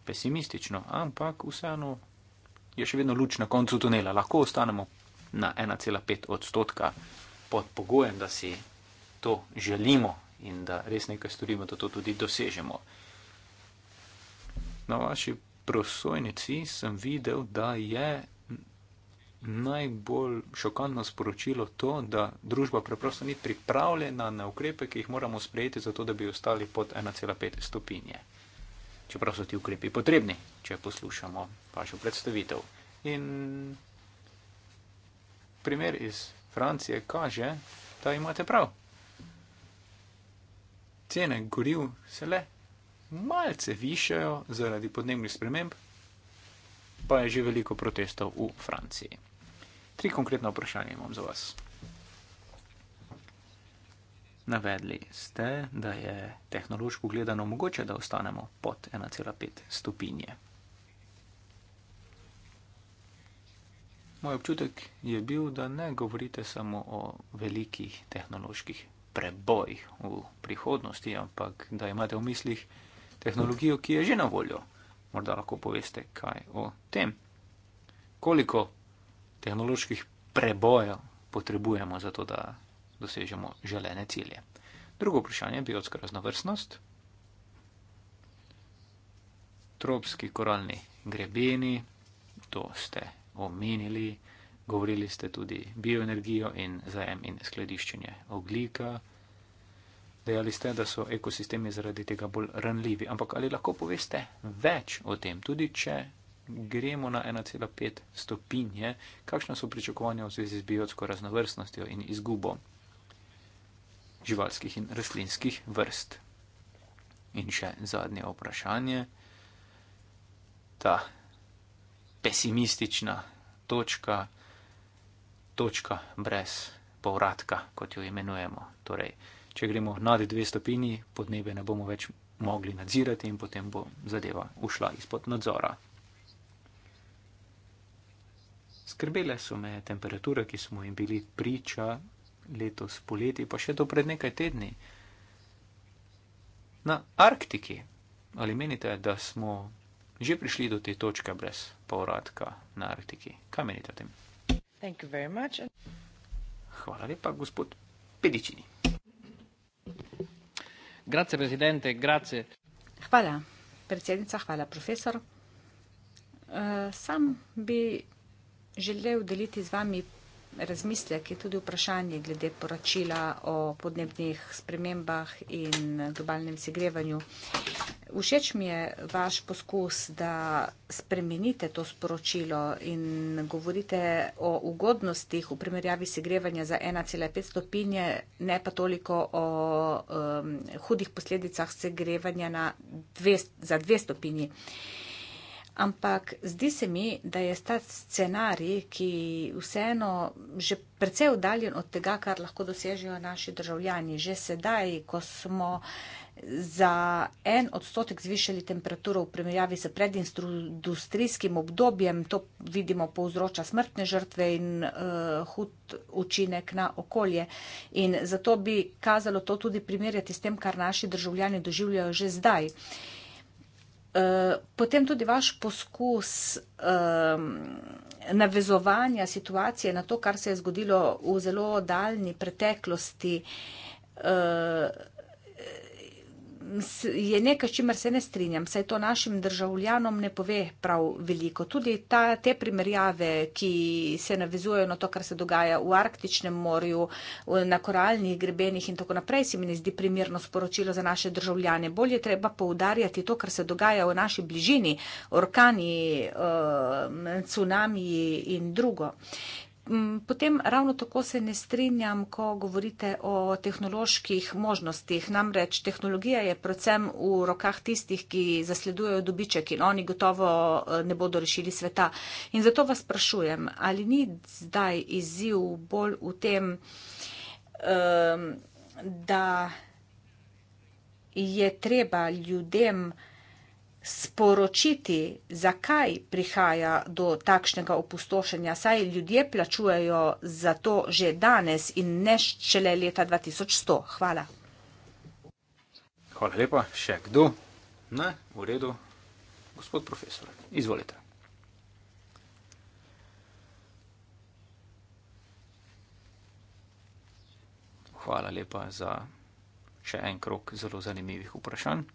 pesimistično, ampak vseeno je še vedno luč na koncu tunela. Lahko ostanemo na 1,5 odstotka pod pogojem, da si to želimo in da res nekaj storimo, da to tudi dosežemo na vaši prosojnici sem videl, da je najbolj šokantno sporočilo to, da družba preprosto ni pripravljena na ukrepe, ki jih moramo sprejeti, zato da bi ostali pod 1,5 stopinje. Čeprav so ti ukrepi potrebni, če poslušamo vašo predstavitev. In primer iz Francije kaže, da imate prav. Cene goril se le malce višajo zaradi podnebnih sprememb, pa je že veliko protestov v Franciji. Tri konkretna vprašanja imam za vas. Navedli ste, da je tehnološko gledano mogoče, da ostanemo pod 1,5 stopinje. Moj občutek je bil, da ne govorite samo o velikih tehnoloških prebojih v prihodnosti, ampak da imate v mislih, da tehnologijo, ki je že na voljo. Morda lahko poveste kaj o tem. Koliko tehnoloških prebojev potrebujemo za to, da dosežemo želene cilje? Drugo vprašanje je biotska raznovrstnost. Tropski koralni grebeni, to ste omenili, govorili ste tudi bioenergijo in zajem in skladiščenje oglika. Dejali ste, da so ekosistemi zaradi tega bolj ranljivi, ampak ali lahko poveste več o tem, tudi če gremo na 1,5 stopinje, kakšna so pričakovanja v zvezi z biotsko raznovrstnostjo in izgubo živalskih in rastlinskih vrst? In še zadnje vprašanje. Ta pesimistična točka, točka brez povratka, kot jo imenujemo. Torej, če gremo nad dve stopini, podnebe ne bomo več mogli nadzirati in potem bo zadeva ušla izpod nadzora. Skrbele so me temperature, ki smo jim bili priča letos poleti, pa še do pred nekaj tedni. Na Arktiki, ali menite, da smo že prišli do te točke brez povratka na Arktiki? Kaj menite o tem? Hvala lepa, gospod Pedičini. Grazie presidente, grazie. Hvala, predsednica, hvala, profesor. Uh, sam bi želel deliti z vami razmislek in tudi vprašanje glede poročila o podnebnih spremembah in globalnem segrevanju. Všeč mi je vaš poskus, da spremenite to sporočilo in govorite o ugodnostih v primerjavi segrevanja za 1,5 stopinje, ne pa toliko o um, hudih posledicah segrevanja na dve, za dve stopinji. Ampak zdi se mi, da je ta scenarij, ki vseeno že precej oddaljen od tega, kar lahko dosežejo naši državljani. Že sedaj, ko smo za en odstotek zvišali temperaturo v primerjavi s predindustrijskim obdobjem. To vidimo povzroča smrtne žrtve in uh, hud učinek na okolje. In zato bi kazalo to tudi primerjati s tem, kar naši državljani doživljajo že zdaj. Uh, potem tudi vaš poskus um, navezovanja situacije na to, kar se je zgodilo v zelo daljni preteklosti. Uh, je nekaj, s čimer se ne strinjam, saj to našim državljanom ne pove prav veliko. Tudi ta, te primerjave, ki se navezujejo na to, kar se dogaja v Arktičnem morju, na koralnih grebenih in tako naprej, se mi ne zdi primerno sporočilo za naše državljane. Bolje treba poudarjati to, kar se dogaja v naši bližini, orkani, cunami eh, in drugo. Mm, potem ravno tako se ne strinjam, ko govorite o tehnoloških možnostih. Namreč tehnologija je predvsem v rokah tistih, ki zasledujejo dobiček in oni gotovo eh, ne bodo rešili sveta. In zato vas sprašujem, ali ni zdaj izziv bolj v tem, ehm, da je treba ljudem sporočiti, zakaj prihaja do takšnega opustošenja, saj ljudje plačujejo za to že danes in ne šele leta 2100. Hvala. Hvala lepa. Še kdo? Ne, v redu. Gospod profesor, izvolite. Hvala lepa za še en krok zelo zanimivih vprašanj.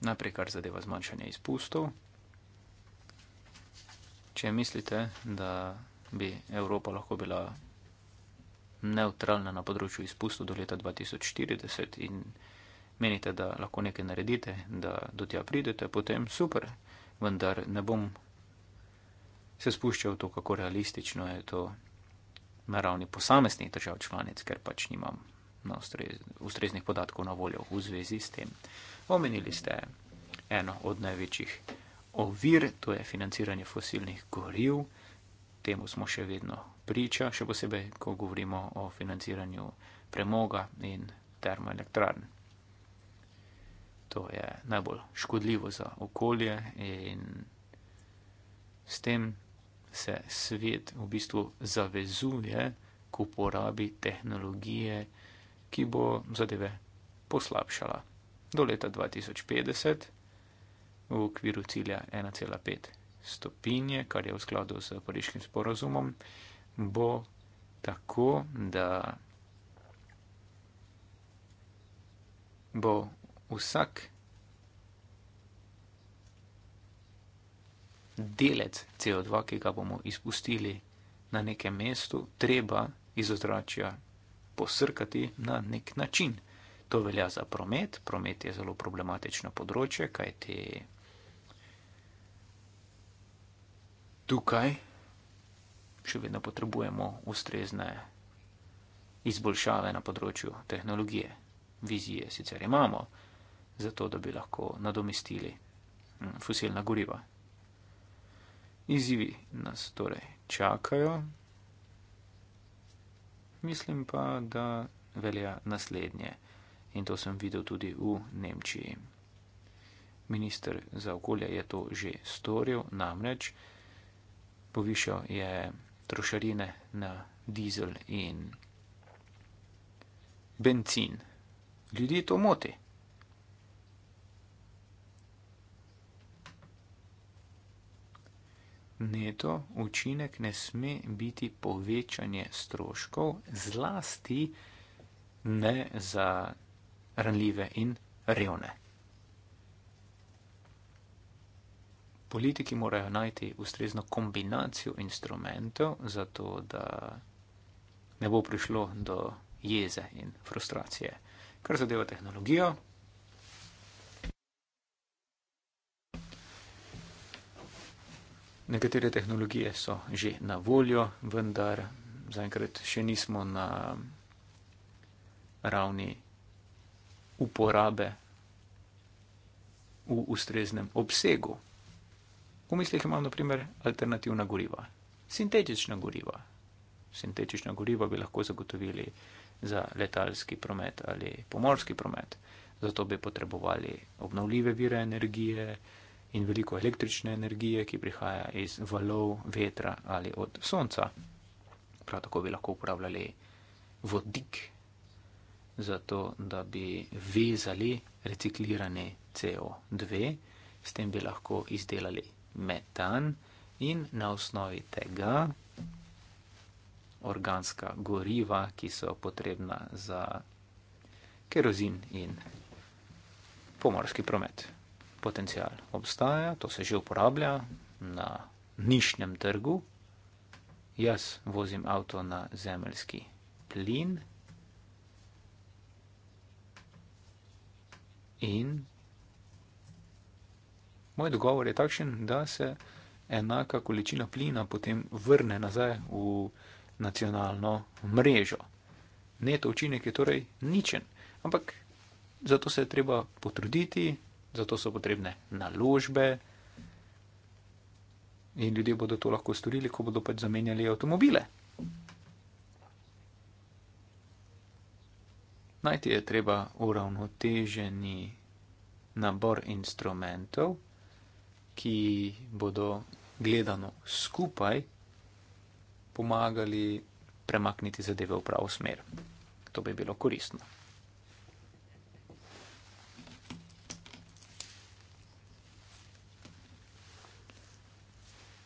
Najprej kar zadeva zmanjšanje izpustov. Če mislite, da bi Evropa lahko bila neutralna na področju izpustov do leta 2040 in menite, da lahko nekaj naredite, da do tja pridete, potem super, vendar ne bom se spuščal v to, kako realistično je to na ravni posameznih držav članic, ker pač nimam ustreznih podatkov na voljo v zvezi s tem. Omenili ste eno od največjih ovir, to je financiranje fosilnih goriv. Temu smo še vedno priča, še posebej, ko govorimo o financiranju premoga in termoelektrarn. To je najbolj škodljivo za okolje in s tem se svet v bistvu zavezuje k uporabi tehnologije, ki bo zadeve poslabšala do leta 2050 v okviru cilja 1,5 stopinje, kar je v skladu z pariškim sporozumom, bo tako, da bo vsak delec CO2, ki ga bomo izpustili na nekem mestu, treba iz ozračja posrkati na nek način. To velja za promet. Promet je zelo problematično področje, kajti tukaj še vedno potrebujemo ustrezne izboljšave na področju tehnologije. Vizije sicer imamo, zato da bi lahko nadomestili mm, fosilna goriva. Izzivi nas torej čakajo. Mislim pa, da velja naslednje in to sem videl tudi v Nemčiji. Ministr za okolje je to že storil, namreč povišal je trošarine na dizel in benzin. Ljudje to moti. Neto učinek ne sme biti povečanje stroškov, zlasti ne za ranljive in revne. Politiki morajo najti ustrezno kombinacijo instrumentov, zato da ne bo prišlo do jeze in frustracije. Kar zadeva tehnologijo, nekatere tehnologije so že na voljo, vendar zaenkrat še nismo na ravni uporabe v ustreznem obsegu. V mislih imam naprimer alternativna goriva, sintetična goriva. Sintetična goriva bi lahko zagotovili za letalski promet ali pomorski promet. Zato bi potrebovali obnovljive vire energije in veliko električne energije, ki prihaja iz valov, vetra ali od sonca. Prav tako bi lahko uporabljali vodik zato da bi vezali reciklirane CO2, s tem bi lahko izdelali metan in na osnovi tega organska goriva, ki so potrebna za kerozin in pomorski promet. Potencijal obstaja, to se že uporablja na nišnem trgu. Jaz vozim avto na zemeljski plin. In moj dogovor je takšen, da se enaka količina plina potem vrne nazaj v nacionalno mrežo. Neto učinek je torej ničen, ampak zato se je treba potruditi, zato so potrebne naložbe in ljudje bodo to lahko storili, ko bodo pač zamenjali avtomobile. Najti je treba uravnoteženi nabor instrumentov, ki bodo gledano skupaj pomagali premakniti zadeve v pravo smer. To bi bilo koristno.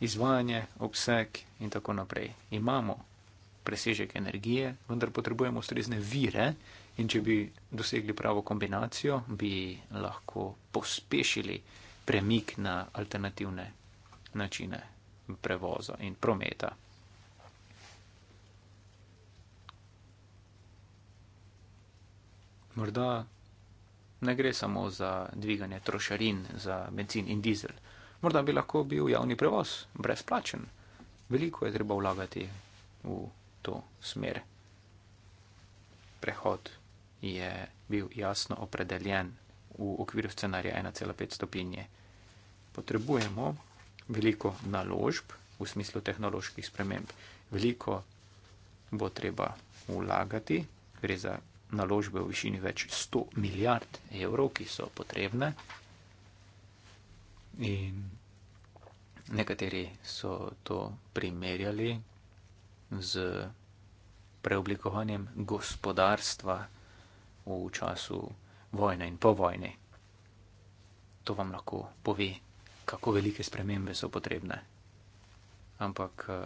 Izvajanje, obseg in tako naprej. Imamo presežek energije, vendar potrebujemo ustrezne vire, In če bi dosegli pravo kombinacijo, bi lahko pospešili premik na alternativne načine prevoza in prometa. Morda ne gre samo za dviganje trošarin za benzin in dizel. Morda bi lahko bil javni prevoz brezplačen. Veliko je treba vlagati v to smer. Prehod je bil jasno opredeljen v okviru scenarija 1,5 stopinje. Potrebujemo veliko naložb v smislu tehnoloških sprememb. Veliko bo treba vlagati, gre za naložbe v višini več 100 milijard evrov, ki so potrebne. In nekateri so to primerjali z preoblikovanjem gospodarstva v času vojne in po vojni. To vam lahko pove, kako velike spremembe so potrebne. Ampak eh,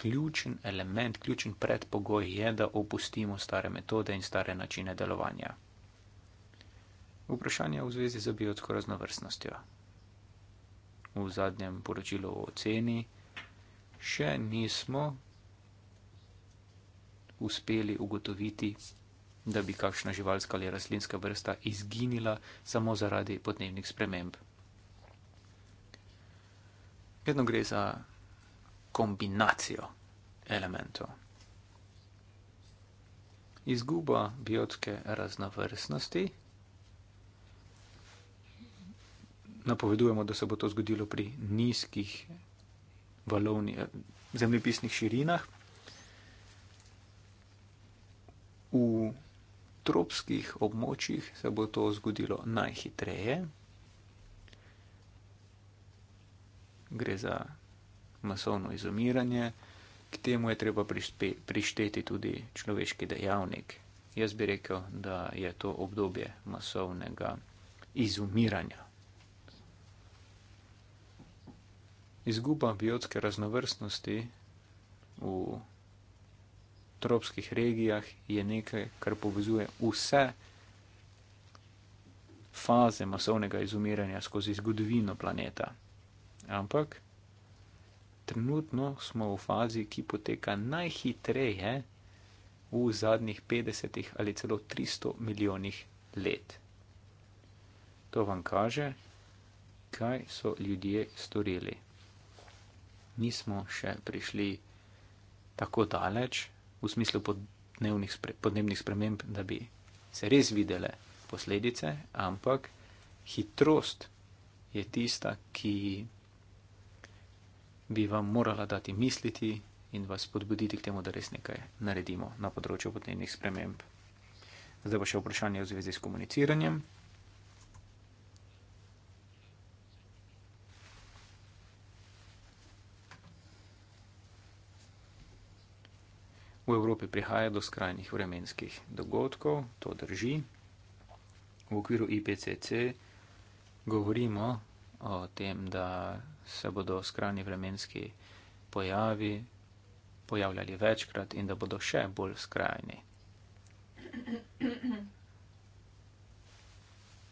ključen element, ključen predpogoj je, da opustimo stare metode in stare načine delovanja. Vprašanja v zvezi z biotsko raznovrstnostjo. V zadnjem poročilu o oceni še nismo uspeli ugotoviti, da bi kakšna živalska ali rastlinska vrsta izginila samo zaradi podnebnih sprememb. Vedno gre za kombinacijo elementov. Izguba biotske raznovrstnosti. Napovedujemo, da se bo to zgodilo pri nizkih valovni, eh, zemljepisnih širinah, v tropskih območjih se bo to zgodilo najhitreje. Gre za masovno izumiranje, k temu je treba prispe, prišteti tudi človeški dejavnik. Jaz bi rekel, da je to obdobje masovnega izumiranja. Izguba biotske raznovrstnosti v tropskih regijah je nekaj, kar povezuje vse faze masovnega izumiranja skozi zgodovino planeta. Ampak trenutno smo v fazi, ki poteka najhitreje v zadnjih 50 ali celo 300 milijonih let. To vam kaže, kaj so ljudje storili. Nismo še prišli tako daleč, v smislu podnebnih sprememb, da bi se res videle posledice, ampak hitrost je tista, ki bi vam morala dati misliti in vas podbuditi k temu, da res nekaj naredimo na področju podnebnih sprememb. Zdaj pa še vprašanje v zvezi s komuniciranjem. V Evropi prihaja do skrajnih vremenskih dogodkov, to drži. V okviru IPCC govorimo o tem, da se bodo skrajni vremenski pojavi pojavljali večkrat in da bodo še bolj skrajni.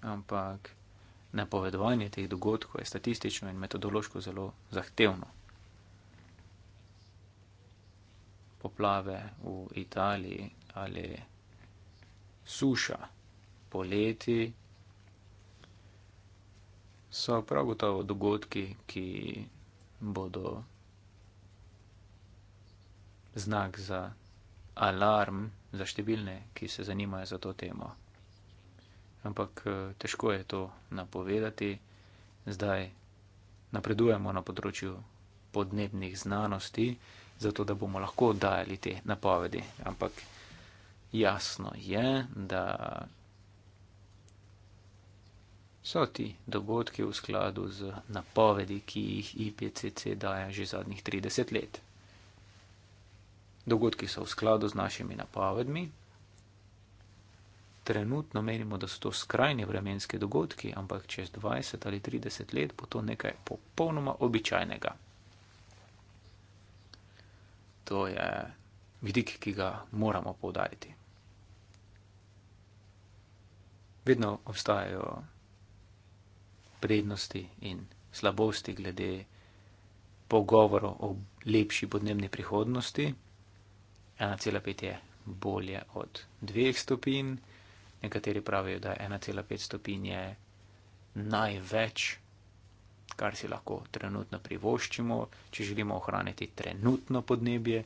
Ampak napovedovanje teh dogodkov je statistično in metodološko zelo zahtevno. poplave v Italiji ali suša poleti, so prav gotovo dogodki, ki bodo znak za alarm za številne, ki se zanimajo za to temo. Ampak eh, težko je to napovedati. Zdaj napredujemo na področju podnebnih znanosti zato da bomo lahko dajali te napovedi. Ampak jasno je, da so ti dogodki v skladu z napovedi, ki jih IPCC daje že zadnjih 30 let. Dogodki so v skladu z našimi napovedmi. Trenutno menimo, da so to skrajni vremenski dogodki, ampak čez 20 ali 30 let bo to nekaj popolnoma običajnega to je vidik, ki ga moramo povdariti. Vedno obstajajo prednosti in slabosti glede pogovorov o lepši podnebni prihodnosti. 1,5 je bolje od 2 stopinj, nekateri pravijo, da 1,5 stopinj je največ kar si lahko trenutno privoščimo, če želimo ohraniti trenutno podnebje.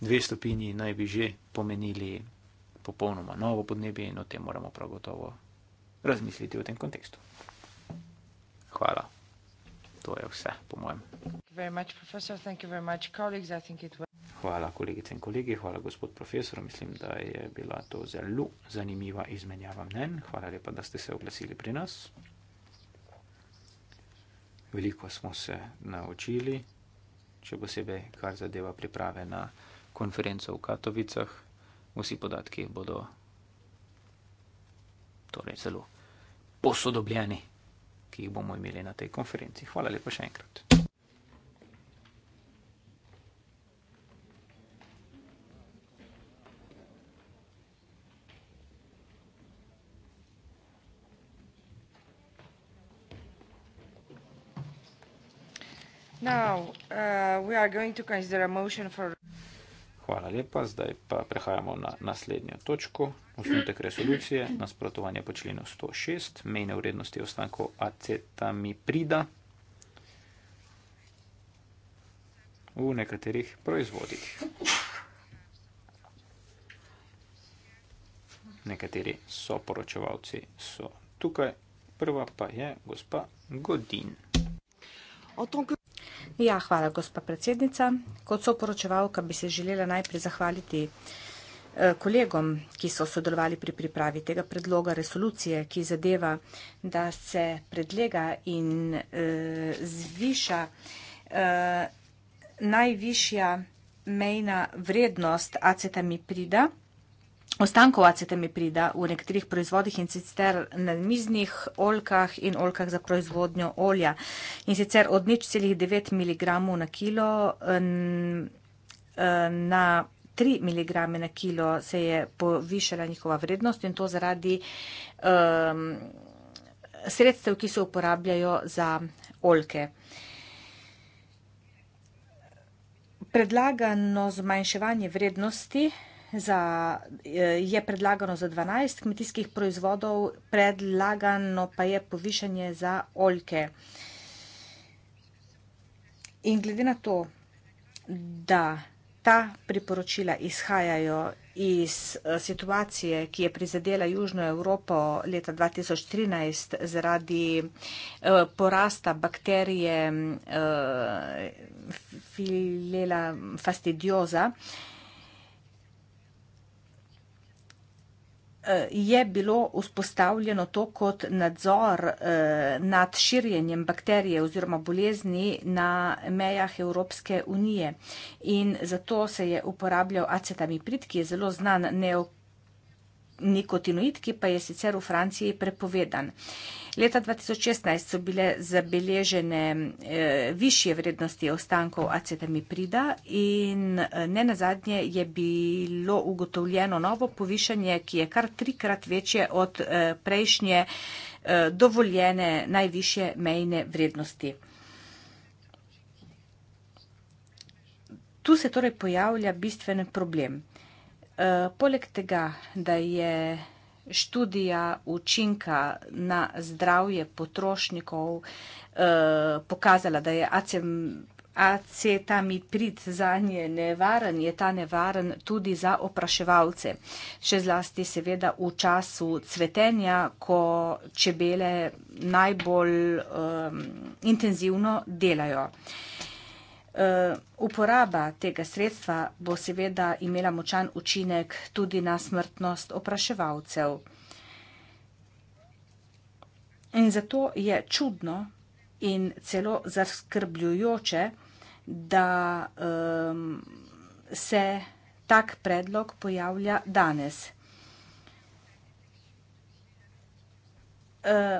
Dve stopinji naj bi že pomenili popolnoma novo podnebje in o tem moramo prav gotovo razmisliti v tem kontekstu. Hvala. To je vse, po mojem. Hvala, kolegice in kolegi, hvala, gospod profesor. Mislim, da je bila to zelo zanimiva izmenjava mnen. Hvala lepa, da ste se oglasili pri nas veliko smo se naučili, še posebej kar zadeva priprave na konferenco v Katovicah. Vsi podatki bodo torej zelo posodobljeni, ki jih bomo imeli na tej konferenci. Hvala lepa še enkrat. Uh, Hvala lepa, zdaj pa prehajamo na naslednjo točko. Osnutek resolucije, nasprotovanje po členu 106, mejne vrednosti ostankov acetamiprida v nekaterih proizvodih. Nekateri so poročevalci, so tukaj. Prva pa je gospa Godin. O tom, kako. Ja, hvala, gospa predsednica. Kot so poročevalka, bi se želela najprej zahvaliti eh, kolegom, ki so sodelovali pri pripravi tega predloga resolucije, ki zadeva, da se predlega in e, zviša e, najvišja mejna vrednost acetamiprida. Ostankov acete mi prida v nekaterih proizvodih in sicer na miznih olkah in olkah za proizvodnjo olja. In sicer od nič celih 9 mg na kilo na 3 mg na kilo se je povišala njihova vrednost in to zaradi um, sredstev, ki se uporabljajo za olke. Predlagano zmanjševanje vrednosti za, eh, je predlagano za 12 kmetijskih proizvodov, predlagano pa je povišanje za oljke. In glede na to, da ta priporočila izhajajo iz eh, situacije, ki je prizadela Južno Evropo leta 2013 zaradi eh, porasta bakterije filela fastidioza, je bilo vzpostavljeno to kot nadzor eh, nad širjenjem bakterije oziroma bolezni na mejah Evropske unije. In zato se je uporabljal acetamiprid, ki je zelo znan neokonferenčni nikotinoid, ki pa je sicer v Franciji prepovedan. Leta 2016 so bile zabeležene eh, višje vrednosti ostankov acetamiprida in eh, ne nazadnje je bilo ugotovljeno novo povišanje, ki je kar trikrat večje od eh, prejšnje eh, dovoljene najvišje mejne vrednosti. Tu se torej pojavlja bistven problem. Eh, poleg tega, da je študija učinka na zdravje potrošnikov uh, pokazala, da je acem. Acetamiprid za nje nevaren, je ta nevaren tudi za opraševalce. Še zlasti seveda v času cvetenja, ko čebele najbolj um, intenzivno delajo. Uh, Eh, uporaba tega sredstva bo seveda imela močan učinek tudi na smrtnost opraševalcev. In zato je čudno in celo zaskrbljujoče, da um, se tak predlog pojavlja danes. Uh,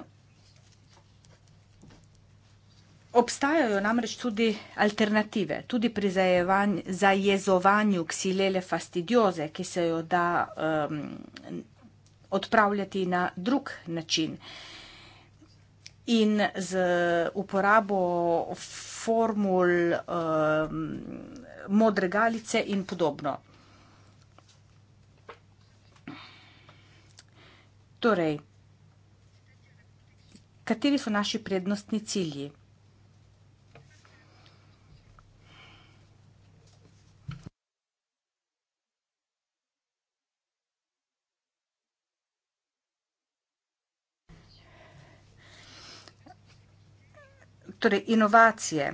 Obstajajo namreč tudi alternative, tudi pri zajezovanju ksilele fastidioze, ki se jo da um, odpravljati na drug način. In z uporabo formul um, modre galice in podobno. Torej, kateri so naši prednostni cilji? torej inovacije,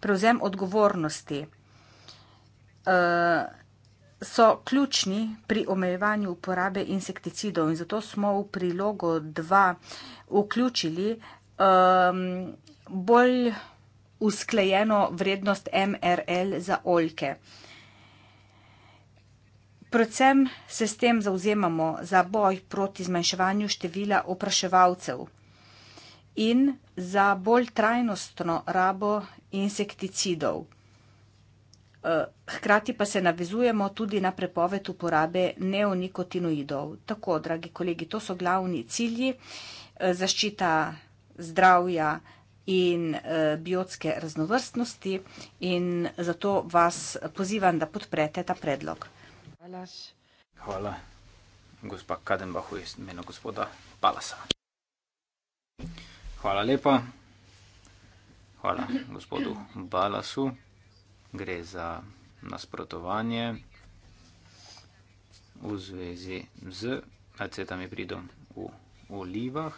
prevzem odgovornosti eh, so ključni pri omejevanju uporabe insekticidov in zato smo v prilogo 2 vključili ehm, bolj usklejeno vrednost MRL za oljke. Predvsem se s tem zauzemamo za boj proti zmanjševanju števila opraševalcev in za bolj trajnostno rabo insekticidov. Eh, hkrati pa se navezujemo tudi na prepoved uporabe neonikotinoidov. Tako, dragi kolegi, to so glavni cilji eh, zaščita zdravja in eh, biotske raznovrstnosti in zato vas pozivam, da podprete ta predlog. Hvala. Hvala, gospa Kadenbahu, iz mena gospoda Palasa. Thank you. Hvala lepa. Hvala gospodu Balasu. Gre za nasprotovanje v zvezi z acetamipridom v olivah.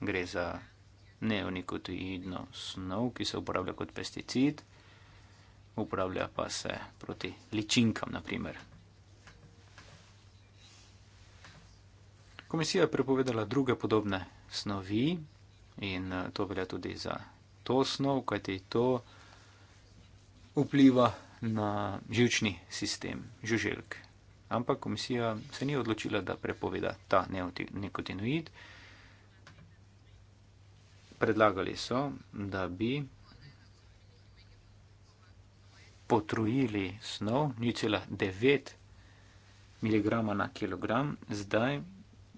Gre za neonikotidno snov, ki se uporablja kot pesticid, uporablja pa se proti ličinkam, naprimer. Komisija je prepovedala druge podobne snovi, In eh, to velja tudi za to snov, kajti to vpliva na žilčni sistem žuželk. Ampak komisija se ni odločila, da prepoveda ta nikotinoid. Predlagali so, da bi potrujili snov 0,9 mg na kilogram, zdaj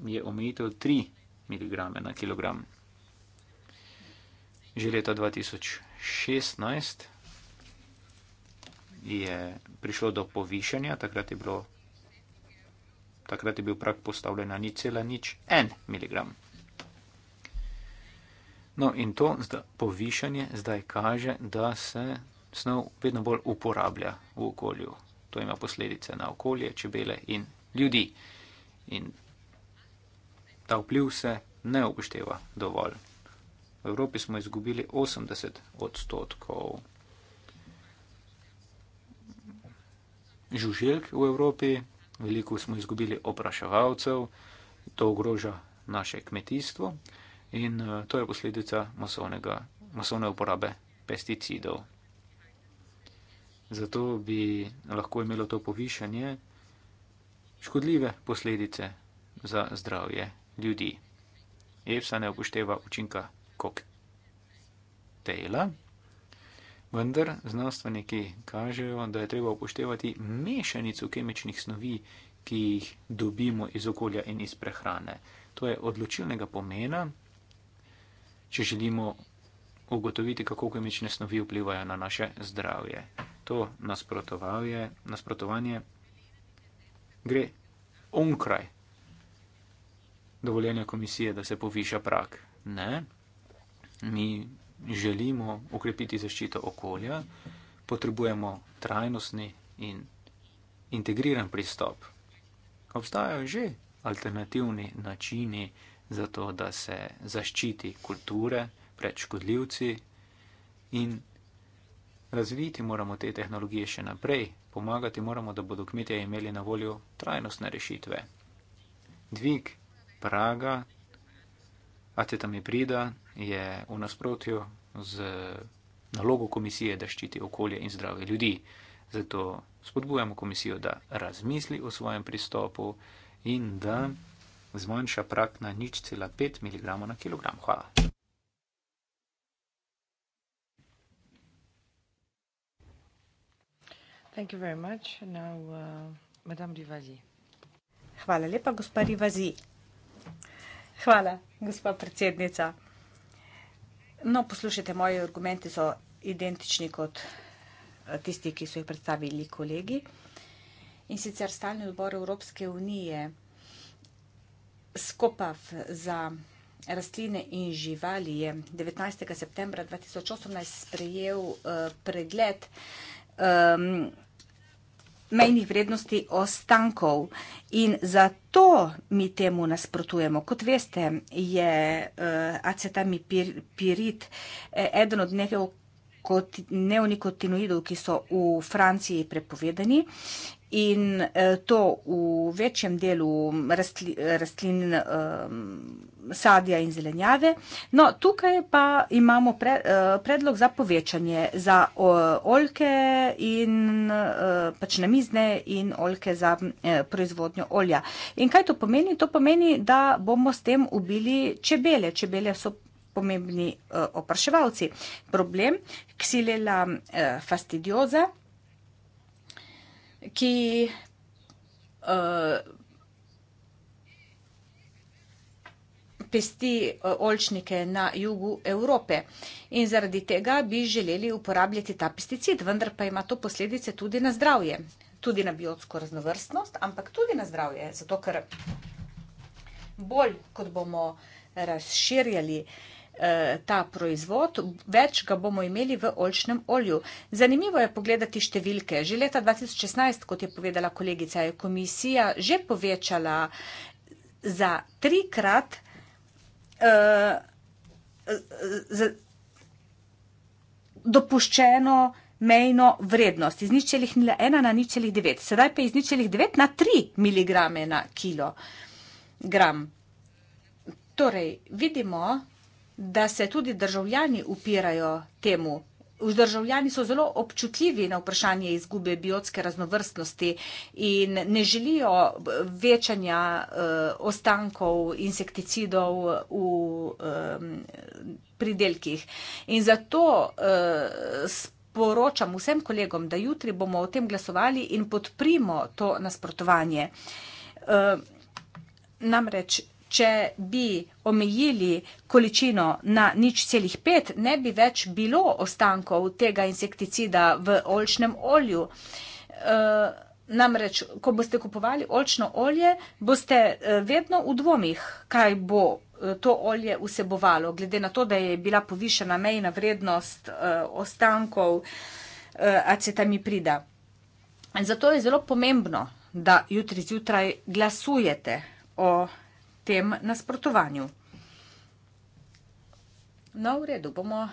je omejitev 3 mg na kilogram. Že leta 2016 je prišlo do povišanja, takrat je, bilo, takrat je bil prak postavljen na nič cela nič en miligram. No in to povišanje zdaj kaže, da se snov vedno bolj uporablja v okolju. To ima posledice na okolje, čebele in ljudi. In ta vpliv se ne upošteva dovolj. V Evropi smo izgubili 80 odstotkov žuželjk v Evropi, veliko smo izgubili opraševalcev, to ogroža naše kmetijstvo in eh, to je posledica masovnega, masovne uporabe pesticidov. Zato bi lahko imelo to povišanje škodljive posledice za zdravje ljudi. EFSA ne upošteva učinka koktejla. Vendar znanstveniki kažejo, da je treba upoštevati mešanico kemičnih snovi, ki jih dobimo iz okolja in iz prehrane. To je odločilnega pomena, če želimo ugotoviti, kako kemične snovi vplivajo na naše zdravje. To nasprotovanje, nasprotovanje gre onkraj dovoljenja komisije, da se poviša prak. Ne mi želimo ukrepiti zaščito okolja, potrebujemo trajnostni in integriran pristop. Obstajajo že alternativni načini za to, da se zaščiti kulture pred škodljivci in razviti moramo te tehnologije še naprej, pomagati moramo, da bodo kmetje imeli na voljo trajnostne rešitve. Dvig praga, acetamiprida, je v nasprotju z nalogo komisije, da ščiti okolje in zdravje ljudi. Zato spodbujamo komisijo, da razmisli o svojem pristopu in da zmanjša prak na nič cela 5 mg na kg. Hvala. Uh, Hvala lepa, gospa Rivazi. Hvala, gospa predsednica. No, poslušajte, moji argumenti so identični kot eh, tisti, ki so jih predstavili kolegi. In sicer stalni odbor Evropske unije skupav za rastline in živali je 19. septembra 2018 sprejel uh, pregled um, mejnih vrednosti ostankov in zato mi temu nasprotujemo. Kot veste, je uh, eh, acetamipirit eh, eden od nekaj neonikotinoidov, ki so v Franciji prepovedani In eh, to v večjem delu rastli, rastlin, ehm, sadja in zelenjave. No, tukaj pa imamo pre, eh, predlog za povečanje za oljke in eh, pač namizne in oljke za proizvodnjo olja. In kaj to pomeni? To pomeni, da bomo s tem ubili čebele. Čebele so pomembni opraševalci. Problem ksilela fastidioza ki uh, pesti uh, eh, olčnike na jugu Evrope. In zaradi tega bi želeli uporabljati ta pesticid, vendar pa ima to posledice tudi na zdravje, tudi na biotsko raznovrstnost, ampak tudi na zdravje. Zato, ker bolj kot bomo razširjali uh, Eh, ta proizvod, več ga bomo imeli v olčnem olju. Zanimivo je pogledati številke. Že leta 2016, kot je povedala kolegica, je komisija že povečala za trikrat. Eh, z dopuščeno mejno vrednost iz ničelih 1 na ničelih 9, sedaj pa iz ničelih 9 na 3 mg na kilogram. Torej, vidimo, da se tudi državljani upirajo temu. Už državljani so zelo občutljivi na vprašanje izgube biotske raznovrstnosti in ne želijo večanja uh, ostankov insekticidov v um, pridelkih. In zato uh, sporočam vsem kolegom, da jutri bomo o tem glasovali in podprimo to nasprotovanje. Uh, namreč če bi omejili količino na nič celih pet, ne bi več bilo ostankov tega insekticida v olčnem olju. E, namreč, ko boste kupovali olčno olje, boste e, vedno v dvomih, kaj bo e, to olje vsebovalo, glede na to, da je bila povišena mejna vrednost e, ostankov e, acetamiprida. Zato je zelo pomembno, da jutri zjutraj glasujete o tem nasprotovanju. No, v redu, bomo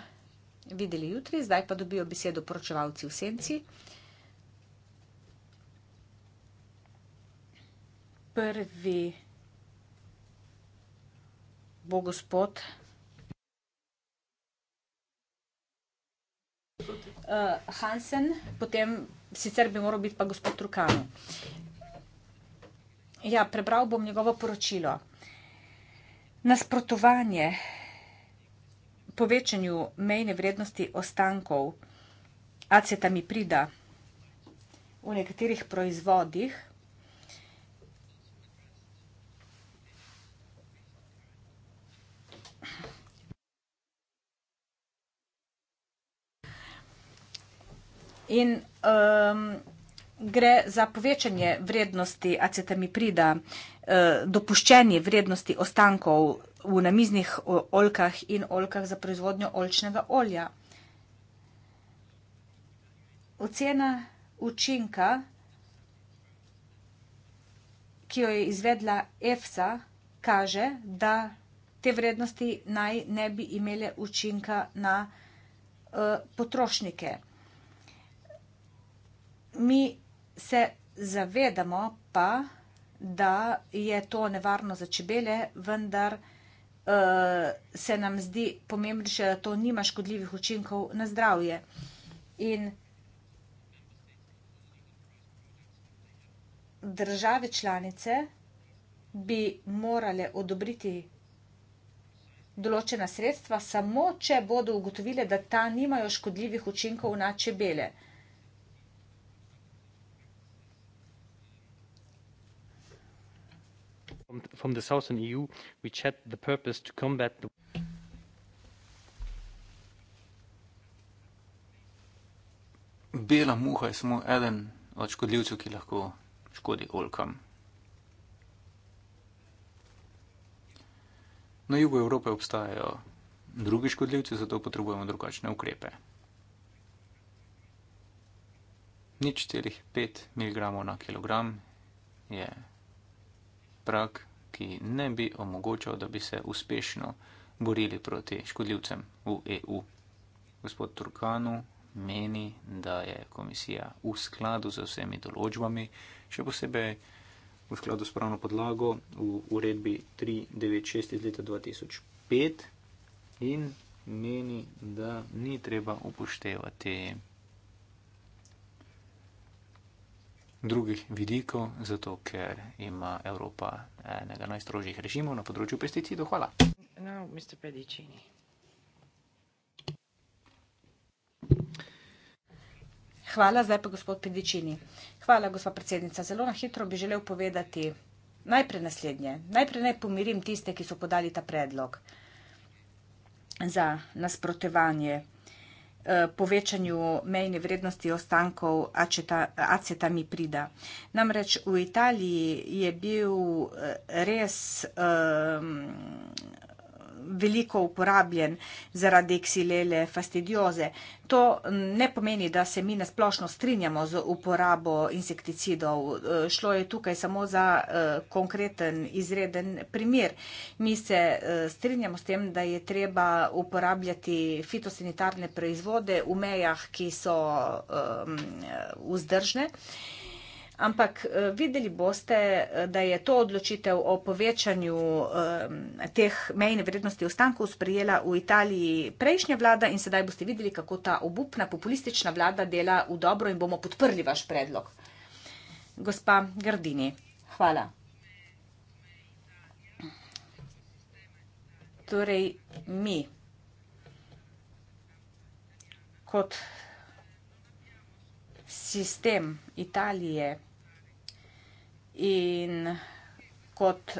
videli jutri, zdaj pa dobijo besedo poročevalci v senci. Prvi bo gospod. Eh, Hansen, potem sicer bi moral biti pa gospod Trukano. Ja, prebral bom njegovo poročilo nasprotovanje povečanju mejne vrednosti ostankov acetamiprida v nekaterih proizvodih in um, gre za povečanje vrednosti acetamiprida, eh, dopuščenje vrednosti ostankov v namiznih olkah in olkah za proizvodnjo olčnega olja. Ocena učinka, ki jo je izvedla EFSA, kaže, da te vrednosti naj ne bi imele učinka na eh, potrošnike. Mi se zavedamo pa, da je to nevarno za čebele, vendar uh, se nam zdi pomembnejše, da to nima škodljivih učinkov na zdravje. In države članice bi morale odobriti določena sredstva, samo če bodo ugotovile, da ta nimajo škodljivih učinkov na čebele. from the southern EU, which had the purpose to combat the. Bela muha je samo eden od škodljivcev, ki lahko škodi olkam. Na jugu Evrope obstajajo drugi škodljivci, zato potrebujemo drugačne ukrepe. Nič celih 5 mg na kilogram je prak, ki ne bi omogočal, da bi se uspešno borili proti škodljivcem v EU. Gospod Turkanu meni, da je komisija v skladu z vsemi določbami, še posebej v skladu s pravno podlago v uredbi 396 iz leta 2005 in meni, da ni treba upoštevati. drugih vidikov, zato ker ima Evropa enega najstrožjih režimov na področju pesticidov. Hvala. No, Mr. Pedicini. Hvala, zdaj pa gospod Pedicini. Hvala, gospa predsednica. Zelo na hitro bi želel povedati najprej naslednje. Najprej naj pomirim tiste, ki so podali ta predlog za nasprotevanje. Eh, povečanju mejne vrednosti ostankov acetamiprida. Namreč v Italiji je bil eh, res um, veliko uporabljen zaradi ksilele fastidioze. To mm, ne pomeni, da se mi nasplošno strinjamo z uporabo insekticidov. E, šlo je tukaj samo za e, konkreten izreden primer. Mi se e, strinjamo s tem, da je treba uporabljati fitosanitarne proizvode v mejah, ki so vzdržne. Um, ampak eh, videli boste, eh, da je to odločitev o povečanju eh, teh mejne vrednosti ostankov sprejela v Italiji prejšnja vlada in sedaj boste videli, kako ta obupna populistična vlada dela v dobro in bomo podprli vaš predlog. Gospa Gardini, hvala. Torej, mi kot sistem Italije in kot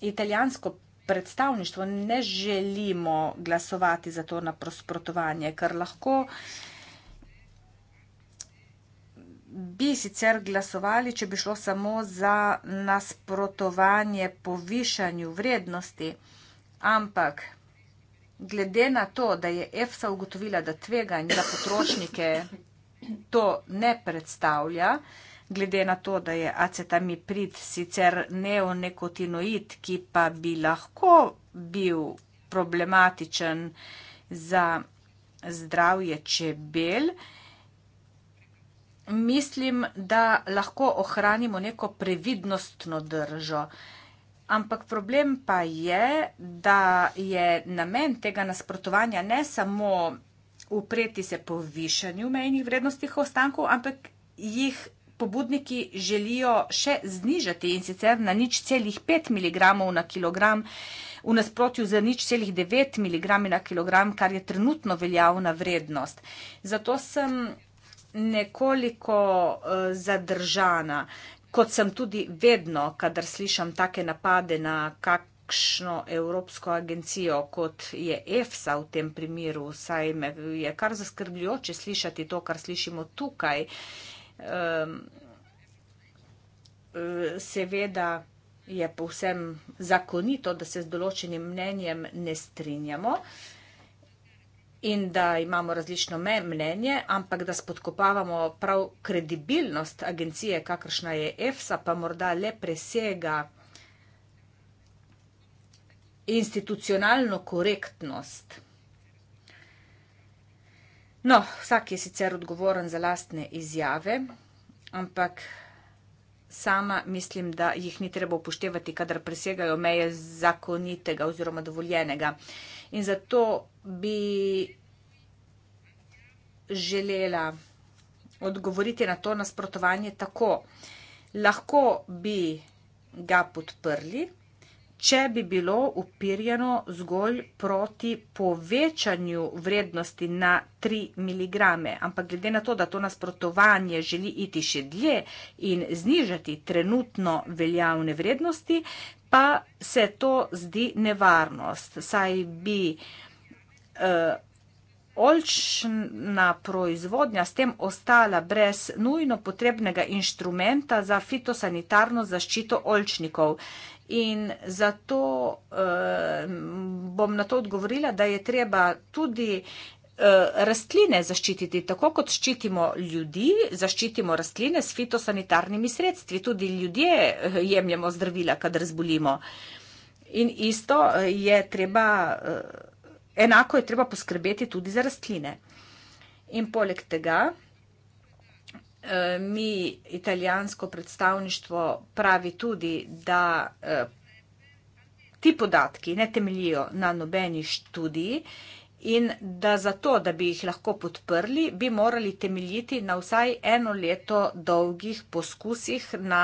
italijansko predstavništvo ne želimo glasovati za to nasprotovanje, ker lahko bi sicer glasovali, če bi šlo samo za nasprotovanje povišanju vrednosti, ampak glede na to, da je EFSA ugotovila, da tveganje za potrošnike to ne predstavlja, glede na to, da je acetamiprid sicer neonekotinoid, ki pa bi lahko bil problematičen za zdravje čebel. Mislim, da lahko ohranimo neko previdnostno držo. Ampak problem pa je, da je namen tega nasprotovanja ne samo upreti se povišanju mejnih vrednosti ostankov, ampak jih pobudniki želijo še znižati in sicer na nič celih 5 mg na kilogram, v nasprotju z nič celih 9 mg na kilogram, kar je trenutno veljavna vrednost. Zato sem nekoliko uh, zadržana, kot sem tudi vedno, kadar slišam take napade na kak kakšno evropsko agencijo, kot je EFSA v tem primeru, saj me je kar zaskrbljujoče slišati to, kar slišimo tukaj. Um, seveda je povsem zakonito, da se z določenim mnenjem ne strinjamo in da imamo različno mnenje, ampak da spodkopavamo prav kredibilnost agencije, kakršna je EFSA, pa morda le presega institucionalno korektnost. No, vsak je sicer odgovoren za lastne izjave, ampak sama mislim, da jih ni treba upoštevati, kadar presegajo meje zakonitega oziroma dovoljenega. In zato bi želela odgovoriti na to nasprotovanje tako. Lahko bi ga podprli, če bi bilo upirjeno zgolj proti povečanju vrednosti na 3 mg. Ampak glede na to, da to nasprotovanje želi iti še dlje in znižati trenutno veljavne vrednosti, pa se to zdi nevarnost. Saj bi uh, eh, olčna proizvodnja s tem ostala brez nujno potrebnega inštrumenta za fitosanitarno zaščito olčnikov. In zato eh, bom na to odgovorila, da je treba tudi eh, rastline zaščititi, tako kot ščitimo ljudi, zaščitimo rastline s fitosanitarnimi sredstvi. Tudi ljudje eh, jemljemo zdravila, kadar zbolimo. In isto je treba, enako je treba poskrbeti tudi za rastline. In poleg tega, Eh, mi italijansko predstavništvo pravi tudi, da eh, ti podatki ne temeljijo na nobeni študiji in da zato, da bi jih lahko podprli, bi morali temeljiti na vsaj eno leto dolgih poskusih na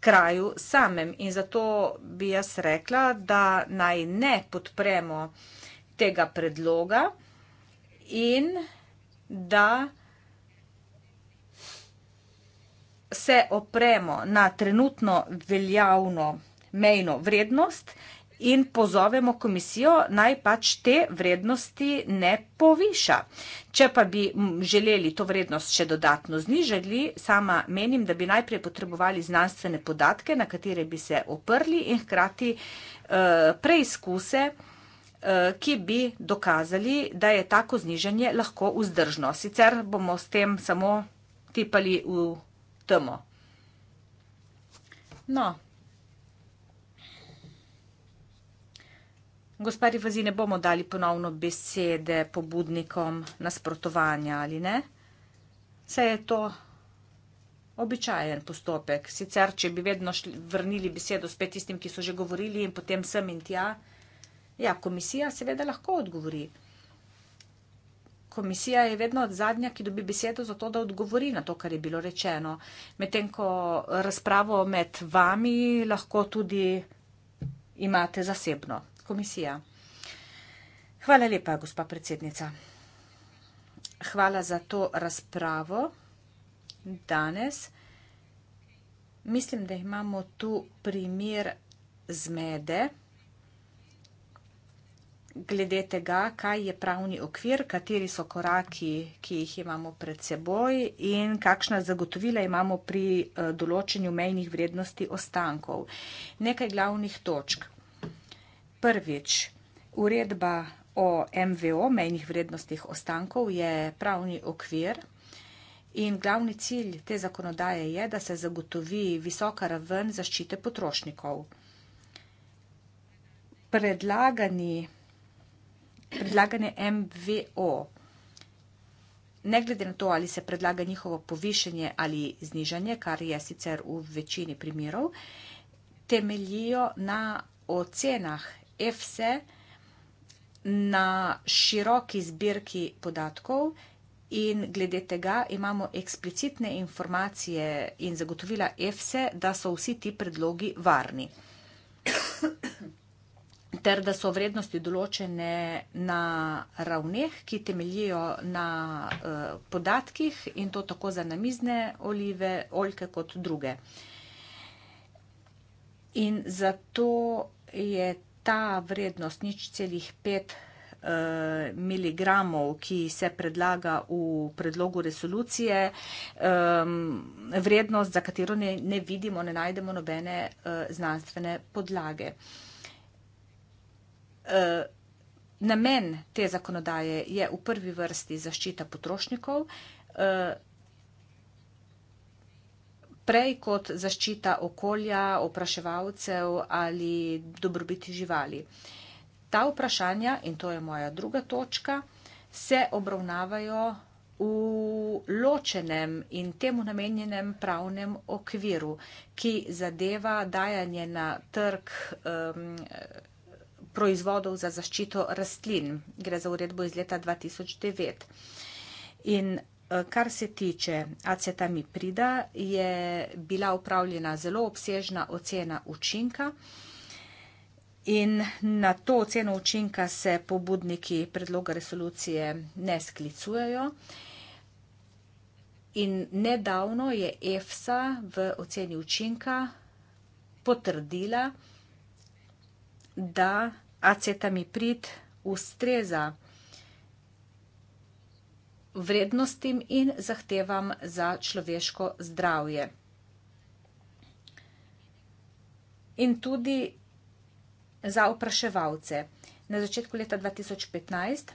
kraju samem. In zato bi jaz rekla, da naj ne podpremo tega predloga in da. se opremo na trenutno veljavno mejno vrednost in pozovemo komisijo, naj pač te vrednosti ne poviša. Če pa bi želeli to vrednost še dodatno znižali, sama menim, da bi najprej potrebovali znanstvene podatke, na katere bi se oprli in hkrati eh, preizkuse, eh, ki bi dokazali, da je tako znižanje lahko vzdržno. Sicer bomo s tem samo tipali v temo. No. Gospari Vazi, ne bomo dali ponovno besede pobudnikom nasprotovanja ali ne? Vse je to običajen postopek. Sicer, če bi vedno šli, vrnili besedo spet tistim, ki so že govorili in potem sem in tja, ja, komisija seveda lahko odgovori komisija je vedno od zadnja, ki dobi besedo za to, da odgovori na to, kar je bilo rečeno. Medtem ko razpravo med vami lahko tudi imate zasebno. Komisija. Hvala lepa, gospa predsednica. Hvala za to razpravo danes. Mislim, da imamo tu primer zmede glede tega, kaj je pravni okvir, kateri so koraki, ki jih imamo pred seboj in kakšna zagotovila imamo pri eh, določenju mejnih vrednosti ostankov. Nekaj glavnih točk. Prvič, uredba o MVO, mejnih vrednostih ostankov, je pravni okvir. In glavni cilj te zakonodaje je, da se zagotovi visoka raven zaščite potrošnikov. Predlagani predlagane MVO, ne glede na to, ali se predlaga njihovo povišanje ali znižanje, kar je sicer v večini primerov, temeljijo na ocenah EFSE na široki zbirki podatkov in glede tega imamo eksplicitne informacije in zagotovila EFSE, da so vsi ti predlogi varni ter da so vrednosti določene na ravneh, ki temeljijo na eh, podatkih in to tako za namizne olive, oljke kot druge. In zato je ta vrednost nič celih pet eh, miligramov, ki se predlaga v predlogu resolucije, eh, vrednost, za katero ne, ne vidimo, ne najdemo nobene znanstvene podlage. Eh, namen te zakonodaje je v prvi vrsti zaščita potrošnikov, eh, prej kot zaščita okolja, opraševalcev ali dobrobiti živali. Ta vprašanja, in to je moja druga točka, se obravnavajo v ločenem in temu namenjenem pravnem okviru, ki zadeva dajanje na trg. Um, proizvodov za zaščito rastlin. Gre za uredbo iz leta 2009. In eh, kar se tiče acetamiprida, je bila upravljena zelo obsežna ocena učinka. In na to oceno učinka se pobudniki predloga resolucije ne sklicujejo. In nedavno je EFSA v oceni učinka potrdila, da acetamiprid ustreza vrednostim in zahtevam za človeško zdravje. In tudi za opraševalce. Na začetku leta 2015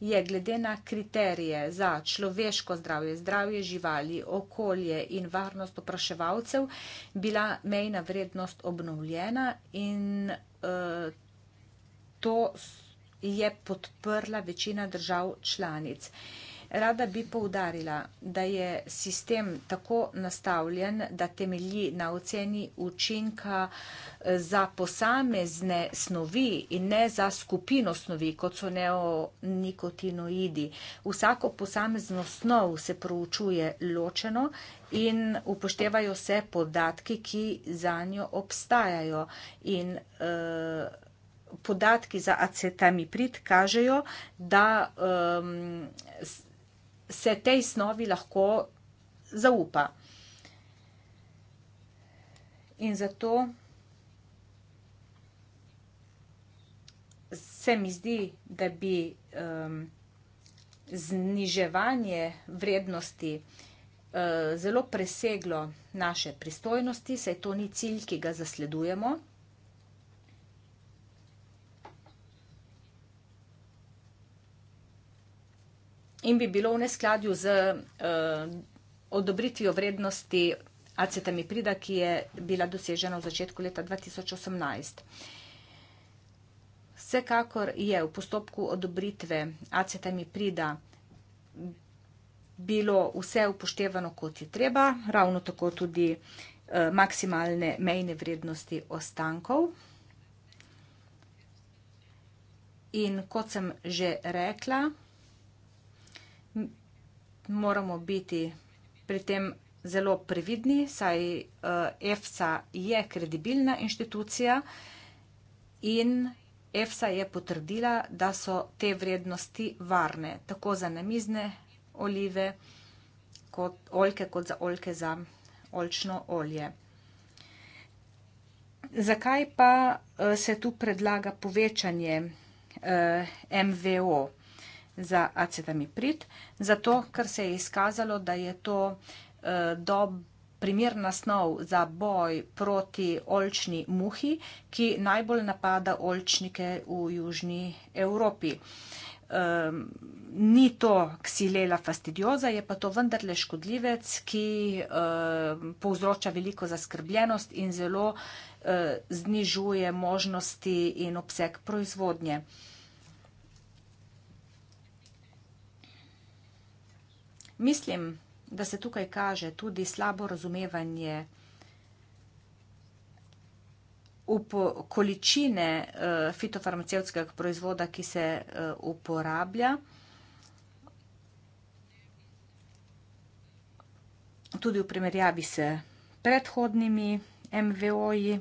je glede na kriterije za človeško zdravje, zdravje živali, okolje in varnost opraševalcev bila mejna vrednost obnovljena in to je podprla večina držav članic. Uh, Rada bi poudarila, da je sistem tako nastavljen, da temelji na oceni učinka eh, za posamezne snovi in ne za skupino snovi, kot so neonikotinoidi. Vsako posamezno snov se proučuje ločeno in upoštevajo se podatki, ki za njo obstajajo. In, uh, Podatki za acetamiprid kažejo, da um, se tej snovi lahko zaupa. In zato se mi zdi, da bi um, zniževanje vrednosti uh, zelo preseglo naše pristojnosti, saj to ni cilj, ki ga zasledujemo. in bi bilo v neskladju z uh, odobritvijo vrednosti acetamiprida, ki je bila dosežena v začetku leta 2018. Vsekakor je v postopku odobritve acetamiprida bilo vse upoštevano, kot je treba, ravno tako tudi eh, maksimalne mejne vrednosti ostankov. In kot sem že rekla, moramo biti pri tem zelo previdni, saj eh, EFSA je kredibilna inštitucija in EFSA je potrdila, da so te vrednosti varne, tako za namizne olive, kot oljke, kot za oljke za oljčno olje. Zakaj pa eh, se tu predlaga povečanje eh, MVO? za acetamiprid, zato ker se je izkazalo, da je to eh, do primerna snov za boj proti olčni muhi, ki najbolj napada olčnike v Južni Evropi. Um, ni to ksilela fastidioza, je pa to vendarle škodljivec, ki um, povzroča veliko zaskrbljenost in zelo uh, znižuje možnosti in obseg proizvodnje. Mislim, da se tukaj kaže tudi slabo razumevanje količine uh, eh, fitofarmacevskega proizvoda, ki se uh, uporablja. Tudi v primerjavi se predhodnimi MVO-ji.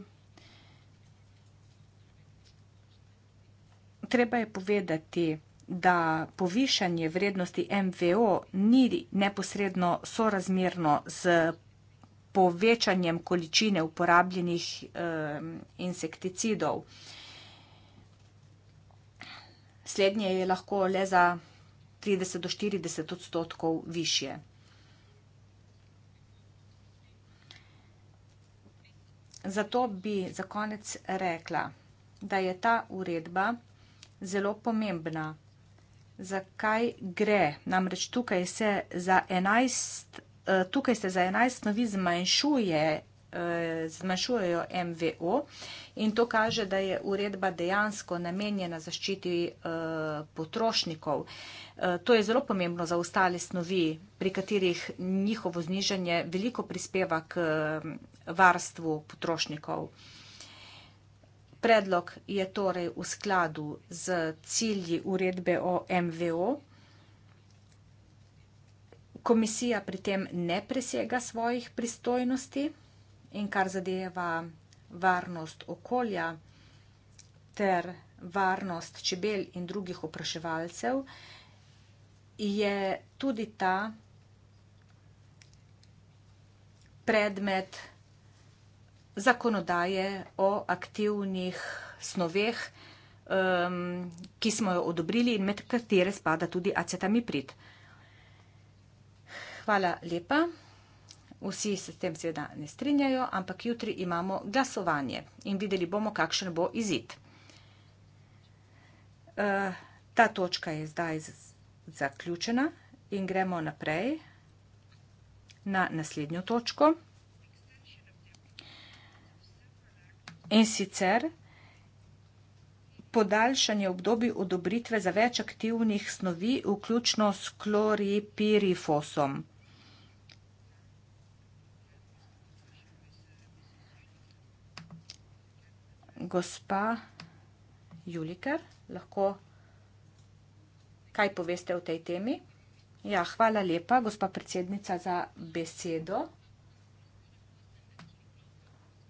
Treba je povedati, da da povišanje vrednosti MVO ni neposredno sorazmerno z povečanjem količine uporabljenih eh, insekticidov. Slednje je lahko le za 30 do 40 odstotkov više. Zato bi za konec rekla, da je ta uredba zelo pomembna zakaj gre. Namreč tukaj se za 11, eh, tukaj se za 11 snovi zmanjšuje, eh, zmanjšujejo MVO in to kaže, da je uredba dejansko namenjena zaščiti eh, potrošnikov. To je zelo pomembno za ostale snovi, pri katerih njihovo znižanje veliko prispeva k varstvu potrošnikov. Predlog je torej v skladu z cilji uredbe o MVO. Komisija pri tem ne presega svojih pristojnosti in kar zadeva varnost okolja ter varnost čebel in drugih opraševalcev, je tudi ta predmet vsega zakonodaje o aktivnih snoveh, um, ki smo jo odobrili in med katere spada tudi acetamiprid. Hvala lepa. Vsi se s tem seveda ne strinjajo, ampak jutri imamo glasovanje in videli bomo, kakšen bo izid. Uh, ta točka je zdaj zaključena in gremo naprej na naslednjo točko. in sicer podaljšanje obdobja odobritve za več aktivnih snovi, vključno s kloripirifosom. Gospa Juliker, lahko kaj poveste o tej temi? Ja, hvala lepa, gospa predsednica, za besedo.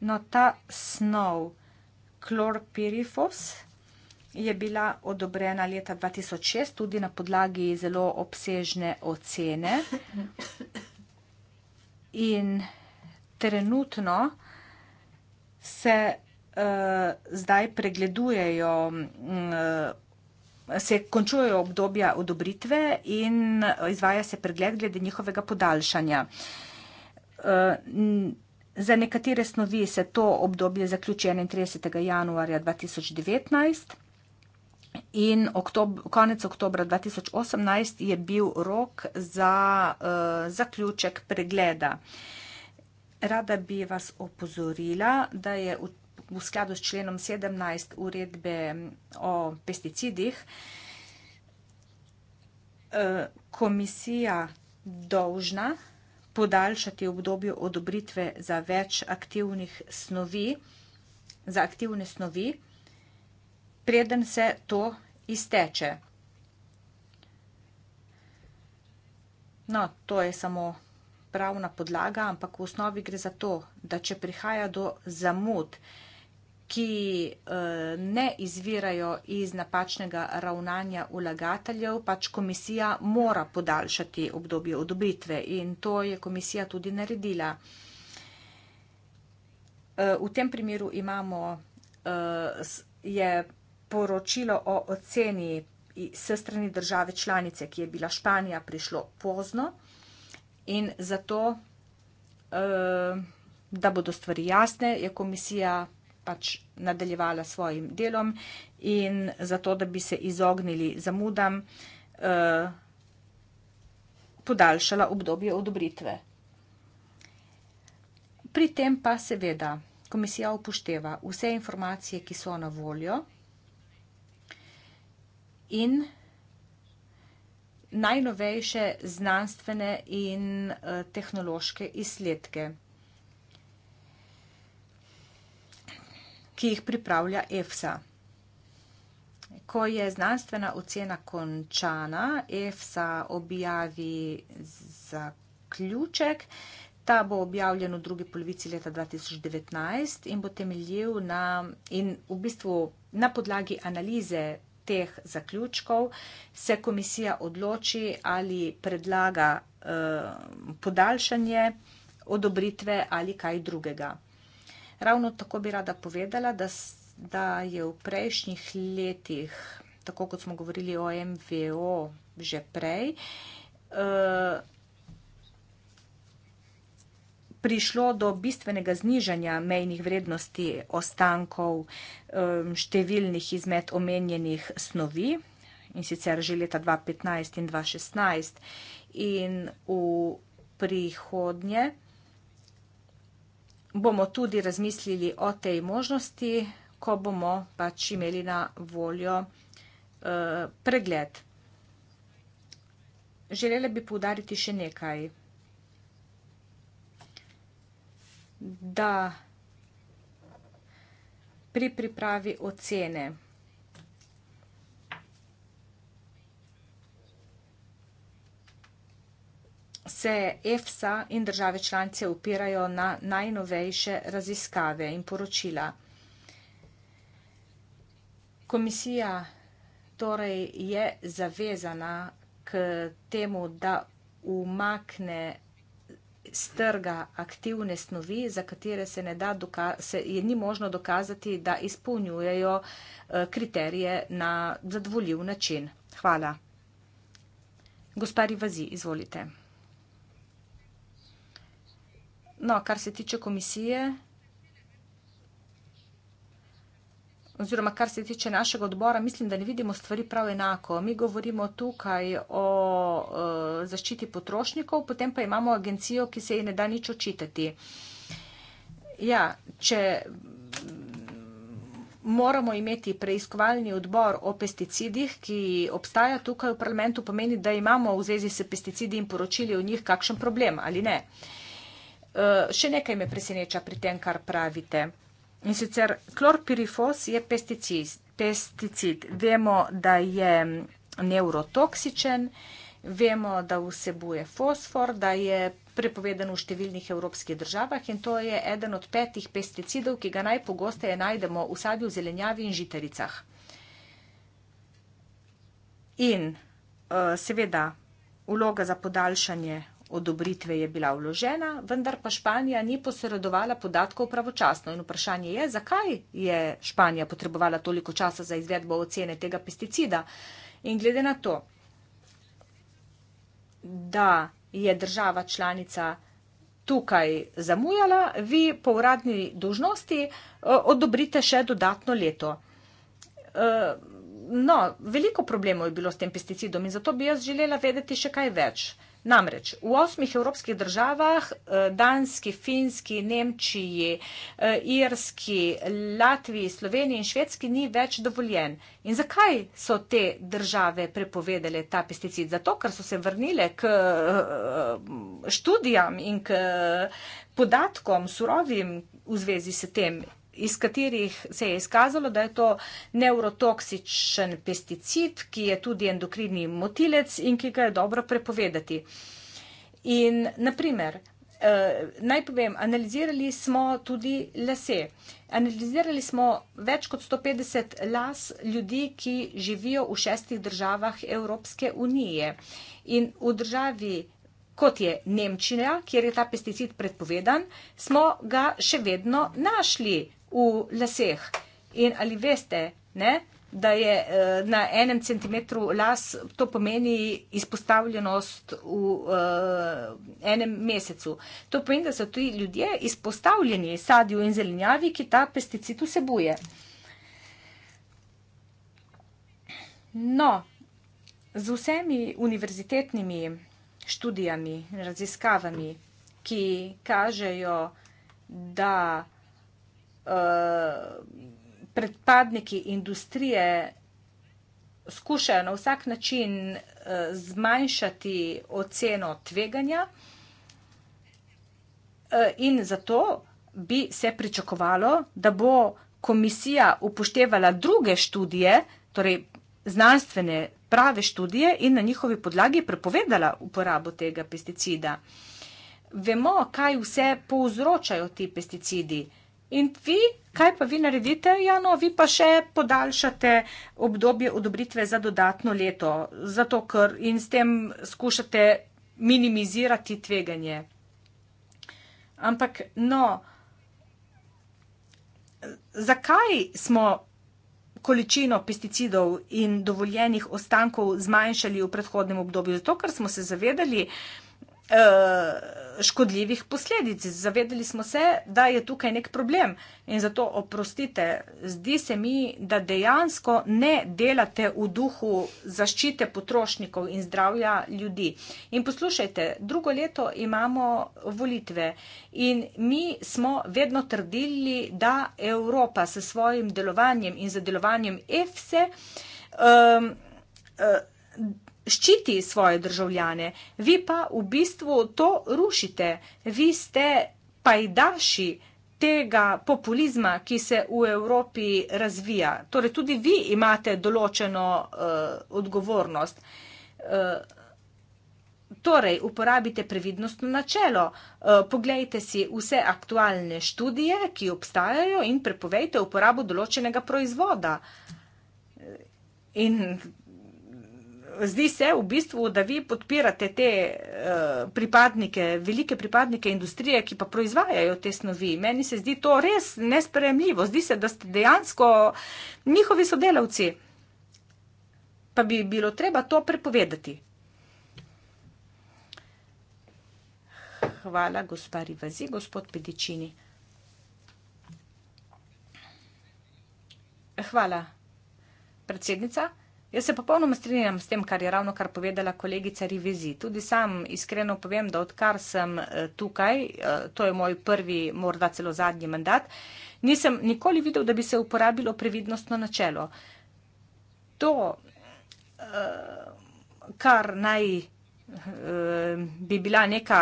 No, ta snov, klorpirifos, je bila odobrena leta 2006 tudi na podlagi zelo obsežne ocene. In trenutno se uh, zdaj pregledujejo, uh, se končujejo obdobja odobritve in eh, izvaja se pregled glede njihovega podaljšanja. Uh, Za nekatere snovi se to obdobje zaključi 31. januarja 2019 in oktob, konec oktobra 2018 je bil rok za uh, zaključek pregleda. Rada bi vas opozorila, da je v, v skladu s členom 17 uredbe o pesticidih uh, komisija dolžna podaljšati obdobje odobritve za več aktivnih snovi, za aktivne snovi, preden se to izteče. No, to je samo pravna podlaga, ampak v osnovi gre za to, da če prihaja do zamud, ki eh, ne izvirajo iz napačnega ravnanja vlagateljev, pač komisija mora podaljšati obdobje odobitve in to je komisija tudi naredila. Eh, v tem primeru imamo, eh, je poročilo o oceni se strani države članice, ki je bila Španija, prišlo pozno in zato, da bodo stvari jasne, je komisija pač nadaljevala svojim delom in zato, da bi se izognili zamudam, eh, podaljšala obdobje odobritve. Pri tem pa seveda komisija upošteva vse informacije, ki so na voljo in najnovejše znanstvene in eh, tehnološke izsledke. ki jih pripravlja EFSA. Ko je znanstvena ocena končana, EFSA objavi zaključek. Ta bo objavljen v drugi polovici leta 2019 in bo temeljil na, in v bistvu na podlagi analize teh zaključkov se komisija odloči ali predlaga eh, podaljšanje odobritve ali kaj drugega. Ravno tako bi rada povedala, da, da je v prejšnjih letih, tako kot smo govorili o MVO že prej, eh, prišlo do bistvenega znižanja mejnih vrednosti ostankov eh, številnih izmed omenjenih snovi in sicer že leta 2015 in 2016 in v prihodnje bomo tudi razmislili o tej možnosti, ko bomo pač imeli na voljo eh, pregled. Želela bi poudariti še nekaj, da pri pripravi ocene, se EFSA in države članice upirajo na najnovejše raziskave in poročila. Komisija torej je zavezana k temu, da umakne z trga aktivne snovi, za katere se ne da se je ni možno dokazati, da izpolnjujejo eh, kriterije na zadovoljiv način. Hvala. Gospa Rivazi, izvolite. No, kar se tiče komisije, oziroma kar se tiče našega odbora, mislim, da ne vidimo stvari prav enako. Mi govorimo tukaj o uh, zaščiti potrošnikov, potem pa imamo agencijo, ki se ji ne da nič očitati. Ja, če mm, moramo imeti preiskovalni odbor o pesticidih, ki obstaja tukaj v parlamentu, pomeni, da imamo v zvezi s pesticidi in poročili o njih kakšen problem ali ne. Uh, Eh, še nekaj me preseneča pri tem, kar pravite. In sicer klorpirifos je pesticid. pesticid. Vemo, da je neurotoksičen, vemo, da vsebuje fosfor, da je prepovedan v številnih evropskih državah in to je eden od petih pesticidov, ki ga najpogosteje najdemo v sadju, v zelenjavi in žitaricah. In uh, seveda, uloga za podaljšanje odobritve je bila vložena, vendar pa Španija ni posredovala podatkov pravočasno. In vprašanje je, zakaj je Španija potrebovala toliko časa za izvedbo ocene tega pesticida. In glede na to, da je država članica tukaj zamujala, vi po uradni dožnosti eh, odobrite še dodatno leto. Eh, no, veliko problemov je bilo s tem pesticidom in zato bi jaz želela vedeti še kaj več. Namreč v osmih evropskih državah, eh, Danski, Finski, Nemčiji, eh, Irski, Latviji, Sloveniji in Švedski ni več dovoljen. In zakaj so te države prepovedale ta pesticid? Zato, ker so se vrnile k eh, študijam in k podatkom surovim v zvezi s tem iz katerih se je izkazalo, da je to neurotoksičen pesticid, ki je tudi endokrinni motilec in ki ga je dobro prepovedati. In naprimer, eh, naj povem, analizirali smo tudi lase. Analizirali smo več kot 150 las ljudi, ki živijo v šestih državah Evropske unije. In v državi kot je Nemčina, kjer je ta pesticid predpovedan, smo ga še vedno našli v laseh. In ali veste, ne, da je eh, na enem centimetru las, to pomeni izpostavljenost v uh, enem mesecu. To pomeni, da so tudi ljudje izpostavljeni sadju in zelenjavi, ki ta pesticid vsebuje. No, z vsemi univerzitetnimi študijami, raziskavami, ki kažejo, da uh, predpadniki industrije skušajo na vsak način uh, zmanjšati oceno tveganja uh, in zato bi se pričakovalo, da bo komisija upoštevala druge študije, torej znanstvene prave študije in na njihovi podlagi prepovedala uporabo tega pesticida. Vemo, kaj vse povzročajo ti pesticidi. In vi, kaj pa vi naredite? Ja, no, vi pa še podaljšate obdobje odobritve za dodatno leto, zato ker in s tem skušate minimizirati tveganje. Ampak, no, zakaj smo količino pesticidov in dovoljenih ostankov zmanjšali v predhodnem obdobju, zato ker smo se zavedali, Eh, škodljivih posledic. Zavedali smo se, da je tukaj nek problem in zato oprostite, zdi se mi, da dejansko ne delate v duhu zaščite potrošnikov in zdravja ljudi. In poslušajte, drugo leto imamo volitve in mi smo vedno trdili, da Evropa s svojim delovanjem in zadelovanjem EFSE um, uh, eh, eh, ščiti svoje državljane, vi pa v bistvu to rušite. Vi ste pajdaši tega populizma, ki se v Evropi razvija. Torej, tudi vi imate določeno uh, odgovornost. Uh, Torej, uporabite previdnostno načelo, eh, poglejte si vse aktualne študije, ki obstajajo in prepovejte uporabo določenega proizvoda. In zdi se v bistvu, da vi podpirate te eh, pripadnike, velike pripadnike industrije, ki pa proizvajajo te snovi. Meni se zdi to res nespremljivo. Zdi se, da ste dejansko njihovi sodelavci. Pa bi bilo treba to prepovedati. Hvala, gospa Rivazi, gospod Pedičini. Hvala, predsednica. Jaz se popolnoma strinjam s tem, kar je ravno kar povedala kolegica Rivezi. Tudi sam iskreno povem, da odkar sem eh, tukaj, eh, to je moj prvi, morda celo zadnji mandat, nisem nikoli videl, da bi se uporabilo previdnostno načelo. To, eh, kar naj bi bila neka,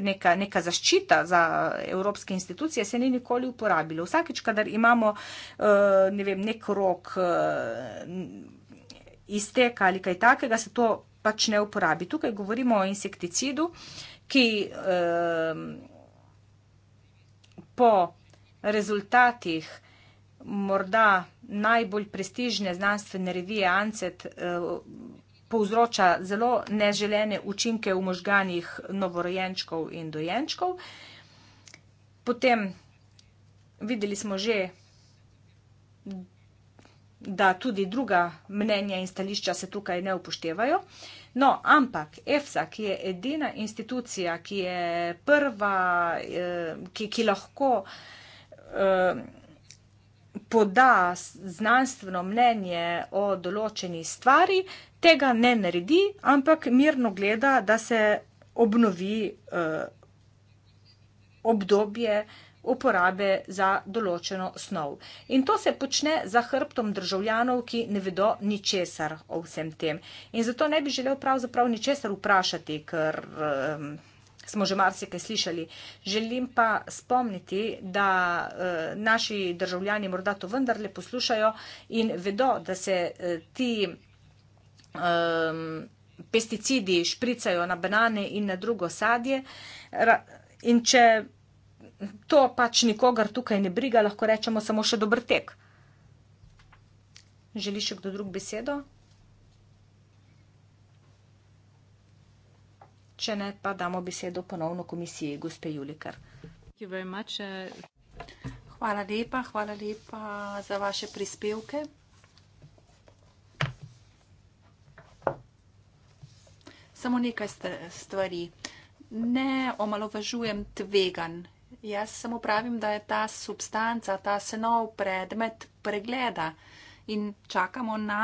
neka, neka zaščita za evropske institucije, se ni nikoli uporabilo. Vsakič, kadar imamo ne vem, nek rok, izteka ali kaj takega, se to pač ne uporabi. Tukaj govorimo o insekticidu, ki ehm, po rezultatih morda najbolj prestižne znanstvene revije ANCET eh, povzroča zelo neželene učinke v možganjih novorojenčkov in dojenčkov. Potem videli smo že da tudi druga mnenja in stališča se tukaj ne upoštevajo. No, ampak EFSA, ki je edina institucija, ki je prva, eh, ki, ki lahko eh, poda znanstveno mnenje o določeni stvari, tega ne naredi, ampak mirno gleda, da se obnovi eh, obdobje, uporabe za določeno snov. In to se počne za hrbtom državljanov, ki ne vedo ničesar o vsem tem. In zato ne bi želel pravzaprav ničesar vprašati, ker um, smo že marsikaj slišali. Želim pa spomniti, da uh, naši državljani morda to vendarle poslušajo in vedo, da se uh, ti. Um, pesticidi špricajo na banane in na drugo sadje. In če to pač nikogar tukaj ne briga, lahko rečemo samo še dober tek. Želi še kdo drug besedo? Če ne, pa damo besedo ponovno komisiji, gospe Juliker. Uh, hvala lepa, hvala lepa za vaše prispevke. Samo nekaj stvari. Ne omalovažujem tvegan Jaz samo pravim, da je ta substanca, ta senov predmet pregleda in čakamo na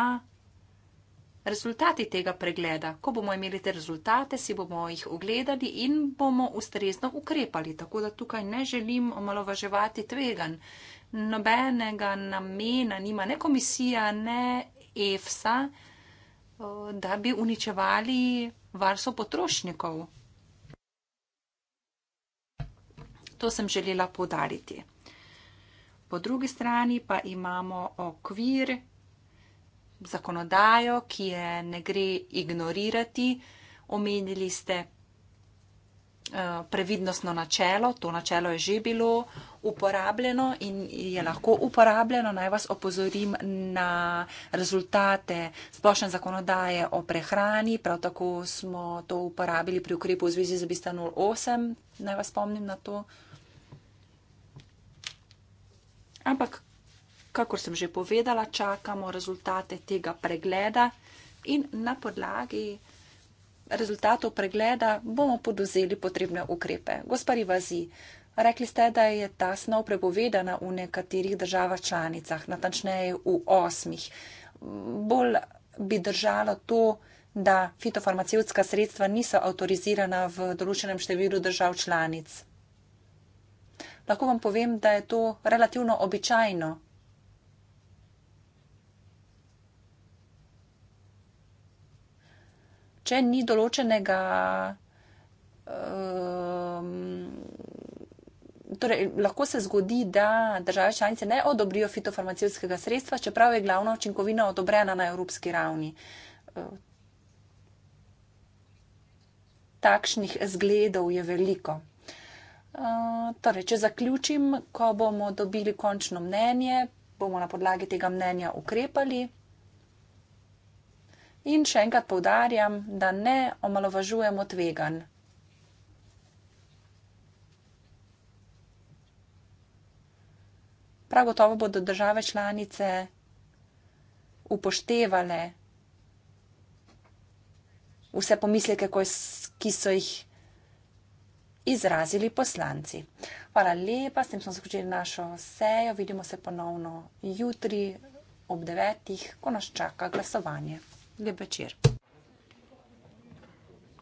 rezultati tega pregleda. Ko bomo imeli te rezultate, si bomo jih ogledali in bomo ustrezno ukrepali. Tako da tukaj ne želim omalovaževati tvegan. Nobenega namena nima ne komisija, ne EFSA, eh, da bi uničevali varstvo potrošnikov. To sem želela podariti. Po drugi strani pa imamo okvir, zakonodajo, ki je ne gre ignorirati. Omenili ste Eh, previdnostno načelo. To načelo je že bilo uporabljeno in je lahko uporabljeno. Naj vas opozorim na rezultate splošne zakonodaje o prehrani. Prav tako smo to uporabili pri ukrepu v zvezi z bistanol 8. Naj vas spomnim na to. Ampak, kakor sem že povedala, čakamo rezultate tega pregleda in na podlagi rezultatov pregleda bomo podozeli potrebne ukrepe. Gospari Vazi, rekli ste, da je ta snov prepovedana v nekaterih državah članicah, natančneje v osmih. Bolj bi držalo to, da fitofarmacevtska sredstva niso avtorizirana v določenem številu držav članic. Lahko vam povem, da je to relativno običajno če ni določenega. Um, torej, lahko se zgodi, da države članice ne odobrijo fitofarmacijskega sredstva, čeprav je glavna učinkovina odobrena na evropski ravni. E, takšnih zgledov je veliko. Uh, torej, če zaključim, ko bomo dobili končno mnenje, bomo na podlagi tega mnenja ukrepali. In še enkrat povdarjam, da ne omalovažujemo tvegan. Prav gotovo bodo države članice upoštevale vse pomisleke, ki so jih izrazili poslanci. Hvala lepa, s tem smo zaključili našo sejo. Vidimo se ponovno jutri ob devetih, ko nas čaka glasovanje. Lep večer.